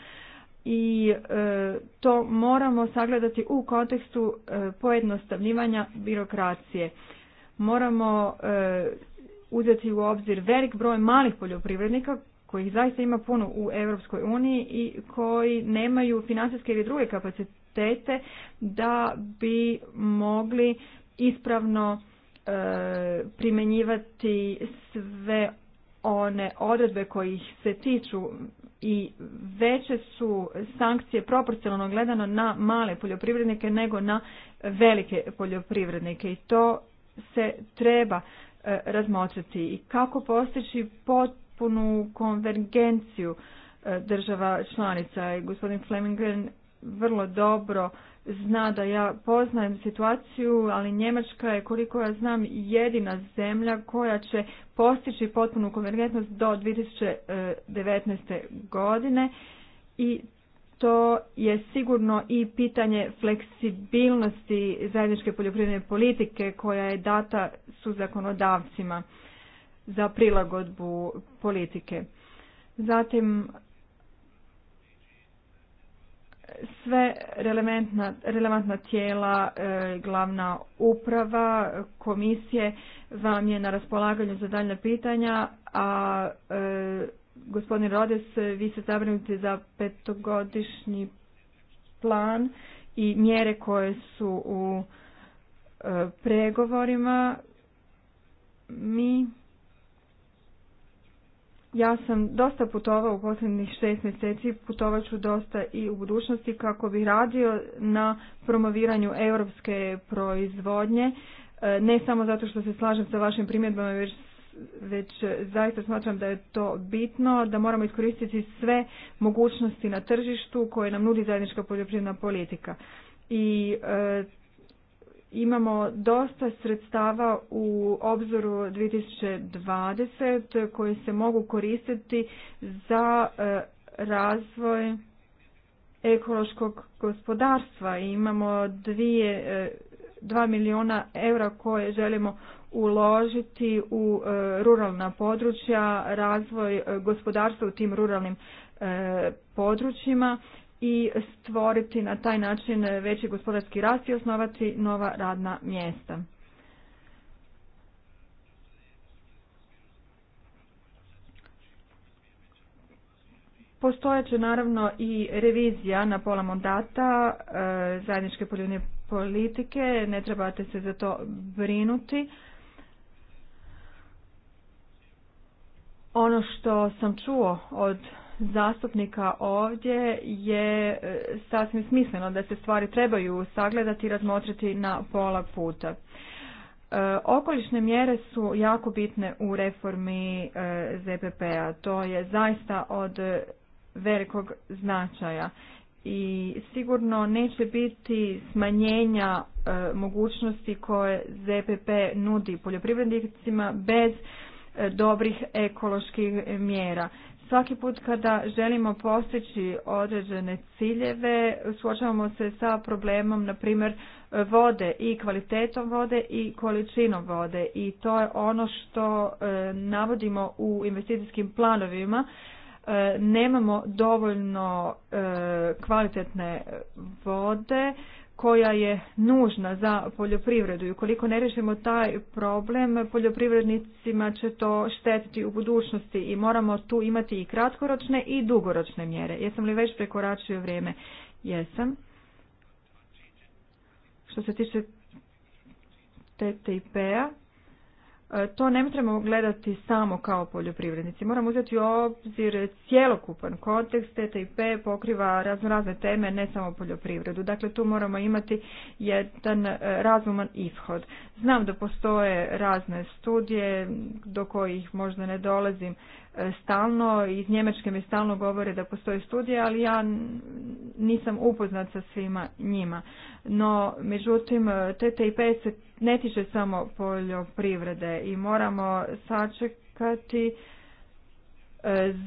Speaker 2: i e, to moramo sagledati u kontekstu e, pojednostavljivanja birokracije. Moramo e, uzeti u obzir velik broj malih poljoprivrednika kojih zaista ima puno u Europskoj uniji i koji nemaju financijske ili druge kapacitete da bi mogli ispravno primjenjivati sve one odredbe kojih se tiču i veće su sankcije proporcionalno gledano na male poljoprivrednike nego na velike poljoprivrednike i to se treba e, razmotriti i kako postići potpunu konvergenciju e, država članica i gospodin Flemingren vrlo dobro zna da ja poznajem situaciju, ali Njemačka je koliko ja znam jedina zemlja koja će postići potpunu konvergentnost do 2019. godine i to je sigurno i pitanje fleksibilnosti zajedničke poljoprivredne politike koja je data su zakonodavcima za prilagodbu politike. Zatim sve relevantna tijela, e, glavna uprava, komisije vam je na raspolaganju za daljne pitanja, a e, gospodin Rodes, vi se zabrinuti za petogodišnji plan i mjere koje su u e, pregovorima. Mi ja sam dosta putovao u posljednjih šest mjeseci, putovat ću dosta i u budućnosti kako bih radio na promoviranju europske proizvodnje, e, ne samo zato što se slažem sa vašim primjedbama, već već zaista smatram da je to bitno, da moramo iskoristiti sve mogućnosti na tržištu koje nam nudi zajednička poljoprivredna politika. I e, Imamo dosta sredstava u obzoru 2020 koje se mogu koristiti za e, razvoj ekološkog gospodarstva i imamo 2 e, dva milijuna eura koje želimo uložiti u e, ruralna područja, razvoj gospodarstva u tim ruralnim područjima i stvoriti na taj način veći gospodarski rast i osnovati nova radna mjesta. Postojeće naravno i revizija na pola mandata e, zajedničke poljoprivredne politike, ne trebate se za to brinuti. Ono što sam čuo od zastupnika ovdje je e, sasvim smisleno da se stvari trebaju sagledati i razmotriti na pola puta. E, okolišne mjere su jako bitne u reformi e, ZPP-a. To je zaista od velikog značaja i sigurno neće biti smanjenja mogućnosti koje ZPP nudi poljoprivrednicima bez dobrih ekoloških mjera. Svaki put kada želimo postići određene ciljeve, suočavamo se sa problemom, na primjer, vode i kvalitetom vode i količinom vode. I to je ono što e, navodimo u investicijskim planovima. E, nemamo dovoljno e, kvalitetne vode, koja je nužna za poljoprivredu i ukoliko ne riješimo taj problem poljoprivrednicima će to štetiti u budućnosti i moramo tu imati i kratkoročne i dugoročne mjere. Jesam li već prekoračio vrijeme? Jesam. Što se tiče TTIP-a, E, to ne trebamo gledati samo kao poljoprivrednici. Moramo uzeti u obzir cjelokupan kontekst. TTIP pokriva razno razne teme, ne samo poljoprivredu. Dakle, tu moramo imati jedan razuman ishod. Znam da postoje razne studije do kojih možda ne dolazim stalno, iz Njemačke mi stalno govore da postoje studije, ali ja nisam upoznat sa svima njima. No, međutim, TTIP se ne tiče samo poljoprivrede i moramo sačekati e,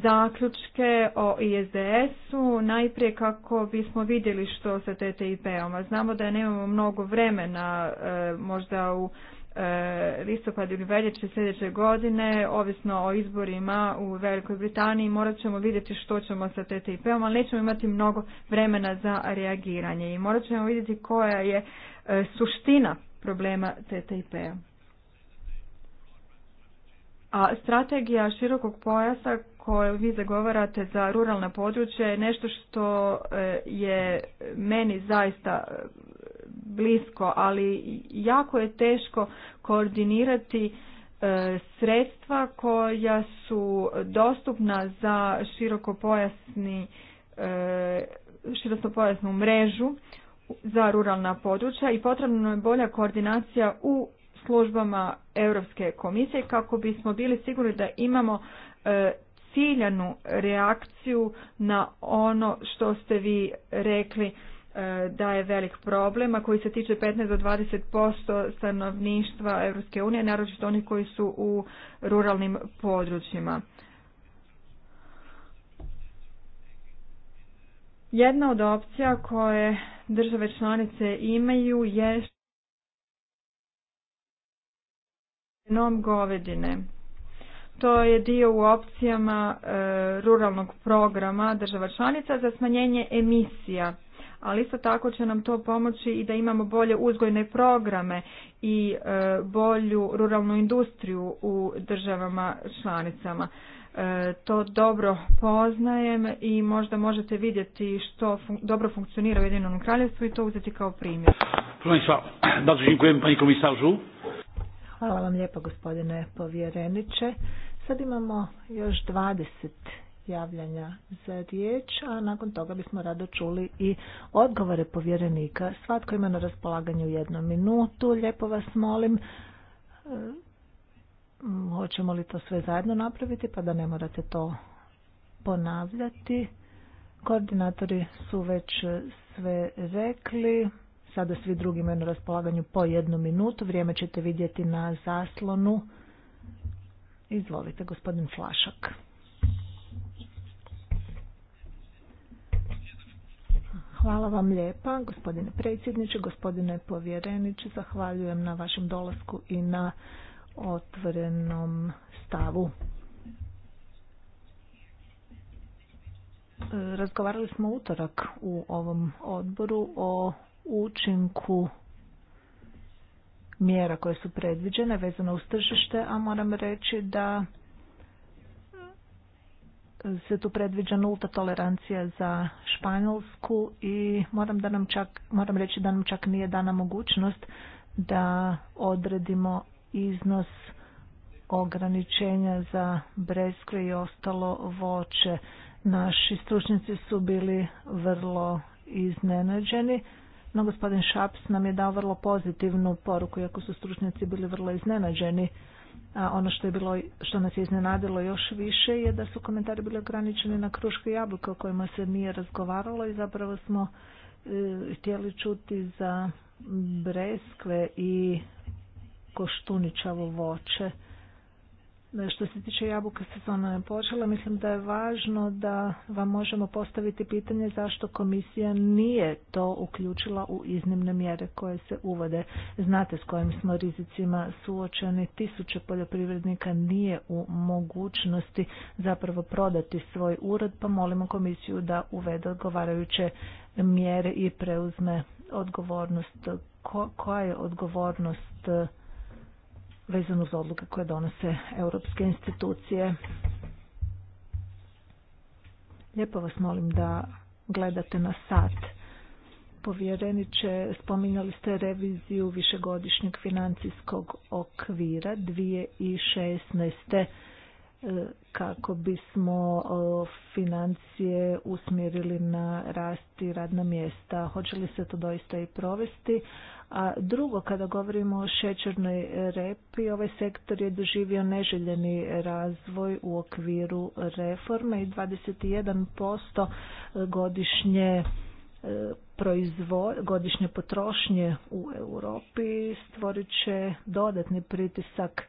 Speaker 2: zaključke o ISDS-u najprije kako bismo vidjeli što sa TTIP-om. Znamo da nemamo mnogo vremena, e, možda u E, listopad ili veljače sljedeće godine, ovisno o izborima u Velikoj Britaniji, morat ćemo vidjeti što ćemo sa TTIP-om, ali nećemo imati mnogo vremena za reagiranje i morat ćemo vidjeti koja je e, suština problema TTIP-a. A strategija širokog pojasa koju vi zagovarate za ruralna područja je nešto što e, je meni zaista blisko, ali jako je teško koordinirati e, sredstva koja su dostupna za široko e, širokopojasnu mrežu za ruralna područja i potrebno je bolja koordinacija u službama Europske komisije kako bismo bili sigurni da imamo e, ciljanu reakciju na ono što ste vi rekli daje velik problem, a koji se tiče 15 do 20% stanovništva Europske unije, naročito oni koji su u ruralnim područjima. Jedna od opcija koje države članice imaju je genom govedine. To je dio u opcijama e, ruralnog programa država članica za smanjenje emisija ali isto tako će nam to pomoći i da imamo bolje uzgojne programe i e, bolju ruralnu industriju u državama članicama. E, to dobro poznajem i možda možete vidjeti što dobro funkcionira u Jedinom kraljevstvu i to uzeti kao primjer. Hvala vam lijepo gospodine povjereniče.
Speaker 3: Sad imamo još 20 javljanja za riječ, a nakon toga bismo rado čuli i odgovore povjerenika. Svatko ima na raspolaganju jednu minutu, lijepo vas molim. E, hoćemo li to sve zajedno napraviti pa da ne morate to ponavljati? Koordinatori su već sve rekli. Sada svi drugi imaju na raspolaganju po jednu minutu. Vrijeme ćete vidjeti na zaslonu. Izvolite, gospodin Flašak. Hvala vam lijepa, gospodine predsjedniče, gospodine povjereniče, zahvaljujem na vašem dolasku i na otvorenom stavu. E, razgovarali smo utorak u ovom odboru o učinku mjera koje su predviđene vezano uz tržište, a moram reći da se tu predviđa nulta tolerancija za Španjolsku i moram, da nam čak, moram reći da nam čak nije dana mogućnost da odredimo iznos ograničenja za breskve i ostalo voće. Naši stručnjaci su bili vrlo iznenađeni, no gospodin Šaps nam je dao vrlo pozitivnu poruku, iako su stručnici bili vrlo iznenađeni a ono što je bilo, što nas je iznenadilo još više je da su komentari bili ograničeni na kruške jabuke o kojima se nije razgovaralo i zapravo smo e, htjeli čuti za breskve i koštuničavo voće E, što se tiče jabuka sezona je počela, mislim da je važno da vam možemo postaviti pitanje zašto komisija nije to uključila u iznimne mjere koje se uvode. Znate s kojim smo rizicima suočeni, tisuće poljoprivrednika nije u mogućnosti zapravo prodati svoj urod pa molimo komisiju da uvede odgovarajuće mjere i preuzme odgovornost. koja je odgovornost vezano uz odluke koje donose europske institucije. Lijepo vas molim da gledate na sat. Povjereniče, spominjali ste reviziju višegodišnjeg financijskog okvira 2016. E, kako bismo e, financije usmjerili na rast i radna mjesta. Hoće li se to doista i provesti? A drugo, kada govorimo o šećernoj repi, ovaj sektor je doživio neželjeni razvoj u okviru reforme i 21% godišnje e, proizvod, godišnje potrošnje u Europi stvorit će dodatni pritisak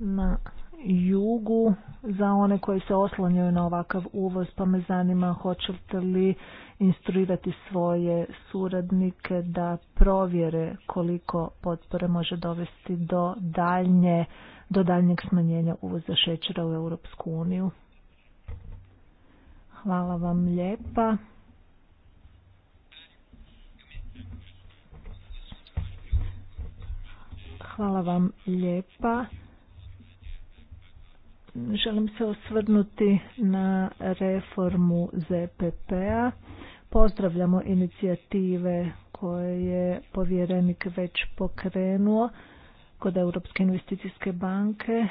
Speaker 3: na jugu za one koji se oslanjaju na ovakav uvoz, pa me zanima hoćete li instruirati svoje suradnike da provjere koliko potpore može dovesti do daljnje do daljnjeg smanjenja uvoza šećera u Europsku uniju. Hvala vam lijepa. Hvala vam lijepa želim se osvrnuti na reformu ZPP-a. Pozdravljamo inicijative koje je povjerenik već pokrenuo kod Europske investicijske banke.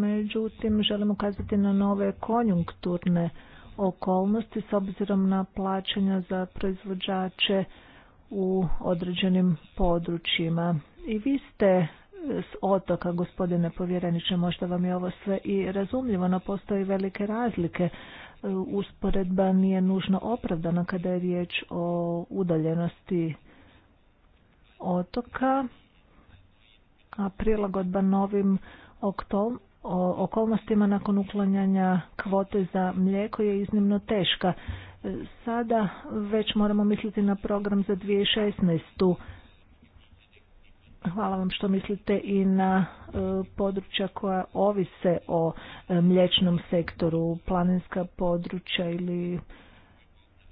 Speaker 3: Međutim, želimo ukazati na nove konjunkturne okolnosti s obzirom na plaćanja za proizvođače u određenim područjima. I vi ste s otoka, gospodine povjereniče, možda vam je ovo sve i razumljivo, no postoji velike razlike. E, usporedba nije nužno opravdana kada je riječ o udaljenosti otoka, a prilagodba novim o okolnostima nakon uklanjanja kvote za mlijeko je iznimno teška. E, sada već moramo misliti na program za 2016. Hvala vam što mislite i na e, područja koja ovise o e, mlječnom sektoru, planinska područja ili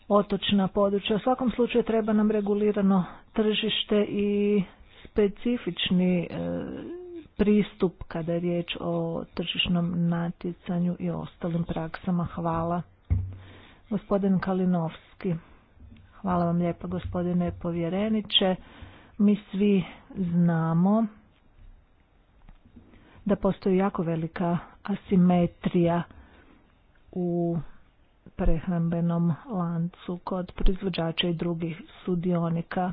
Speaker 3: otočna područja. U svakom slučaju treba nam regulirano tržište i specifični e, pristup kada je riječ o tržišnom natjecanju i ostalim praksama. Hvala. Gospodin Kalinovski. Hvala vam lijepa gospodine povjereniče. Mi svi znamo da postoji jako velika asimetrija u prehrambenom lancu kod proizvođača i drugih sudionika. E,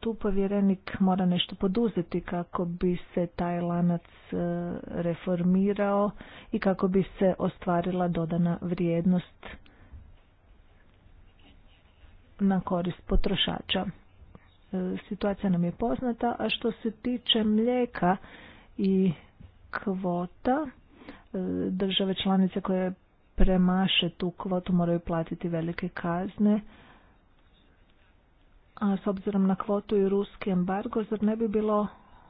Speaker 3: tu povjerenik mora nešto poduzeti kako bi se taj lanac e, reformirao i kako bi se ostvarila dodana vrijednost na korist potrošača. E, situacija nam je poznata, a što se tiče mlijeka i kvota, e, države članice koje premaše tu kvotu moraju platiti velike kazne. A s obzirom na kvotu i ruski embargo, zar ne bi bilo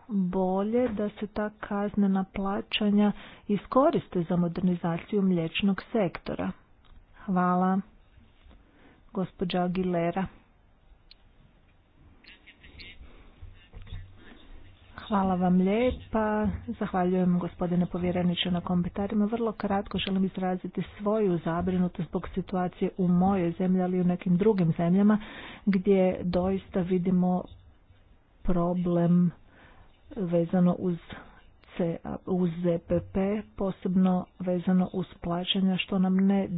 Speaker 3: bolje da se ta kaznena plaćanja iskoriste za modernizaciju mliječnog sektora? Hvala, gospođa Aguilera. Hvala vam lijepa. Zahvaljujem gospodine povjereniče na komentarima. Vrlo kratko želim izraziti svoju zabrinutost zbog situacije u mojoj zemlji, ali i u nekim drugim zemljama gdje doista vidimo problem vezano uz C, uz ZPP, e posebno vezano uz plaćanja što nam ne,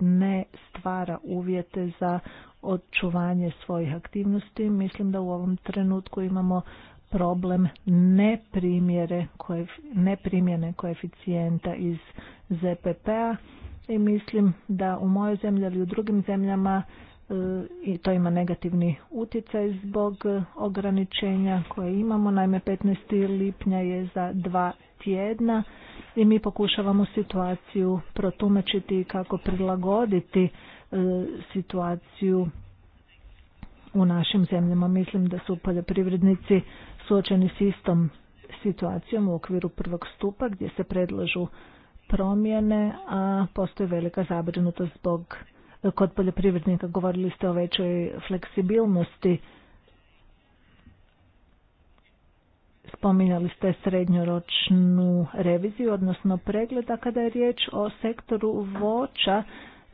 Speaker 3: ne stvara uvjete za očuvanje svojih aktivnosti. Mislim da u ovom trenutku imamo problem neprimjere, neprimjene koeficijenta iz ZPP-a i mislim da u mojoj zemlji ali u drugim zemljama e, i to ima negativni utjecaj zbog e, ograničenja koje imamo. Naime, 15. lipnja je za dva tjedna i mi pokušavamo situaciju protumačiti kako prilagoditi e, situaciju u našim zemljama. Mislim da su poljoprivrednici suočeni s istom situacijom u okviru prvog stupa gdje se predlažu promjene, a postoji velika zabrinutost zbog kod poljoprivrednika. Govorili ste o većoj fleksibilnosti. Spominjali ste srednjoročnu reviziju, odnosno pregleda kada je riječ o sektoru voća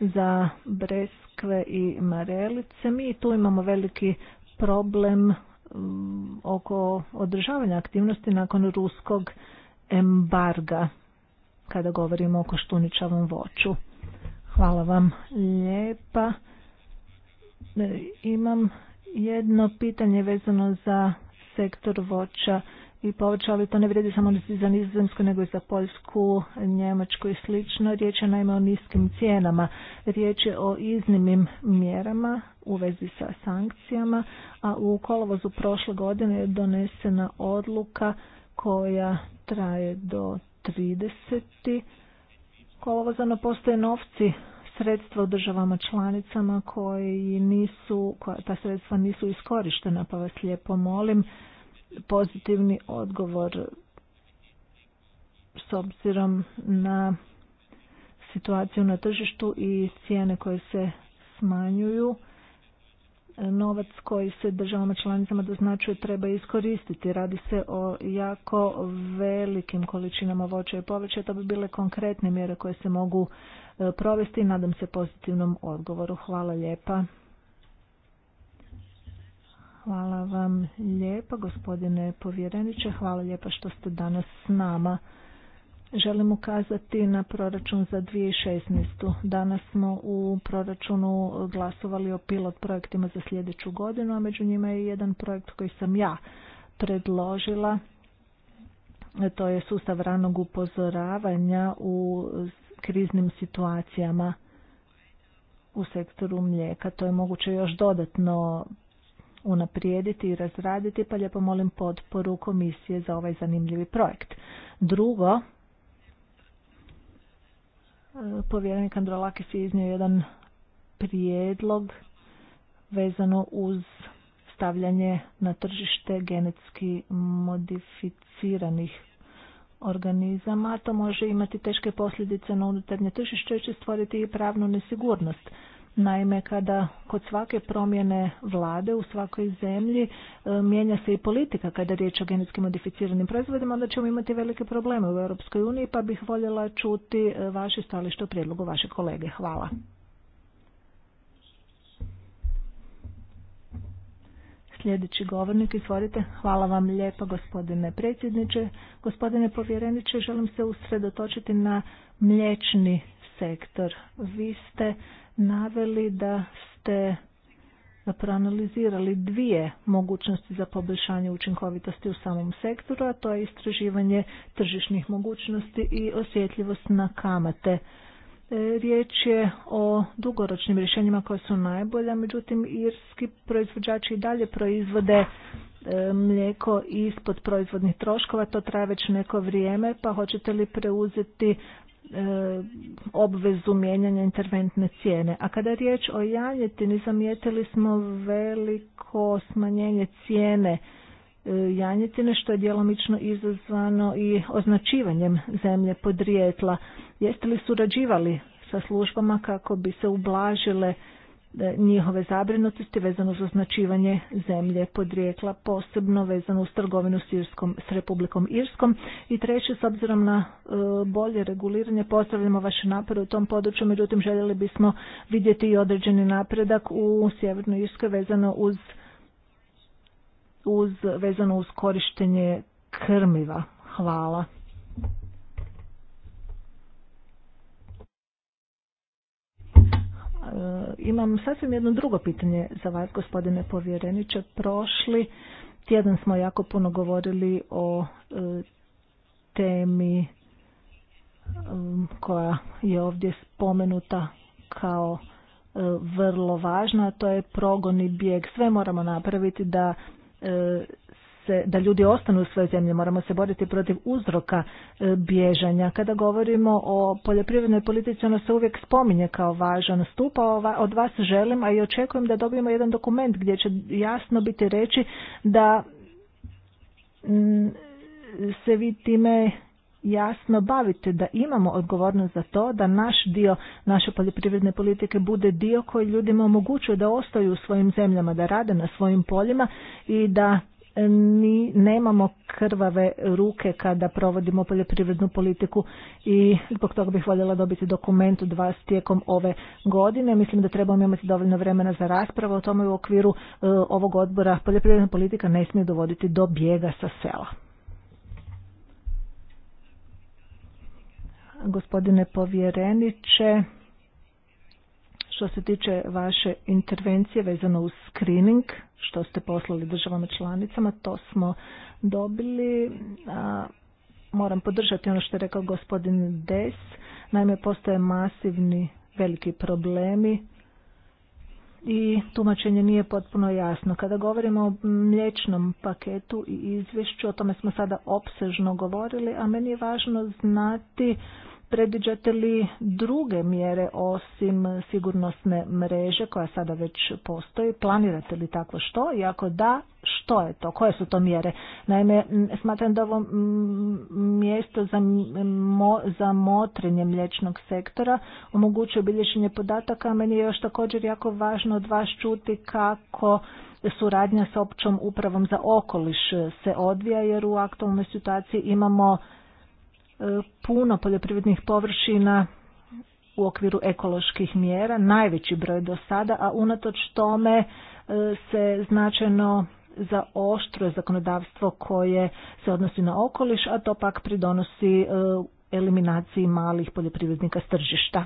Speaker 3: za breskve i marelice. Mi tu imamo veliki problem Mm, oko održavanja aktivnosti nakon ruskog embarga kada govorimo o koštuničavom voću. Hvala vam lijepa. E, imam jedno pitanje vezano za sektor voća i povrća, ali to ne vrijedi samo za nizozemsku, nego i za Poljsku, Njemačku i slično. Riječ je naime o niskim cijenama. Riječ je o iznimnim mjerama u vezi sa sankcijama, a u kolovozu prošle godine je donesena odluka koja traje do 30. kolovoza, no postoje novci sredstva u državama članicama koji nisu, koja, ta sredstva nisu iskorištena, pa vas lijepo molim pozitivni odgovor s obzirom na situaciju na tržištu i cijene koje se smanjuju novac koji se državama članicama doznačuje treba iskoristiti. Radi se o jako velikim količinama voća i povrća. To bi bile konkretne mjere koje se mogu e, provesti. Nadam se pozitivnom odgovoru. Hvala lijepa. Hvala vam lijepa gospodine povjereniče. Hvala lijepa što ste danas s nama. Želim ukazati na proračun za 2016. Danas smo u proračunu glasovali o pilot projektima za sljedeću godinu, a među njima je jedan projekt koji sam ja predložila. To je sustav ranog upozoravanja u kriznim situacijama u sektoru mlijeka. To je moguće još dodatno unaprijediti i razraditi, pa lijepo molim potporu komisije za ovaj zanimljivi projekt. Drugo, povjerenik Androlakis je iznio jedan prijedlog vezano uz stavljanje na tržište genetski modificiranih organizama. To može imati teške posljedice na unutarnje tržište i će stvoriti i pravnu nesigurnost. Naime, kada kod svake promjene vlade u svakoj zemlji e, mijenja se i politika kada je riječ o genetski modificiranim proizvodima, onda ćemo imati velike probleme u Europskoj uniji, pa bih voljela čuti e, vaše stalište o prijedlogu vaše kolege. Hvala. Sljedeći govornik, izvolite. Hvala vam lijepa gospodine predsjedniče. Gospodine povjereniče, želim se usredotočiti na mliječni sektor. Vi ste naveli da ste proanalizirali dvije mogućnosti za poboljšanje učinkovitosti u samom sektoru, a to je istraživanje tržišnih mogućnosti i osjetljivost na kamate. E, riječ je o dugoročnim rješenjima koje su najbolja, međutim irski proizvođači i dalje proizvode e, mlijeko ispod proizvodnih troškova, to traje već neko vrijeme, pa hoćete li preuzeti E, obvezu mijenjanja interventne cijene. A kada je riječ o janjetini, zamijetili smo veliko smanjenje cijene e, janjetine, što je djelomično izazvano i označivanjem zemlje podrijetla. Jeste li surađivali sa službama kako bi se ublažile E, njihove zabrinutosti vezano uz označivanje zemlje podrijekla, posebno vezano uz trgovinu s, Irskom, s Republikom Irskom. I treće, s obzirom na e, bolje reguliranje, postavljamo vaše napore u tom području, međutim željeli bismo vidjeti i određeni napredak u Sjevernoj Irskoj vezano uz, uz, vezano uz korištenje krmiva. Hvala. E, imam sasvim jedno drugo pitanje za vas, gospodine povjereniče. Prošli tjedan smo jako puno govorili o e, temi e, koja je ovdje spomenuta kao vrlo važna, a to je progon i bijeg. Sve moramo napraviti da se, da ljudi ostanu u svojoj zemlji, moramo se boriti protiv uzroka e, bježanja. Kada govorimo o poljoprivrednoj politici, ona se uvijek spominje kao važan stup, a od vas želim, a i očekujem da dobijemo jedan dokument gdje će jasno biti reći da mm, se vi time jasno bavite da imamo odgovornost za to da naš dio naše poljoprivredne politike bude dio koji ljudima omogućuje da ostaju u svojim zemljama, da rade na svojim poljima i da ni, nemamo krvave ruke kada provodimo poljoprivrednu politiku i zbog toga bih voljela dobiti dokument od vas tijekom ove godine. Mislim da trebamo imati dovoljno vremena za raspravu o tome u okviru e, ovog odbora. Poljoprivredna politika ne smije dovoditi do bijega sa sela. Gospodine povjereniče, što se tiče vaše intervencije vezano uz screening, što ste poslali državama članicama, to smo dobili. A, moram podržati ono što je rekao gospodin Des. Naime, postoje masivni veliki problemi i tumačenje nije potpuno jasno. Kada govorimo o mliječnom paketu i izvješću, o tome smo sada opsežno govorili, a meni je važno znati Predviđate li druge mjere osim sigurnosne mreže koja sada već postoji? Planirate li tako što? I ako da, što je to? Koje su to mjere? Naime, smatram da ovo mjesto za, za motrenje mlječnog sektora omogućuje obilješenje podataka. Meni je još također jako važno od vas čuti kako suradnja s općom upravom za okoliš se odvija jer u aktualnoj situaciji imamo puno poljoprivrednih površina u okviru ekoloških mjera, najveći broj do sada, a unatoč tome e, se značajno zaostruje zakonodavstvo koje se odnosi na okoliš, a to pak pridonosi e, eliminaciji malih poljoprivrednika s tržišta.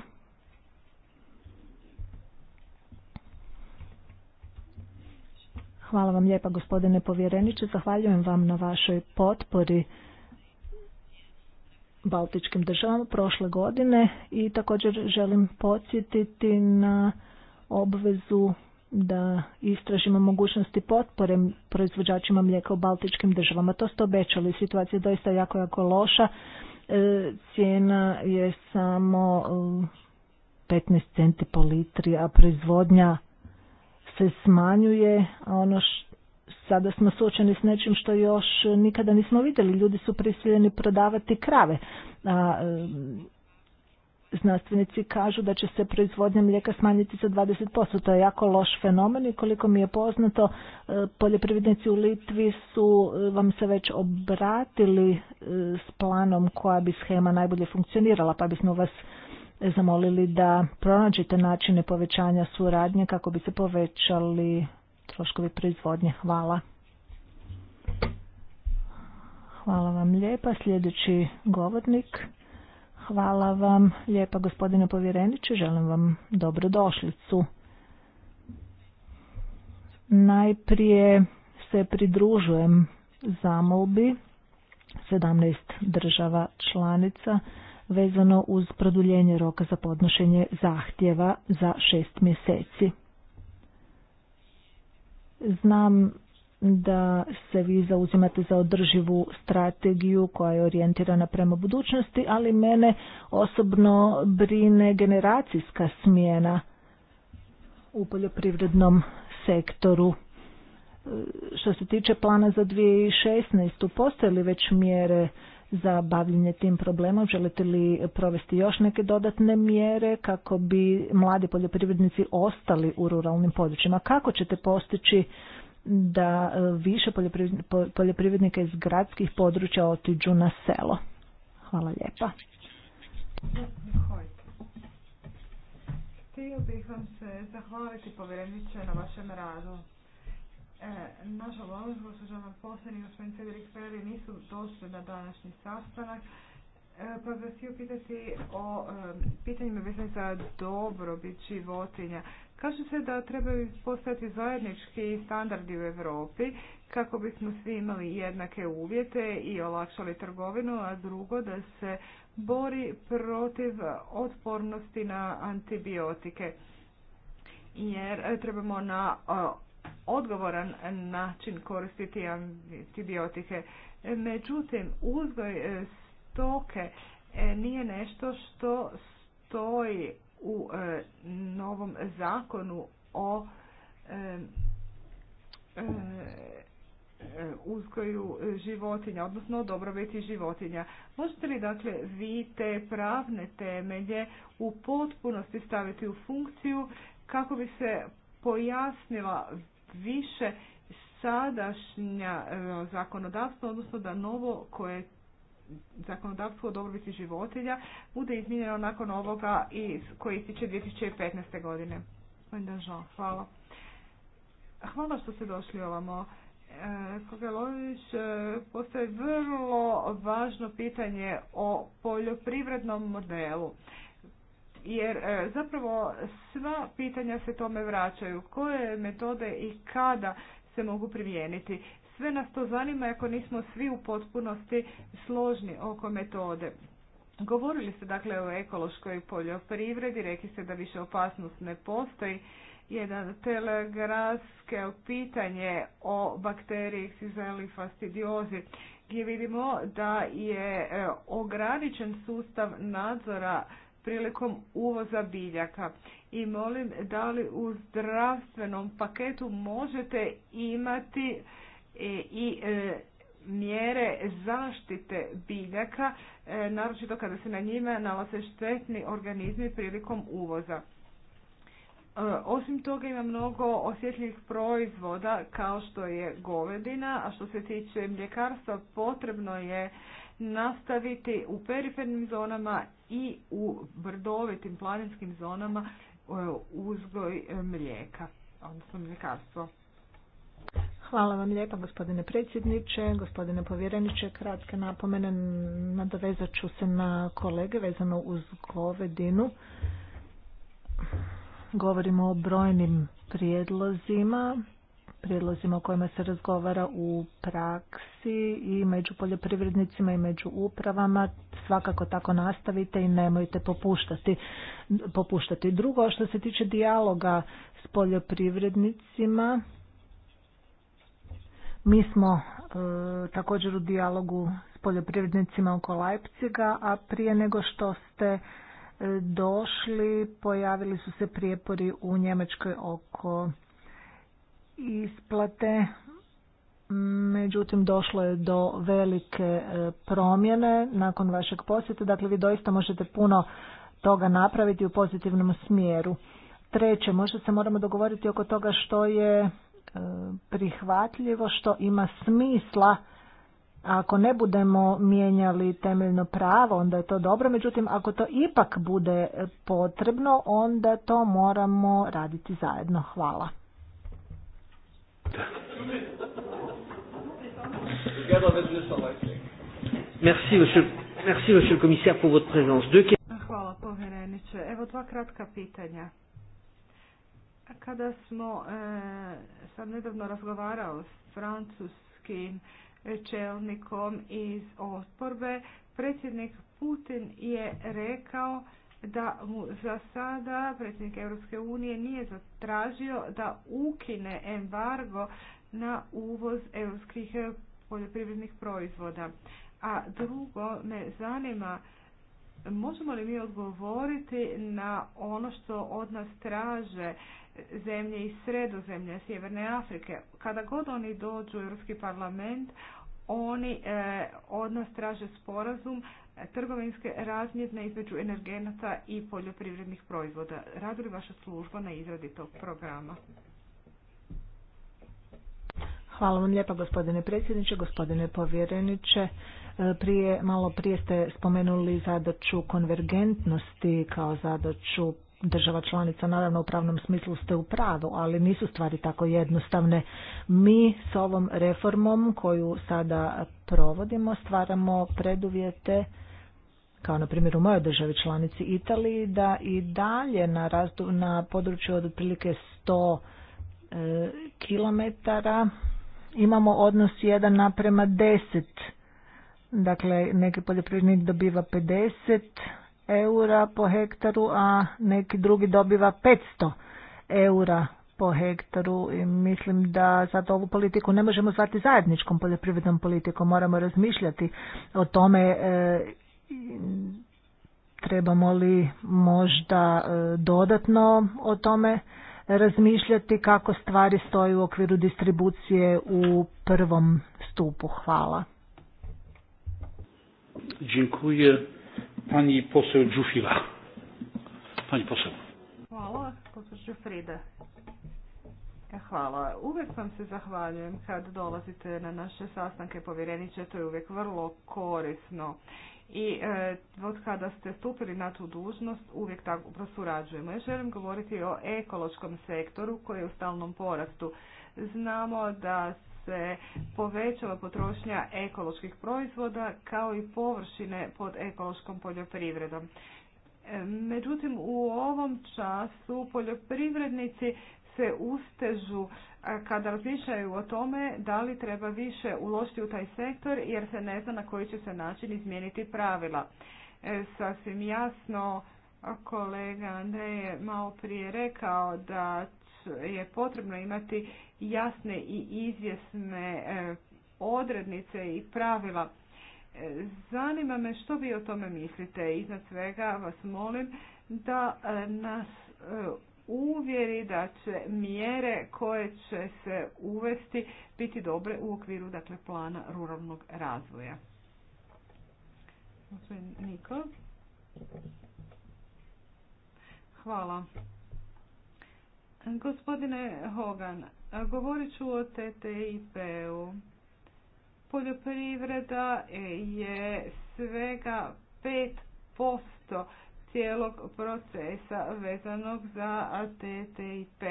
Speaker 3: Hvala vam lijepa gospodine povjereniče, zahvaljujem vam na vašoj potpori baltičkim državama prošle godine i također želim podsjetiti na obvezu da istražimo mogućnosti potpore proizvođačima mlijeka u baltičkim državama. To ste obećali, situacija je doista jako, jako loša. E, cijena je samo 15 e, centi po litri, a proizvodnja se smanjuje, a ono što sada smo suočeni s nečim što još nikada nismo vidjeli. Ljudi su prisiljeni prodavati krave. A, e, znanstvenici kažu da će se proizvodnja mlijeka smanjiti za 20%. To je jako loš fenomen i koliko mi je poznato, e, poljoprivrednici u Litvi su e, vam se već obratili s planom koja bi schema najbolje funkcionirala, pa bismo vas zamolili da pronađete načine povećanja suradnje kako bi se povećali proizvodnje. Hvala. Hvala vam lijepa. Sljedeći govornik. Hvala vam lijepa gospodine povjereniče. Želim vam dobrodošlicu. Najprije se pridružujem zamolbi 17 država članica vezano uz produljenje roka za podnošenje zahtjeva za šest mjeseci. Znam da se vi zauzimate za održivu strategiju koja je orijentirana prema budućnosti, ali mene osobno brine generacijska smjena u poljoprivrednom sektoru. E, što se tiče plana za 2016. postoje li već mjere za bavljenje tim problemom? Želite li provesti još neke dodatne mjere kako bi mladi poljoprivrednici ostali u ruralnim područjima? Kako ćete postići da e, više poljoprivrednika iz gradskih područja otiđu na selo? Hvala lijepa.
Speaker 4: Htio bih vam se zahvaliti na vašem radu. E, nažalost, gospođa posljednji i gospodin Cedric Ferri nisu došli na današnji sastanak, e, pa bih htio pitati o e, pitanjima vezanim za dobrobit životinja. Kaže se da trebaju postati zajednički standardi u Europi kako bismo svi imali jednake uvjete i olakšali trgovinu, a drugo da se bori protiv otpornosti na antibiotike. Jer trebamo na odgovoran način koristiti antibiotike. Međutim, uzgoj e, stoke e, nije nešto što stoji u e, novom zakonu o uzgoju životinja, odnosno o dobrobiti životinja. Možete li dakle vi te pravne temelje u potpunosti staviti u funkciju kako bi se pojasnila više sadašnja e, zakonodavstvo, odnosno da novo koje zakonodavstvo o dobrobiti životinja bude izmijenjeno nakon ovoga i koji ističe 2015. godine. Hvala. Hvala što ste došli ovamo. E, Kogelović, e, postoje vrlo važno pitanje o poljoprivrednom modelu jer e, zapravo sva pitanja se tome vraćaju. Koje metode i kada se mogu primijeniti? Sve nas to zanima ako nismo svi u potpunosti složni oko metode. Govorili ste dakle o ekološkoj poljoprivredi, rekli ste da više opasnost ne postoji. Jedan telegrafske pitanje o bakteriji Xylella fastidiozi. gdje vidimo da je e, ograničen sustav nadzora prilikom uvoza biljaka. I molim da li u zdravstvenom paketu možete imati e, i e, mjere zaštite biljaka, e, naročito kada se na njima nalaze štetni organizmi prilikom uvoza. Osim toga ima mnogo osjetljivih proizvoda kao što je govedina, a što se tiče mljekarstva potrebno je nastaviti u perifernim zonama i u brdovitim planinskim zonama e, uzgoj e, mlijeka, odnosno mljekarstvo.
Speaker 3: Hvala vam lijepa gospodine predsjedniče, gospodine povjereniče, kratke napomene, nadovezat ću se na kolege vezano uz govedinu. Govorimo o brojnim prijedlozima prijedlozima o kojima se razgovara u praksi i među poljoprivrednicima i među upravama. Svakako tako nastavite i nemojte popuštati. popuštati. Drugo, što se tiče dijaloga s poljoprivrednicima, mi smo e, također u dijalogu s poljoprivrednicima oko Leipciga, a prije nego što ste e, došli, pojavili su se prijepori u Njemačkoj oko isplate. Međutim, došlo je do velike e, promjene nakon vašeg posjeta. Dakle, vi doista možete puno toga napraviti u pozitivnom smjeru. Treće, možda se moramo dogovoriti oko toga što je e, prihvatljivo, što ima smisla. Ako ne budemo mijenjali temeljno pravo, onda je to dobro. Međutim, ako to ipak bude potrebno, onda to moramo raditi zajedno. Hvala.
Speaker 1: Merci, monsieur, merci, monsieur le commissaire, pour votre présence. Deux...
Speaker 4: Ah, hvala, Evo dva kratka pitanja. Kada smo e, sad nedavno razgovarao s francuskim čelnikom iz osporbe, predsjednik Putin je rekao da mu za sada predsjednik Europske unije nije zatražio da ukine embargo na uvoz europskih poljoprivrednih proizvoda. A drugo me zanima možemo li mi odgovoriti na ono što od nas traže zemlje i sredozemlje, Sjeverne Afrike. Kada god oni dođu u Europski parlament, oni eh, od nas traže sporazum trgovinske razmjene između energenata i poljoprivrednih proizvoda. Radi li vaša služba na izradi tog programa?
Speaker 3: Hvala vam lijepa gospodine predsjedniče, gospodine povjereniče. E, prije, malo prije ste spomenuli zadaću konvergentnosti kao zadaću država članica, naravno u pravnom smislu ste u pravu, ali nisu stvari tako jednostavne. Mi s ovom reformom koju sada provodimo stvaramo preduvjete kao na primjer u mojoj državi članici Italiji, da i dalje na, na području od otprilike 100 e, kilometara imamo odnos 1 naprema 10. Dakle, neki poljoprivrednik dobiva 50 eura po hektaru, a neki drugi dobiva 500 eura po hektaru i mislim da sad ovu politiku ne možemo zvati zajedničkom poljoprivrednom politikom, moramo razmišljati o tome e, Trebamo li možda e, dodatno o tome razmišljati kako stvari stoju u okviru distribucije u prvom stupu? Hvala.
Speaker 1: Dziękuję. Pani poseł Pani poseł.
Speaker 4: Hvala, e, Hvala. Uvijek vam se zahvaljujem kad dolazite na naše sastanke povjereniče, to je uvijek vrlo korisno i e, od kada ste stupili na tu dužnost uvijek tako prosurađujemo. Ja želim govoriti o ekološkom sektoru koji je u stalnom porastu. Znamo da se povećava potrošnja ekoloških proizvoda kao i površine pod ekološkom poljoprivredom. E, međutim, u ovom času poljoprivrednici se ustežu e, kada razmišljaju o tome da li treba više uložiti u taj sektor jer se ne zna na koji će se način izmijeniti pravila. E, sasvim jasno kolega Andrej je malo prije rekao da je potrebno imati jasne i izvjesne e, odrednice i pravila. Zanima me što vi o tome mislite. Iznad svega vas molim da nas uvjeri da će mjere koje će se uvesti biti dobre u okviru dakle, plana ruralnog razvoja. Hvala. Gospodine Hogan, govorit ću o TTIP-u. Poljoprivreda je svega 5% cijelog procesa vezanog za TTIP.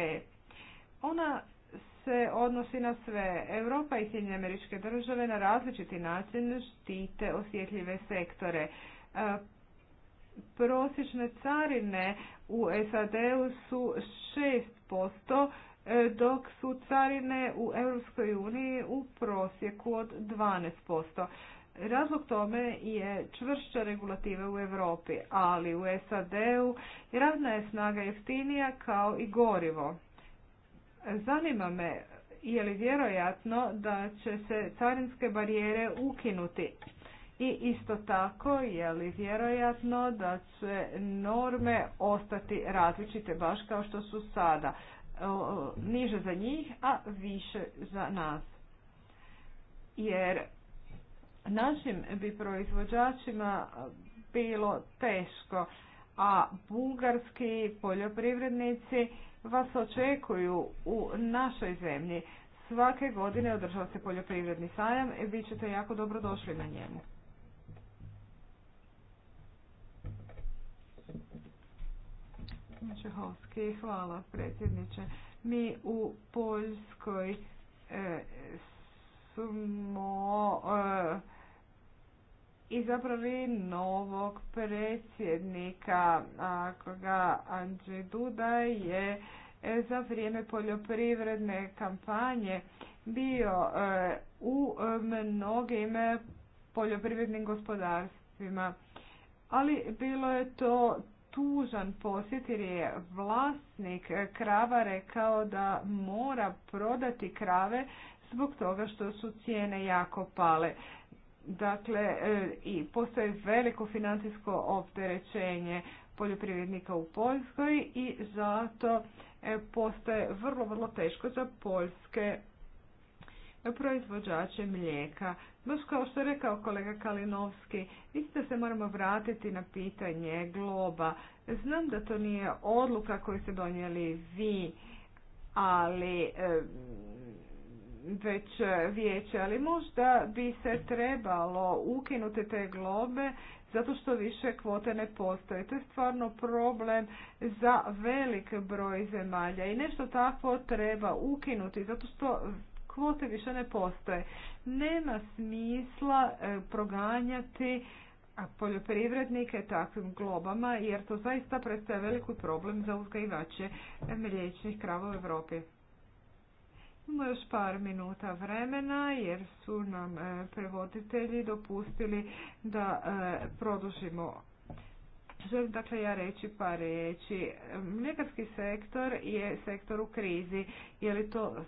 Speaker 4: Ona se odnosi na sve. Europa i Sjedinje američke države na različiti način štite osjetljive sektore. E, prosječne carine u SAD-u su 6%, e, dok su carine u Europskoj uniji u prosjeku od 12%. Razlog tome je čvršća regulativa u Europi, ali u SAD-u radna je snaga jeftinija kao i gorivo. Zanima me je li vjerojatno da će se carinske barijere ukinuti i isto tako je li vjerojatno da će norme ostati različite baš kao što su sada, niže za njih, a više za nas. Jer našim bi proizvođačima bilo teško, a bulgarski poljoprivrednici vas očekuju u našoj zemlji. Svake godine održava se poljoprivredni sajam i bit ćete jako dobro došli na njemu. Čehovski, hvala predsjedniče. Mi u Poljskoj e, smo e, izabrali novog predsjednika, koga Andrzej Duda je e, za vrijeme poljoprivredne kampanje bio e, u mnogim poljoprivrednim gospodarstvima. Ali bilo je to tužan posjet jer je vlasnik krava rekao da mora prodati krave zbog toga što su cijene jako pale. Dakle, e, i postoji veliko financijsko opterećenje poljoprivrednika u Poljskoj i zato e, postoje vrlo, vrlo teško za poljske proizvođače mlijeka. Baš kao što je rekao kolega Kalinovski, isto se moramo vratiti na pitanje globa. Znam da to nije odluka koju ste donijeli vi, ali e, već e, vijeće, ali možda bi se trebalo ukinuti te globe zato što više kvote ne postoje. To je stvarno problem za velik broj zemalja i nešto tako treba ukinuti zato što kvote više ne postoje. Nema smisla e, proganjati poljoprivrednike takvim globama jer to zaista predstavlja veliki problem za uzgajivače mliječnih krava u Europi. Imamo još par minuta vremena jer su nam e, prevoditelji dopustili da e, produžimo. Želim dakle ja reći par riječi. Mljekarski sektor je sektor u krizi. Je li to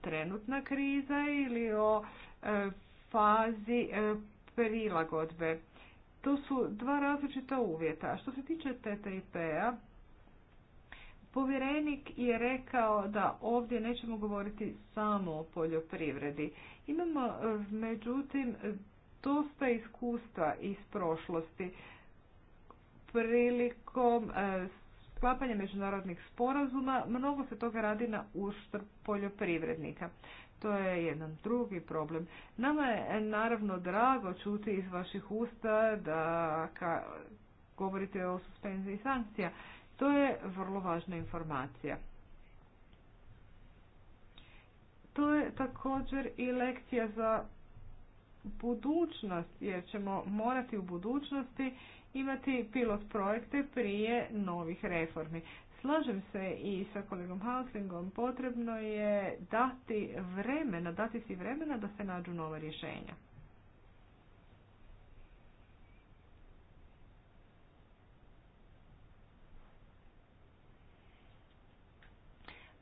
Speaker 4: trenutna kriza ili o e, fazi prilagodbe? To su dva različita uvjeta. Što se tiče TTIP-a, Povjerenik je rekao da ovdje nećemo govoriti samo o poljoprivredi. Imamo e, međutim dosta iskustva iz prošlosti prilikom e, sklapanja međunarodnih sporazuma. Mnogo se toga radi na uštrb poljoprivrednika. To je jedan drugi problem. Nama je e, naravno drago čuti iz vaših usta da govorite o suspenziji sankcija. To je vrlo važna informacija. To je također i lekcija za budućnost, jer ćemo morati u budućnosti imati pilot projekte prije novih reformi. Slažem se i sa kolegom Hauslingom, potrebno je dati vremena, dati si vremena da se nađu nova rješenja.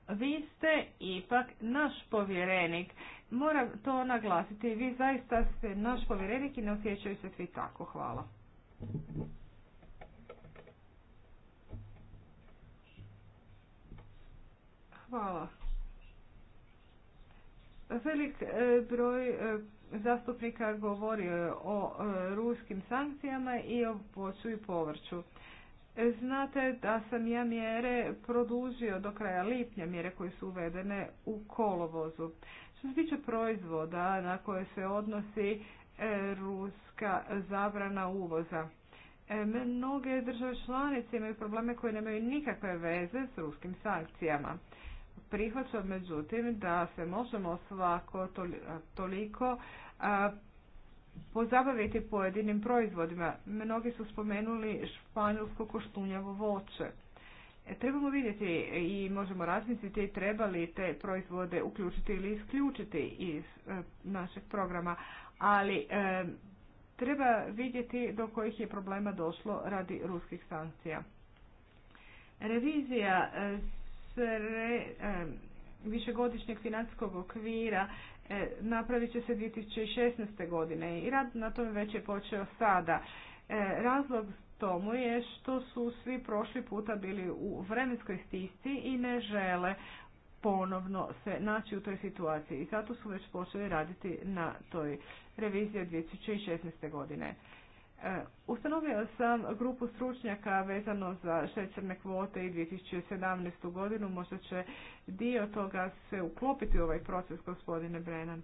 Speaker 4: vi ste ipak naš povjerenik. Moram to naglasiti. Vi zaista ste naš povjerenik i ne osjećaju se svi tako. Hvala. Hvala. Velik e, broj e, zastupnika govori o e, ruskim sankcijama i o voću i povrću. Znate da sam ja mjere produžio do kraja lipnja, mjere koje su uvedene u kolovozu. Što se tiče proizvoda na koje se odnosi e, ruska zabrana uvoza, e, mnoge države članice imaju probleme koje nemaju nikakve veze s ruskim sankcijama. Prihvaćam međutim da se možemo svako toliko pozabaviti pojedinim proizvodima. Mnogi su spomenuli španjolsko koštunjavo voće. E, trebamo vidjeti i možemo razmisliti treba li te proizvode uključiti ili isključiti iz e, našeg programa, ali e, treba vidjeti do kojih je problema došlo radi ruskih sankcija. Revizija višegodišnjeg financijskog okvira E, napravit će se 2016. godine i rad na tome već je počeo sada. E, razlog tomu je što su svi prošli puta bili u vremenskoj stisci i ne žele ponovno se naći u toj situaciji i zato su već počeli raditi na toj reviziji 2016. godine. E, ustanovio sam grupu stručnjaka vezano za šećerne kvote i 2017. godinu. Možda će dio toga se uklopiti u ovaj proces, gospodine Brennan.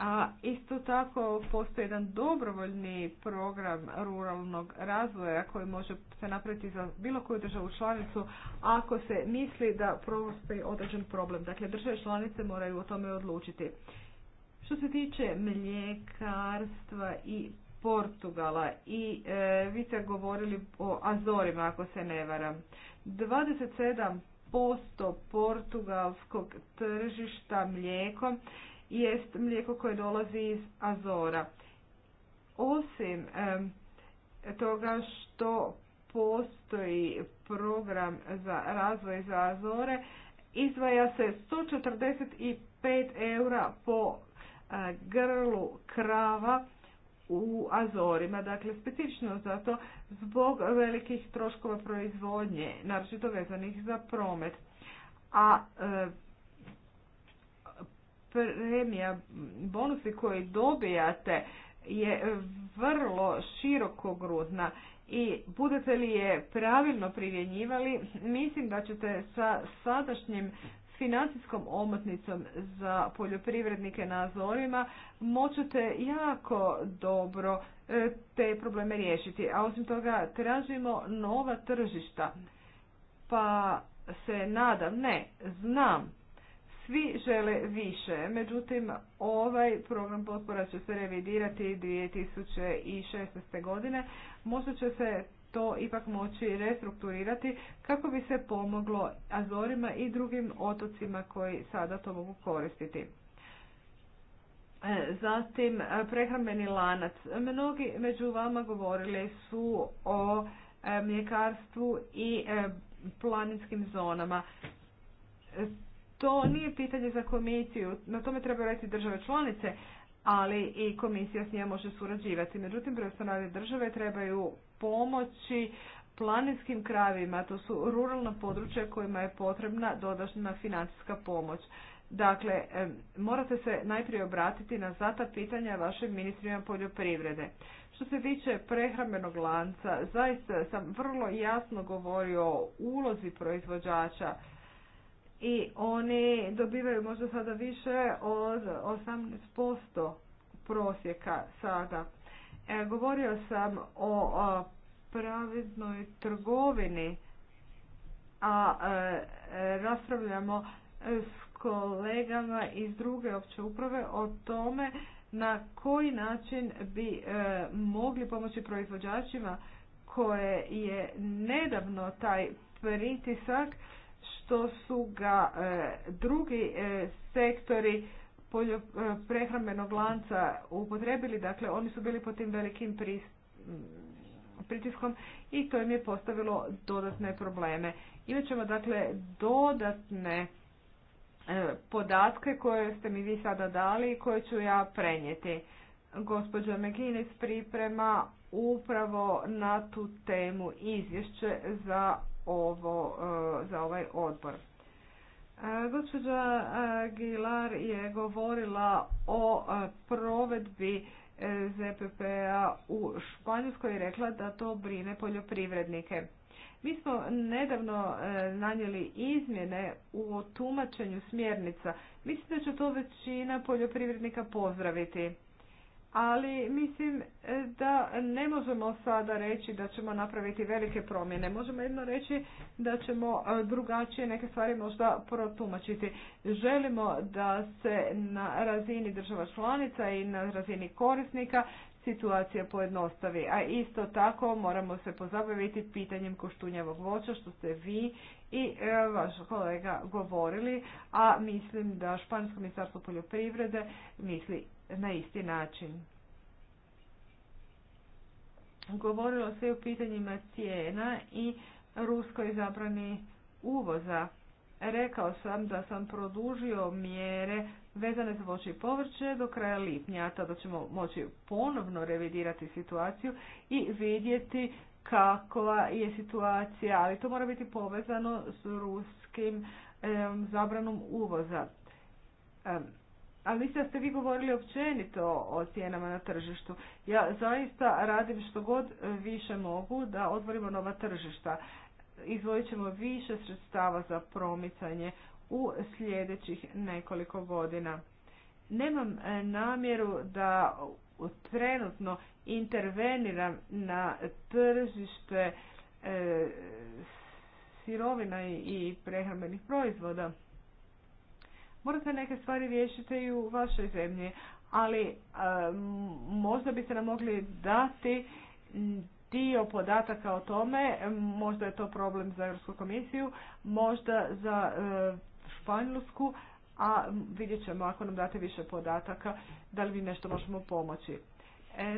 Speaker 4: A isto tako postoji jedan dobrovoljni program ruralnog razvoja koji može se napraviti za bilo koju državu članicu ako se misli da postoji određen problem. Dakle, države članice moraju o tome odlučiti. Što se tiče mljekarstva i Portugala i e, vi ste govorili o Azorima ako se ne varam. 27% portugalskog tržišta mlijekom jest mlijeko koje dolazi iz Azora. Osim e, toga što postoji program za razvoj za Azore, izdvaja se 145 eura po grlu krava u Azorima. Dakle, specifično zato zbog velikih troškova proizvodnje, naročito vezanih za promet. A e, premija, bonusi koji dobijate je vrlo široko grudna i budete li je pravilno primjenjivali, mislim da ćete sa sadašnjim financijskom omotnicom za poljoprivrednike na Azorima moćete jako dobro e, te probleme riješiti. A osim toga tražimo nova tržišta. Pa se nadam, ne, znam, svi žele više. Međutim, ovaj program potpora će se revidirati 2016. godine. Možda će se to ipak moći restrukturirati kako bi se pomoglo Azorima i drugim otocima koji sada to mogu koristiti. E, zatim e, prehrambeni lanac. Mnogi među vama govorili su o e, mljekarstvu i planinskim zonama. To nije pitanje za komisiju, na tome treba reći države članice, ali i komisija s njima može surađivati. Međutim, preostale države trebaju pomoći planinskim krajevima, to su ruralna područja kojima je potrebna dodatna financijska pomoć. Dakle, morate se najprije obratiti na zata pitanja vašim ministrima poljoprivrede. Što se tiče prehrambenog lanca, zaista sam vrlo jasno govorio o ulozi proizvođača i oni dobivaju možda sada više od 18% prosjeka sada. E, govorio sam o pravednoj trgovini, a e, raspravljamo s kolegama iz druge opće uprave o tome na koji način bi e, mogli pomoći proizvođačima koje je nedavno taj pritisak što su ga drugi sektori E, prehrambenog lanca upotrebili, dakle oni su bili pod tim velikim pritiskom i to im je postavilo dodatne probleme. Imat dakle dodatne e, podatke koje ste mi vi sada dali i koje ću ja prenijeti. Gospođa McGinnis priprema upravo na tu temu izvješće za, ovo, e, za ovaj odbor. Gospođa Gilar je govorila o provedbi e, ZPP-a u Španjolskoj i rekla da to brine poljoprivrednike. Mi smo nedavno e, nanijeli izmjene u tumačenju smjernica. Mislim da će to većina poljoprivrednika pozdraviti ali mislim e, da ne možemo sada reći da ćemo napraviti velike promjene. Možemo jedno reći da ćemo e, drugačije neke stvari možda protumačiti. Želimo da se na razini država članica i na razini korisnika situacija pojednostavi, a isto tako moramo se pozabaviti pitanjem koštunjevog voća što ste vi i e, vaš kolega govorili, a mislim da Špansko ministarstvo poljoprivrede misli na isti način. Govorilo se i o pitanjima cijena i ruskoj zabrani uvoza. Rekao sam da sam produžio mjere vezane za voće i povrće do kraja lipnja, tada ćemo moći ponovno revidirati situaciju i vidjeti kakva je situacija, ali to mora biti povezano s ruskim zabranom uvoza a mislim da ste vi govorili općenito o cijenama na tržištu. Ja zaista radim što god e, više mogu da otvorimo nova tržišta. Izvojit ćemo više sredstava za promicanje u sljedećih nekoliko godina. Nemam e, namjeru da trenutno interveniram na tržište e, sirovina i prehrambenih proizvoda morate neke stvari riješiti i u vašoj zemlji, ali e, možda biste nam mogli dati dio podataka o tome, e, možda je to problem za Europsku komisiju, možda za e, Španjolsku, a vidjet ćemo ako nam date više podataka da li vi nešto možemo pomoći.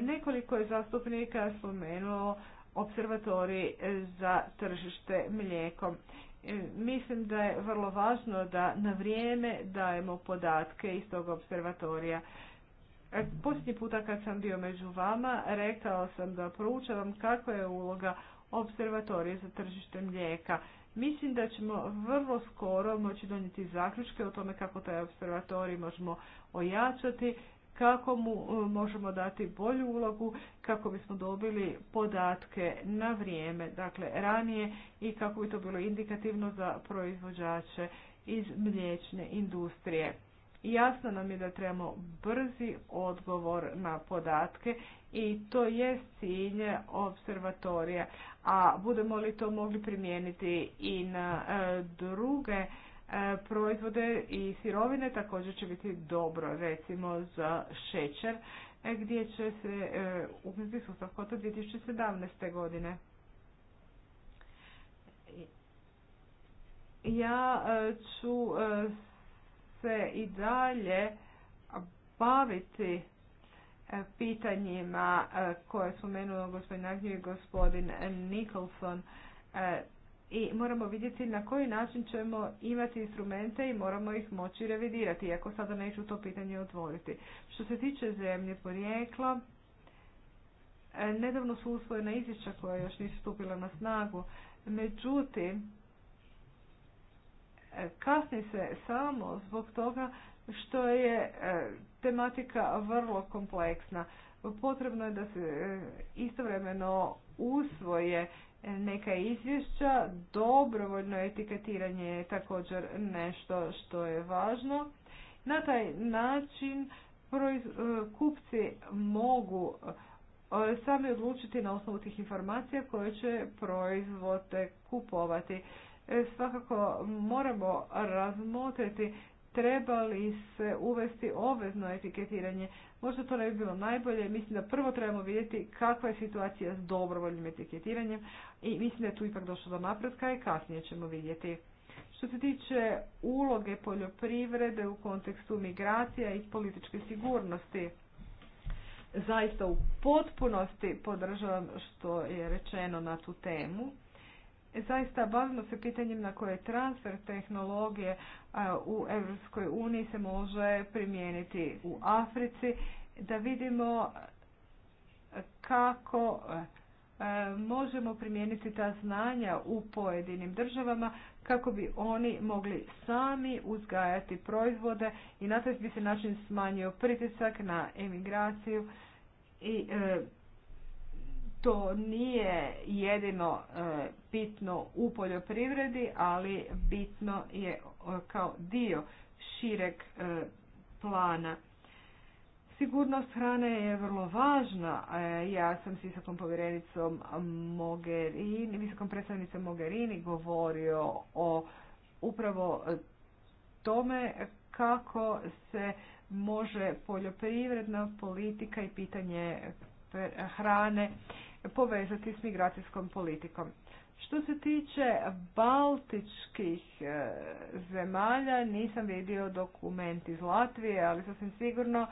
Speaker 4: nekoliko je zastupnika spomenulo observatori za tržište mlijekom. E, mislim da je vrlo važno da na vrijeme dajemo podatke iz tog observatorija. E, posljednji puta kad sam bio među vama, rekao sam da proučavam kakva je uloga observatorije za tržište mlijeka. Mislim da ćemo vrlo skoro moći donijeti zaključke o tome kako taj observatorij možemo ojačati kako mu e, možemo dati bolju ulogu, kako bismo dobili podatke na vrijeme, dakle ranije i kako bi to bilo indikativno za proizvođače iz mliječne industrije. Jasno nam je da trebamo brzi odgovor na podatke i to je cilj observatorija. A budemo li to mogli primijeniti i na e, druge E, proizvode i sirovine također će biti dobro, recimo za šećer, e, gdje će se e, uknuti sustav kota 2017. godine. Ja ću se i dalje baviti pitanjima koje su menuo gospodin Agnju i gospodin Nicholson i moramo vidjeti na koji način ćemo imati instrumente i moramo ih moći revidirati, iako sada neću to pitanje otvoriti. Što se tiče zemlje porijekla, e, nedavno su usvojena izvješća koja još nisu stupila na snagu, međutim, e, kasni se samo zbog toga što je e, tematika vrlo kompleksna. Potrebno je da se istovremeno usvoje E, neka izvješća. Dobrovoljno etiketiranje je također nešto što je važno. Na taj način e, kupci mogu e, sami odlučiti na osnovu tih informacija koje će proizvode kupovati. Svakako moramo razmotriti treba li se uvesti obvezno etiketiranje. Možda to ne bi bilo najbolje, mislim da prvo trebamo vidjeti kakva je situacija s dobrovoljnim etiketiranjem i mislim da je tu ipak došlo do napretka i kasnije ćemo vidjeti. Što se tiče uloge poljoprivrede u kontekstu migracija i političke sigurnosti, zaista u potpunosti podržavam što je rečeno na tu temu. E, zaista bavimo se pitanjem na koje transfer tehnologije e, u Europskoj uniji se može primijeniti u Africi, da vidimo e, kako možemo primijeniti ta znanja u pojedinim državama kako bi oni mogli sami uzgajati proizvode i na taj bi se način smanjio pritisak na emigraciju i to nije jedino e, bitno u poljoprivredi, ali bitno je e, kao dio šireg e, plana. Sigurnost hrane je vrlo važna. Ja sam s visokom povjerenicom Mogherini, visokom predstavnicom Mogherini govorio o upravo tome kako se može poljoprivredna politika i pitanje hrane povezati s migracijskom politikom. Što se tiče baltičkih e, zemalja, nisam vidio dokument iz Latvije, ali sasvim sigurno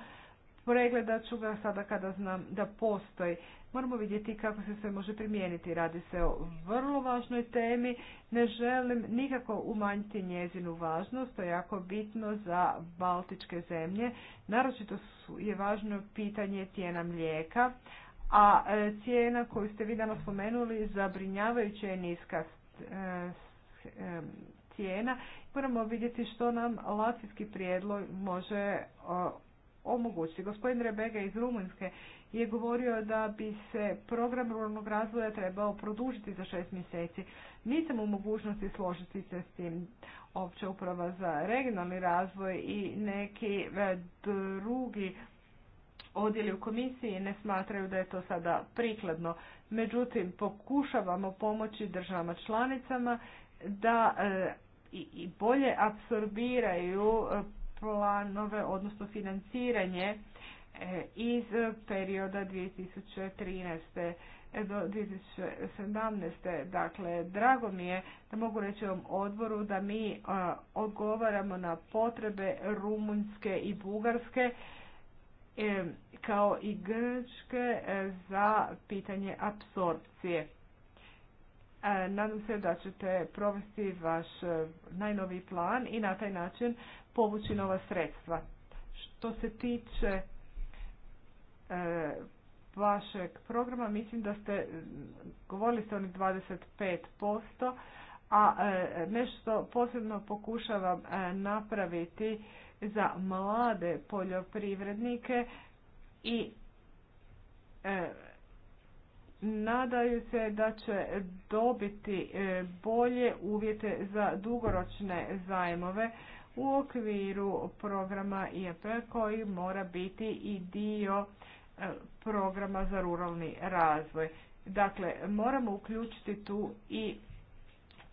Speaker 4: pregledat ću ga sada kada znam da postoji. Moramo vidjeti kako se sve može primijeniti. Radi se o vrlo važnoj temi. Ne želim nikako umanjiti njezinu važnost. To je jako bitno za baltičke zemlje. Naročito je važno pitanje tijena mlijeka, a e, cijena koju ste vi danas spomenuli zabrinjavajuće je niska e, e, cijena. Moramo vidjeti što nam latvijski prijedlog može omogućiti. Gospodin Rebega iz Rumunjske je govorio da bi se program ruralnog razvoja trebao produžiti za šest mjeseci. Nisam u mogućnosti složiti se s tim. Opća uprava za regionalni razvoj i neki drugi odjeli u komisiji ne smatraju da je to sada prikladno. Međutim, pokušavamo pomoći državama članicama da e, i bolje apsorbiraju e, planove, odnosno financiranje e, iz perioda 2013 do 2017. Dakle, drago mi je da mogu reći ovom odboru da mi odgovaramo na potrebe Rumunjske i Bugarske kao i Grčke e, za pitanje apsorpcije. E, nadam se da ćete provesti vaš e, najnoviji plan i na taj način povući nova sredstva. Što se tiče vašeg programa, mislim da ste govorili ste onih 25%, a nešto posebno pokušavam napraviti za mlade poljoprivrednike i e, nadaju se da će dobiti e, bolje uvjete za dugoročne zajmove u okviru programa IEP koji mora biti i dio e, programa za ruralni razvoj. Dakle, moramo uključiti tu i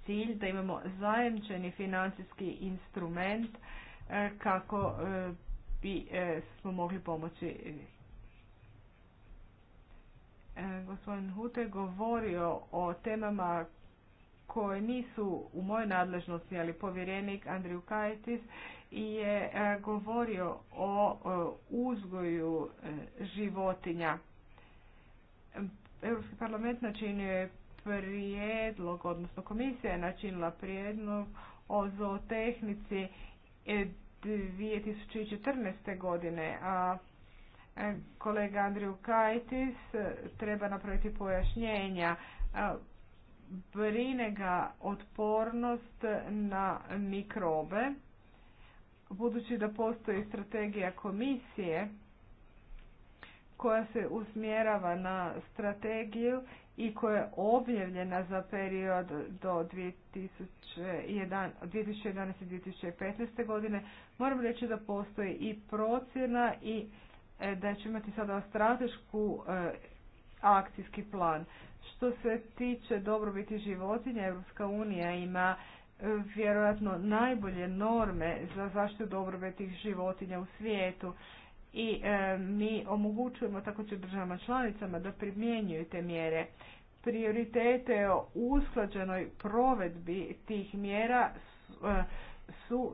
Speaker 4: cilj da imamo zajemčeni financijski instrument E, kako e, bi e, smo mogli pomoći. Gospodin Hute govorio o temama koje nisu u mojoj nadležnosti, ali povjerenik Andriju Kajtis je govorio o uzgoju životinja. Europski parlament načinio je prijedlog, odnosno komisija je načinila prijedlog o zootehnici 2014. godine, a e, kolega Andriju Kajtis e, treba napraviti pojašnjenja. E, brine ga otpornost na mikrobe, budući da postoji strategija komisije koja se usmjerava na strategiju i koja je objavljena za period do 2011. 2015. godine, moram reći da postoji i procjena i e, da će imati sada stratešku e, akcijski plan. Što se tiče dobrobiti životinja, Europska unija ima e, vjerojatno najbolje norme za zaštitu dobrobiti životinja u svijetu i e, mi omogućujemo također državama članicama da primjenjuju te mjere. Prioritete o usklađenoj provedbi tih mjera e, su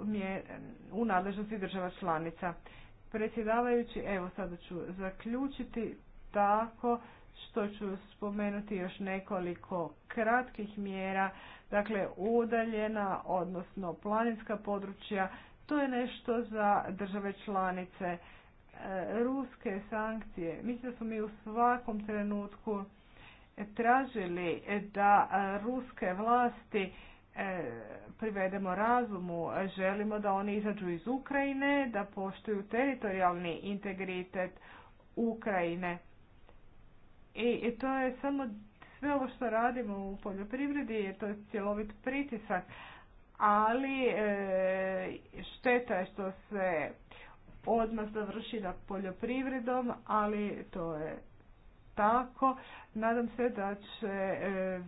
Speaker 4: u nadležnosti država članica. Predsjedavajući, evo sada ću zaključiti tako što ću spomenuti još nekoliko kratkih mjera, dakle udaljena, odnosno planinska područja, to je nešto za države članice ruske sankcije. Mislim da smo mi u svakom trenutku tražili da ruske vlasti e, privedemo razumu. Želimo da oni izađu iz Ukrajine, da poštuju teritorijalni integritet Ukrajine. I to je samo sve ovo što radimo u poljoprivredi je to cjelovit pritisak, ali e, šteta je što se odmah završila poljoprivredom, ali to je tako. Nadam se da će e,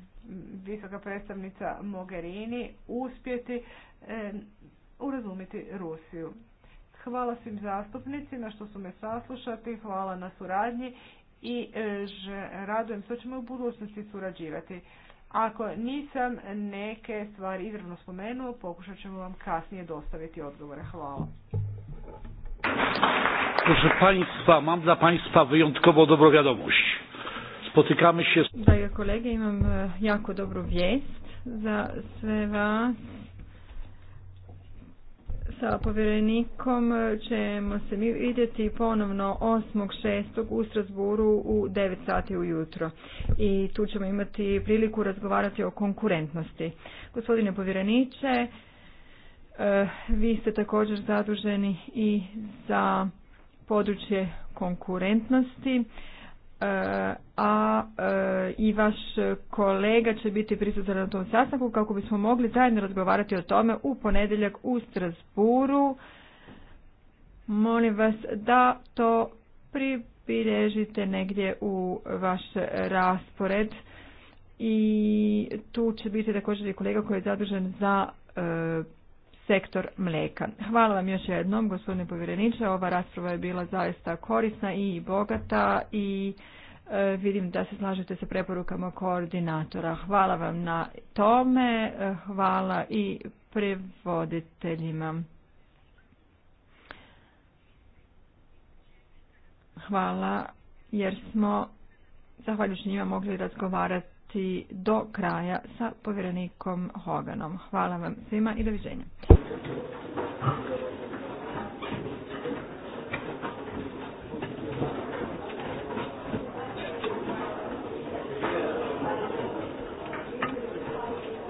Speaker 4: visoka predstavnica Mogherini uspjeti e, urazumiti Rusiju. Hvala svim zastupnicima što su me saslušati, hvala na suradnji i e, radujem se ćemo u budućnosti surađivati. Ako nisam neke stvari izravno spomenuo, pokušat ćemo vam kasnije dostaviti odgovore. Hvala.
Speaker 1: Proszę Państwa, mam dla Państwa wyjątkowo dobrą wiadomość. Spotykamy się...
Speaker 2: Daję kolegę, mam e, jako dobrą wieść za sve vas. Sa povjerenikom ćemo se mi vidjeti ponovno 8.6. u Strasburu u 9 sati ujutro. I tu ćemo imati priliku razgovarati o konkurentnosti. Gospodine povjereniče, E, vi ste također zaduženi i za područje konkurentnosti, e, a e, i vaš kolega će biti prisutan na tom sastanku kako bismo mogli zajedno razgovarati o tome u ponedjeljak u Strasburu. Molim vas da to pribilježite negdje u vaš raspored i tu će biti također i kolega koji je zadužen za sektor mlijeka. Hvala vam još jednom, gospodine povjereniče. Ova rasprava je bila zaista korisna i bogata i e, vidim da se slažete sa preporukama koordinatora. Hvala vam na tome, e, hvala i prevoditeljima. Hvala jer smo zahvaljujući njima mogli razgovarati do kraja sa povjerenikom Hoganom. Hvala vam svima i doviđenja.